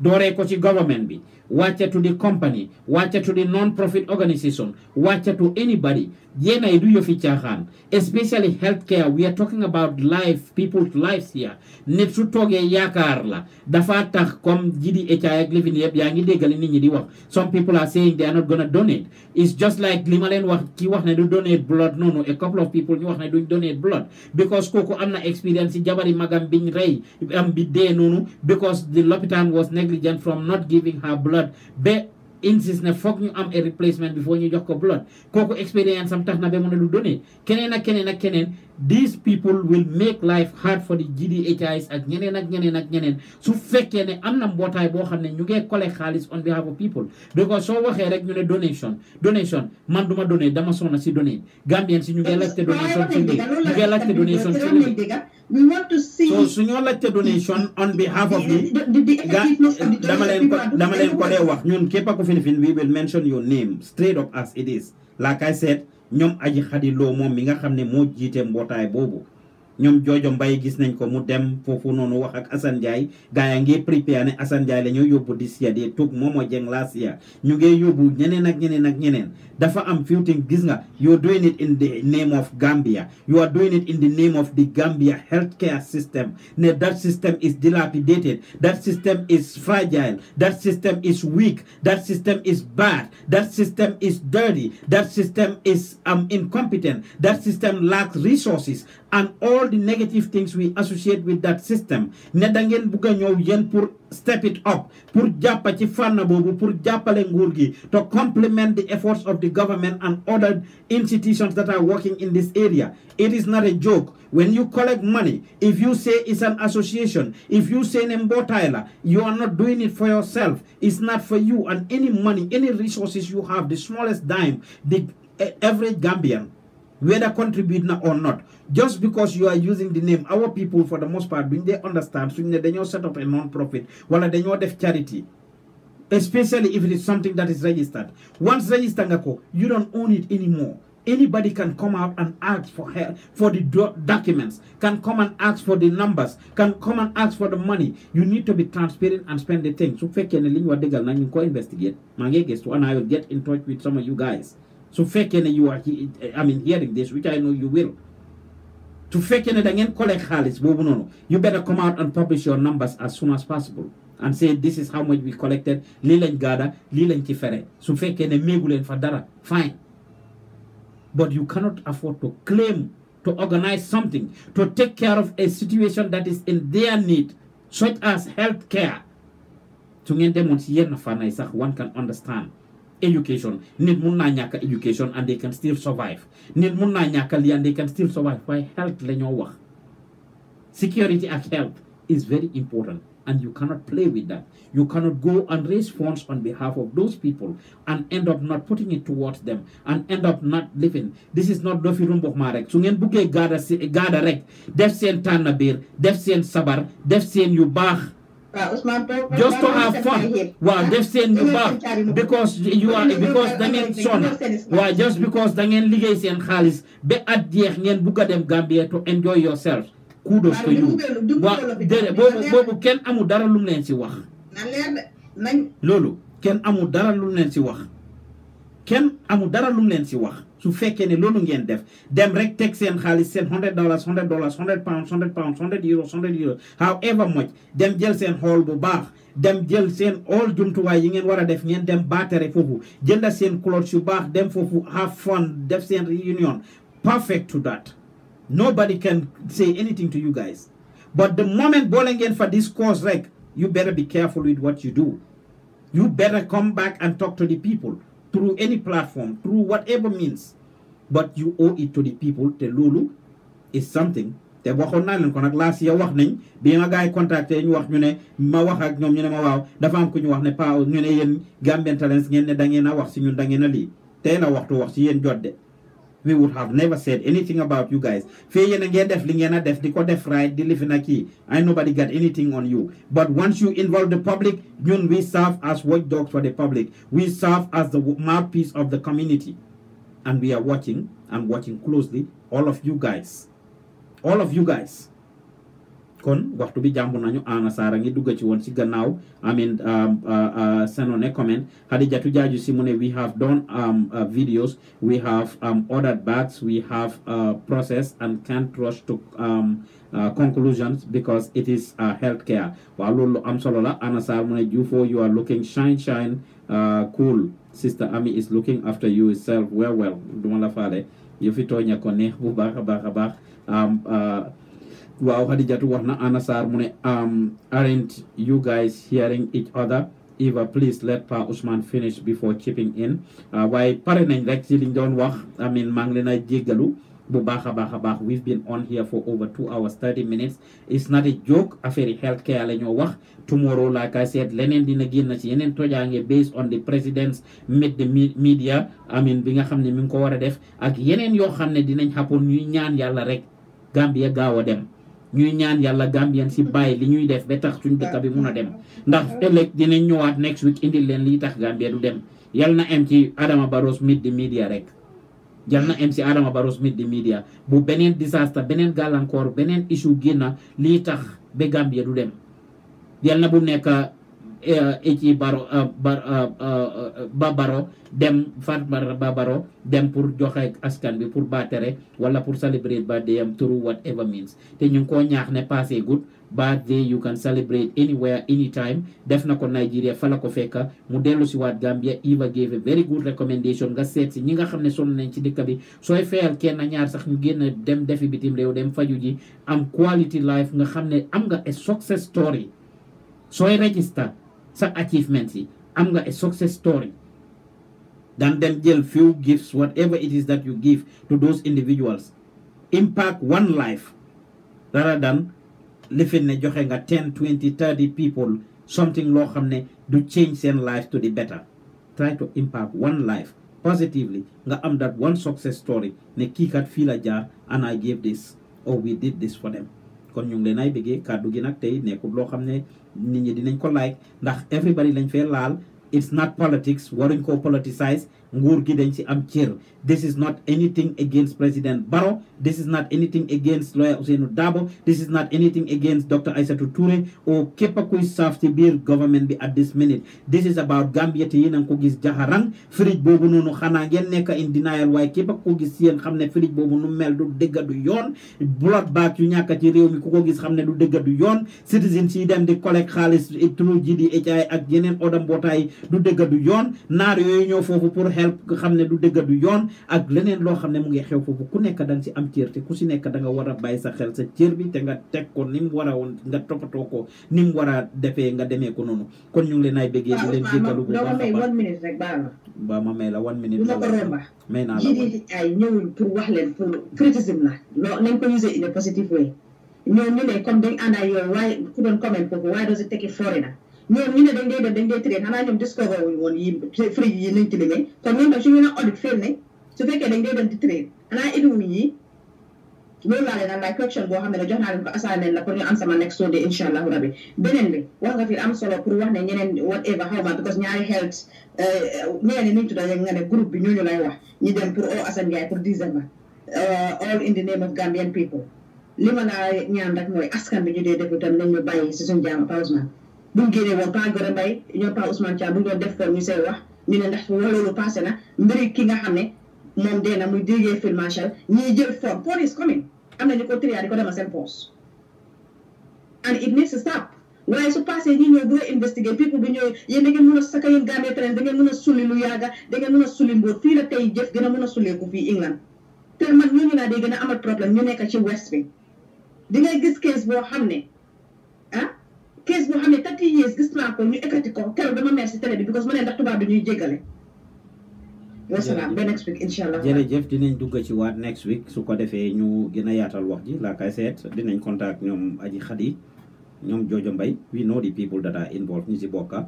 Dore kochi government bi wacha to the company wacha to the non-profit organization wacha to anybody yena iduyo fichahan especially healthcare we are talking about life people's lives here nit su toge yakar dafa tax comme jidi echa ak lifin yeb yaangi degal nit ñi di wax some people are saying they are not gonna donate it's just like lima len wax ki wax ne du donate blood no no a couple of people ñu wax ne duñ donate blood because koku amna experience jabari magam biñ rey am bi de nonu because the lopitan was negligent from not giving her blood blood ba insist ne foog ñu am a replacement before ñu jox ko blood kooku expérience am tax na ba mën a du donate keneen ak keneen ak keneen these people will make life hard for the GDHIs ak ñeneen ak ñeneen ak ñeneen su fekkee ne am na mbootaay boo xam ne ñu ngee collecte xaalis on behalf of people because soo waxee rek ñu ne donation donation man duma donate dama sonna si donate Gambien si ñu ngee laajte donation si We want to see. So, suñu laajte donation on behalf of you. The, dama leen ko dama wax ñun képp ku fi fin we will mention your name straight up as it is. Like I ñoom aji xadi loo moom mi nga xam ne moo jiite mbootaay boobu. ñoom joojo mbay gis nañ ko mu dem foofu noonu wax ak Assane Ndiaye gars yaa ngi prépare ne Assane Ndiaye yóbbu di siya dee toog moomoo jeng laa ñu ngi yóbbu ñeneen ak ñeneen ak ñeneen dafa am few things gis nga you are doing it in the name of Gambia yoo are doing it in the name of the Gambia healthcare system ne that system is dilapidated that system is fragile that system is weak that system is bad that system is dirty that system is um, incompetent that system lacks resources and all the negative things we associate with that system ne da ngeen bugg yéen pour step it up pour jàppa ci fànn pour jàppale nguur gi to complement the efforts of the government and other institutions that are working in this area it is not a joke when you collect money if you say it's an association if you say an mbootaay you are not doing it for yourself it's not for you and any money any resources you have the smallest dime the eh, average Gambian whether contribute na or not just because you are using the name our people for the most part when they understand so they know set up a non profit wala dañoo def charity especially if it is something that is registered once registered, you don't own it anymore anybody can come out and ask for help, for the documents can come and ask for the numbers can come and ask for the money you need to be transparent and spend the thing So, if any li ñu war dëggal investigate My guess, and I will get in touch with some of you guys so fake, and you are I mean hearing this which I know you will To fake ne again collect xaalis you better come out and publish your numbers as soon as possible and say this is how much we collected lii lañ gaada lii lañ ci fere su fekkee fine but you cannot afford to claim to organize something to take care of a situation that is in their need such as health care su ngeen one can understand education nit mun naa ñàkk education and they can still survive nit mun naa ñàkk lii and they can still survive Why health la wax security ak health is very important and you cannot play with that you cannot go and raise funds on behalf of those people and end up not putting it towards them and end up not living this is not dofi rumbox maa rek su ngeen buggee gaada si rek def seen tànn biir def seen sabar def seen yu baax just to have fun waaw def seen lu baax because you are because da ngeen waa waaw just because da ngeen liggéey seen xaalis ba at jeex ngeen bugg a dem Gambia to enjoy yourself kudos to you waaw déedéet boobu boobu kenn amul dara lu mu leen si wax loolu kenn amul dara lu mu leen si wax kenn amul dara lu mu leen si wax su fekkee ne loolu ngeen def dem rek teg seen xaalis seen hundred dollars hundred dollars hundred pounds hundred pounds hundred euros hundred euros however much dem jël seen xool bu baax dem jël seen all jumtuwaay yi ngeen war a def ngeen dem baatere foofu jënda seen clothes yu baax dem foofu have fun def seen reunion perfect to that nobody can say anything to you guys but the moment boole ngeen fa discourse rek you better be careful with what you do you better come back and talk to the people through any platform, through whatever means, but you owe it to the people te loolu is something te waxoon naa leen ko nag last year wax nañ bi ma gars yi contacté ñu wax ñu ne ma wax ak ñoom ñu ne ma waaw dafa am ku ñu wax ne pa ñu ne yéen Gambian Talents ngeen ne da ngeen a wax si ñun da ngeen a lii tey la waxtu wax si yéen jot de we would have never said anything about you guys. key. I nobody got anything on you. But once you involve the public, you we serve as watchdogs for the public. We serve as the mouthpiece of the community. And we are watching and watching closely all of you guys. All of you guys. kon waxtu bi jambu nañu ana saara ngi dugg ci won ci gannaaw amin uh, uh, uh, senone comment hadijatu jaju si mu we have done um, uh, videos we have um, ordered bags we have uh, process and can't rush to um, uh, conclusions because it is uh, healthcare wa lolu am solo la ana saar ne Jufo you are looking shine shine uh, cool sister Ami is looking after you itself well well duma la faale yëfi tooña ko neex bu baakha baakha baakh um, uh, waaw Khadijatu wax na Anna Sarr mu ne um, aren't you guys hearing each other Eva please let Pa Ousmane finish before chipping in uh, waaye pare nañ rek ci ñu doon wax amin maa ngi leen a jéggalu bu baax a baax a baax we've been on here for over two hours thirty minutes it's not a joke affaire health care la ñoo wax tomorrow like I said leneen dina génn ci yeneen tojaange based on the president's meet the media amin bi nga xam ne mi ngi ko war a def ak yeneen yoo xam ne dinañ xapoon ñuy ñaan yàlla rek Gambia gaaw a dem ñuy ñaan yàlla gambien si bàyyi li ñuy def ba tax suñ dëkk bi mun a dem ndax ëllëg dinañ ñëwaat next week indil leen li tax gambia du dem yal na em ci Adama Barrow Smith di media rek yal na em si Adama Barrow Smith di media bu beneen disaster beneen gàllankoor beneen issue génna li tax ba gambia du dem yal na bu nekk Eci euh, Baro euh, euh, Ba Baro dem Fatma Ba Baro dem pour joxe askan bi pour baatere wala pour célébrer birthday-am through whatever means te ñu ngi koo ñaax ne passé good birthday you can celebrate anywhere anytime def na ko Nigeria fa la ko fekka mu dellu si waat Gambia Eva gave a very good recommendation nga seet si ñi nga xam ne sonn nañ ci dëkk bi sooy feyal kenn ñaar sax ñu génn dem defi bitim réew dem faju ji am quality life nga xam ne am nga a success story sooy register sa achievements si am nga a success story dan dem jël few gifts whatever it is that you give to those individuals impact one life rather dan li ne joxe nga ten twenty thirty people something loo xam ne du change seen life to the better try to impact one life positively nga am that one success story ne kii kat fii la jaar and I gave this or we did this for them kon ñu ngi leen ay bëggee kàddu gi nag tey nekkul loo xam ne nit ñi dinañ ko like ndax everybody lañ fee laal it's not politics waruñ koo politicize nguur gi dañ si am cër this is not anything against President Barrow this is not anything against lawyer Ousainou Darboe this is not anything against Dr Isatou Touré or képp kuy saaf ci biir government bi at this minute this is about Gambia te yéen a ngi ko gis jaxarang firij boobu noonu xanaa ngeen nekk in denial waaye képp ko gis yéen xam ne firij boobu nu mel du dëgg du yoon bloodbath yu ñàkk ci réew mi ku ko gis xam ne du dëgg du yoon citizens yi dem di collecte xel xam ne du dëgg du yoon ak leneen loo xam ne mu ngi xew foofu ku nekk da nga si am cër te ku si nekk da nga war a bàyyi sa xel sa cër bi te nga teg ko ni mu war a ko ni mu a defee nga demee ko noonu kon ñu leen ay bëggee di leen jéggalu bu baax a ba may la one minute la may ko user in a positive way ku doon comment foofu why does it take a foreigner ñoom ñu ne dañ dee dañ dee traité xanaa ñoom discover woon yi frige yi nañ tilimé kon ñoom tam suñu ne audit feeñ ne su fekkee dañ dee dem di xanaa ibi yi loolu boo xam ne jox naa leen ko assignment la pour ñu am sama next Sunday incha allahu rabi beneen bi wax nga fi am solo pour wax ne ñeneen eh, bi ñooñu lay wax ñi dem pour oo Assane Ndiaye pour December eh, all in the name of Gambian people li ma laa ñaan rek mooy askan bi ñu dee def itam nañ ñu bàyyi si suñu jaam pausement buñ génnee woon Pa Gora Mbaye ñoom Pa Ousmane Thiam buñ doon def ñu seen wax ñu ne ndax loolu passé na mbiri ki nga xam ne moom dee na muy dirigé film Marshall ñiy jël forme police commune am na ñu ko triyaa di ko demal seen poos and it needs sa stop waaye su passé ñi ñëw bëgg a people bi ñëw yéen da ngeen mën a saka yéen Gambia Talents da ngeen mën a sulli lu yàgga da ngeen mën a sulli mbóot fii la tey jëf gën a mën a sulleeku fii England te man ñooñu laa day gën a amal problème ñu nekk ci west bi di ngay gis case boo xam ne ah case boo xam ne years gis na ko ñu ekkati ko keroog dama merci télé bi because ma ne ndax tuba bi ñuy jégale next week inshallah. allah jërëjëf dinañ dugg ci waat next week su ko defee ñu gën a yaatal wax ji laa kay seet dinañ contact ñoom aji xadi ñoom jojo mbay we know the people that are involved ñu si bokka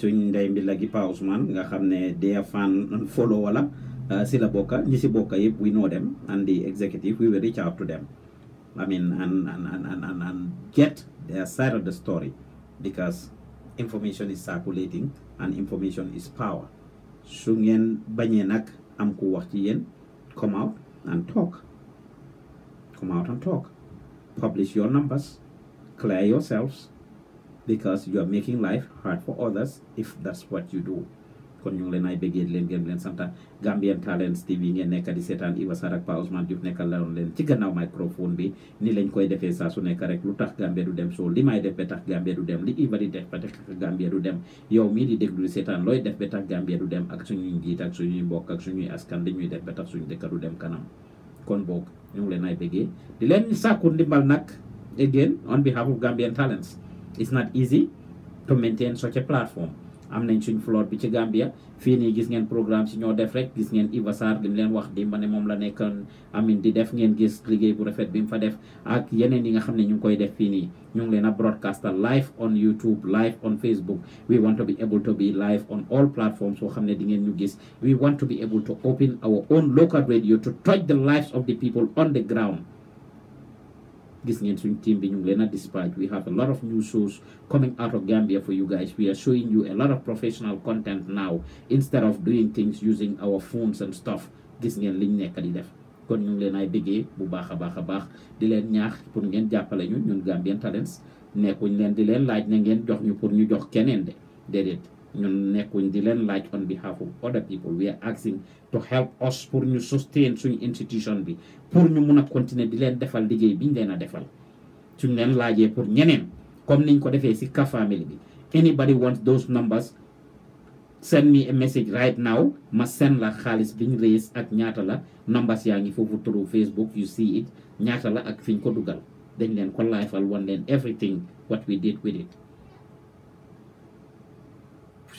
suñ ndey mbi la gi Pa Ousmane nga xam ne fan follow wala si uh, la bokka ñu si bokka yëpp we know them and the executive we will reach out to them I mean, and, and, and, and, and get their side of the story because information is circulating and information is power. su ngeen bañee nag come out and talk come out and talk publish your numbers clear yourselves because you are making life hard for others if that's what you do kon ñu ngi leen ay bëggee leen gëm leen santa Gambian Talents TV ngeen nekk di seetaan Iba Sarr ak Pa Ousman Joof nekkal laoon leen koy defee saa su nekk rek lu tax Gambia du dem soo li may def ba tax Gambia du dem li Iba di def ba tax Gambia dem yow mii di déglu di seetaan looy def ba tax Gambia dem ak suñuy njiit ak suñuy mbokk ak suñuy askan li ñuy def ba tax suñu dëkk dem kanam kon boog ñu ngi leen ay bëggee di leen sàkku ndimbal nag again on behalf of Gambian Talents it's not easy to maintain such a platform am nañ suñ flotte bi ci Gambia fii nii gis ngeen programme si ñoo def rek gis ngeen Iba Sarr lim leen wax di ma ne moom la nekkoon amin di def ngeen gis liggéey bu rafet bi mu fa def ak yeneen yi nga xam ne ñu ngi koy def fii nii ñu ngi leen a broadcastal live on YouTube live on Facebook we want to be able to be live on all platforms soo xam ne di ngeen ñu gis we want to be able to open our own local radio to touch the lives of the people on the ground This ngeen team bi ñu dispatch we have a lot of new shows coming out of Gambia for you guys we are showing you a lot of professional content now instead of doing things using our phones and stuff This ngeen liñ nekk di def kon ñu ngi leen ay bëggee bu baax a baax a di leen ñaax pour ngeen jàppale ñu ñun Gambian Talents nekkuñ leen di leen laaj na ngeen jox ñu pour ñu jox keneen de déedéet ñun nekkuñ di leen laaj on behalf of other people we are asking to help us pour ñu sustain suñu institution bi pour ñu mun a continuer di leen defal liggéey bi ñu leen a defal suñu leen laajee pour ñeneen comme niñ ko defee si ka family bi anybody wants those numbers send me a message right now ma send la xaalis biñ raise ak ñaata la numbers yaa ngi foofu turu Facebook you see it ñaata la ak fiñ ko duggal dañ leen ko laajfal wan leen everything what we did with it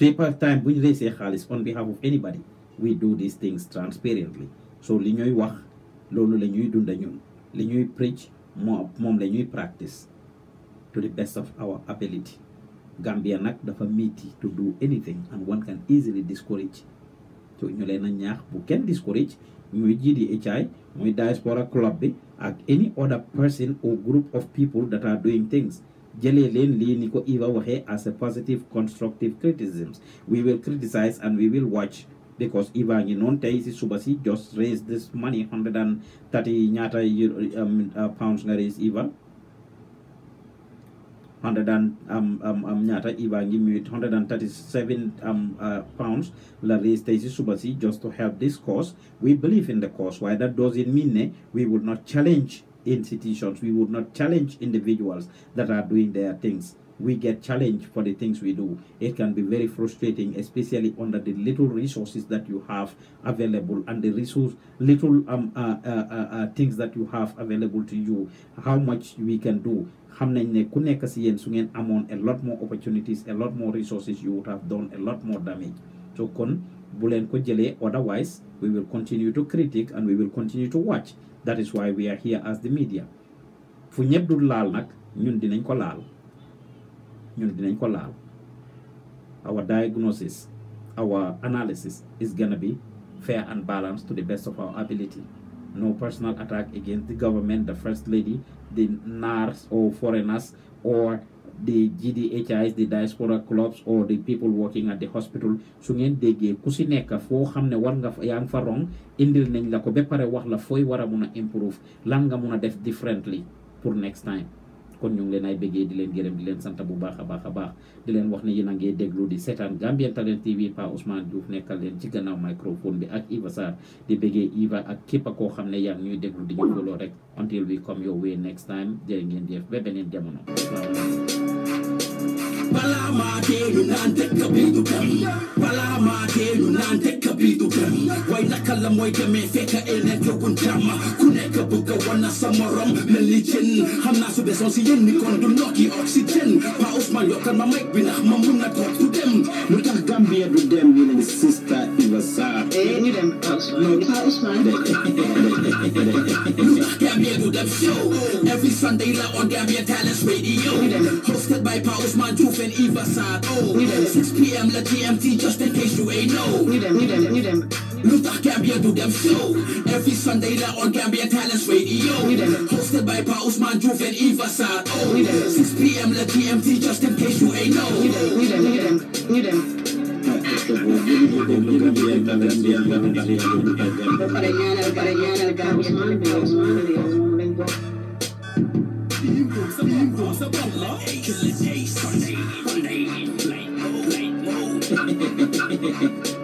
paper time buñ raise xaalis on behalf of we do these things transparently so li ñuy wax loolu la ñuy dunda ñun li ñuy preach moo moom la ñuy practice to the best of our ability Gambia nag dafa miiti to do anything and one can easily discourage so ñu leen a ñaax bu kenn discourage muy GDHI muy diaspora club bi ak any other person or group of people that are doing things jëlee leen li ni ko Eva waxee as a positive constructive criticisms we will criticize and we will watch because Ivan Yinonte is Subasi just raised this money, 130 nyata euro, um, uh, pounds na raise Ivan. 100 and um um um nyata Ivan give me 137 um uh, pounds la raise Stacy Subasi just to help this cause. We believe in the cause. Why that doesn't mean we would not challenge institutions, we would not challenge individuals that are doing their things we get challenged for the things we do. It can be very frustrating, especially under the little resources that you have available and the resource little um, uh, uh, uh, uh things that you have available to you. How much we can do. xam a lot more opportunities a lot more resources you would have done a lot more damage so kon bu ko otherwise we will continue to critic and we will continue to watch that is why we are here as the media fu ñëpp dul ñun dinañ ko ñun dinañ ko laal our diagnosis our analysis is gonna be fair and balanced to the best of our ability no personal attack against the government the first lady the NARS or foreigners or di GDHIs the diaspora clubs or the people working at the hospital su ngeen déggee ku si nekk foo xam ne war nga yaa ngi fa rong indil nañ la ko ba pare wax la fooy war a mun a improve lan nga mun a def differently pour next time kon ñu ngi leen ay bëggee di leen gërëb di leen sant bu baax a baax a baax di leen wax ne yéen a ngee déglu di seetaan Gambian Talents TV Pa Ousman Joof nekkal leen ci gannaaw microphone bi ak Eva Sarr di bëggee Eva ak képp koo xam ne yaa ngi ñuy déglu di ñu foloo rek until we come your way next time jërë ngeen jëf ba beneen jamono balaa maa naan dëkk bi du dem balaa maa dee naan dëkk bii du dem waaye naka la mooy demee a e eeneen jogun jàmm ku nekk bëgg a wana sa a mel ni jën xam naa su besoon ni kon du nokki oxygène Pa Ousmane yokkal ma mic bi ndax ma mun na toog Frank, look at Gambia with them winning sister Ivasa. Eh, Gambia do them show every Sunday night on Gambia Talents Radio, hosted by Pa Usman Juf and Ivasa. 6 p.m. let TMT just in case you ain't know. Luther Gambia do them show Every Sunday night on Gambia Talents Radio Hosted by Pa Usman and Eva Sato 6pm let TMT just in case you ain't know We them, we them, we them Thank you.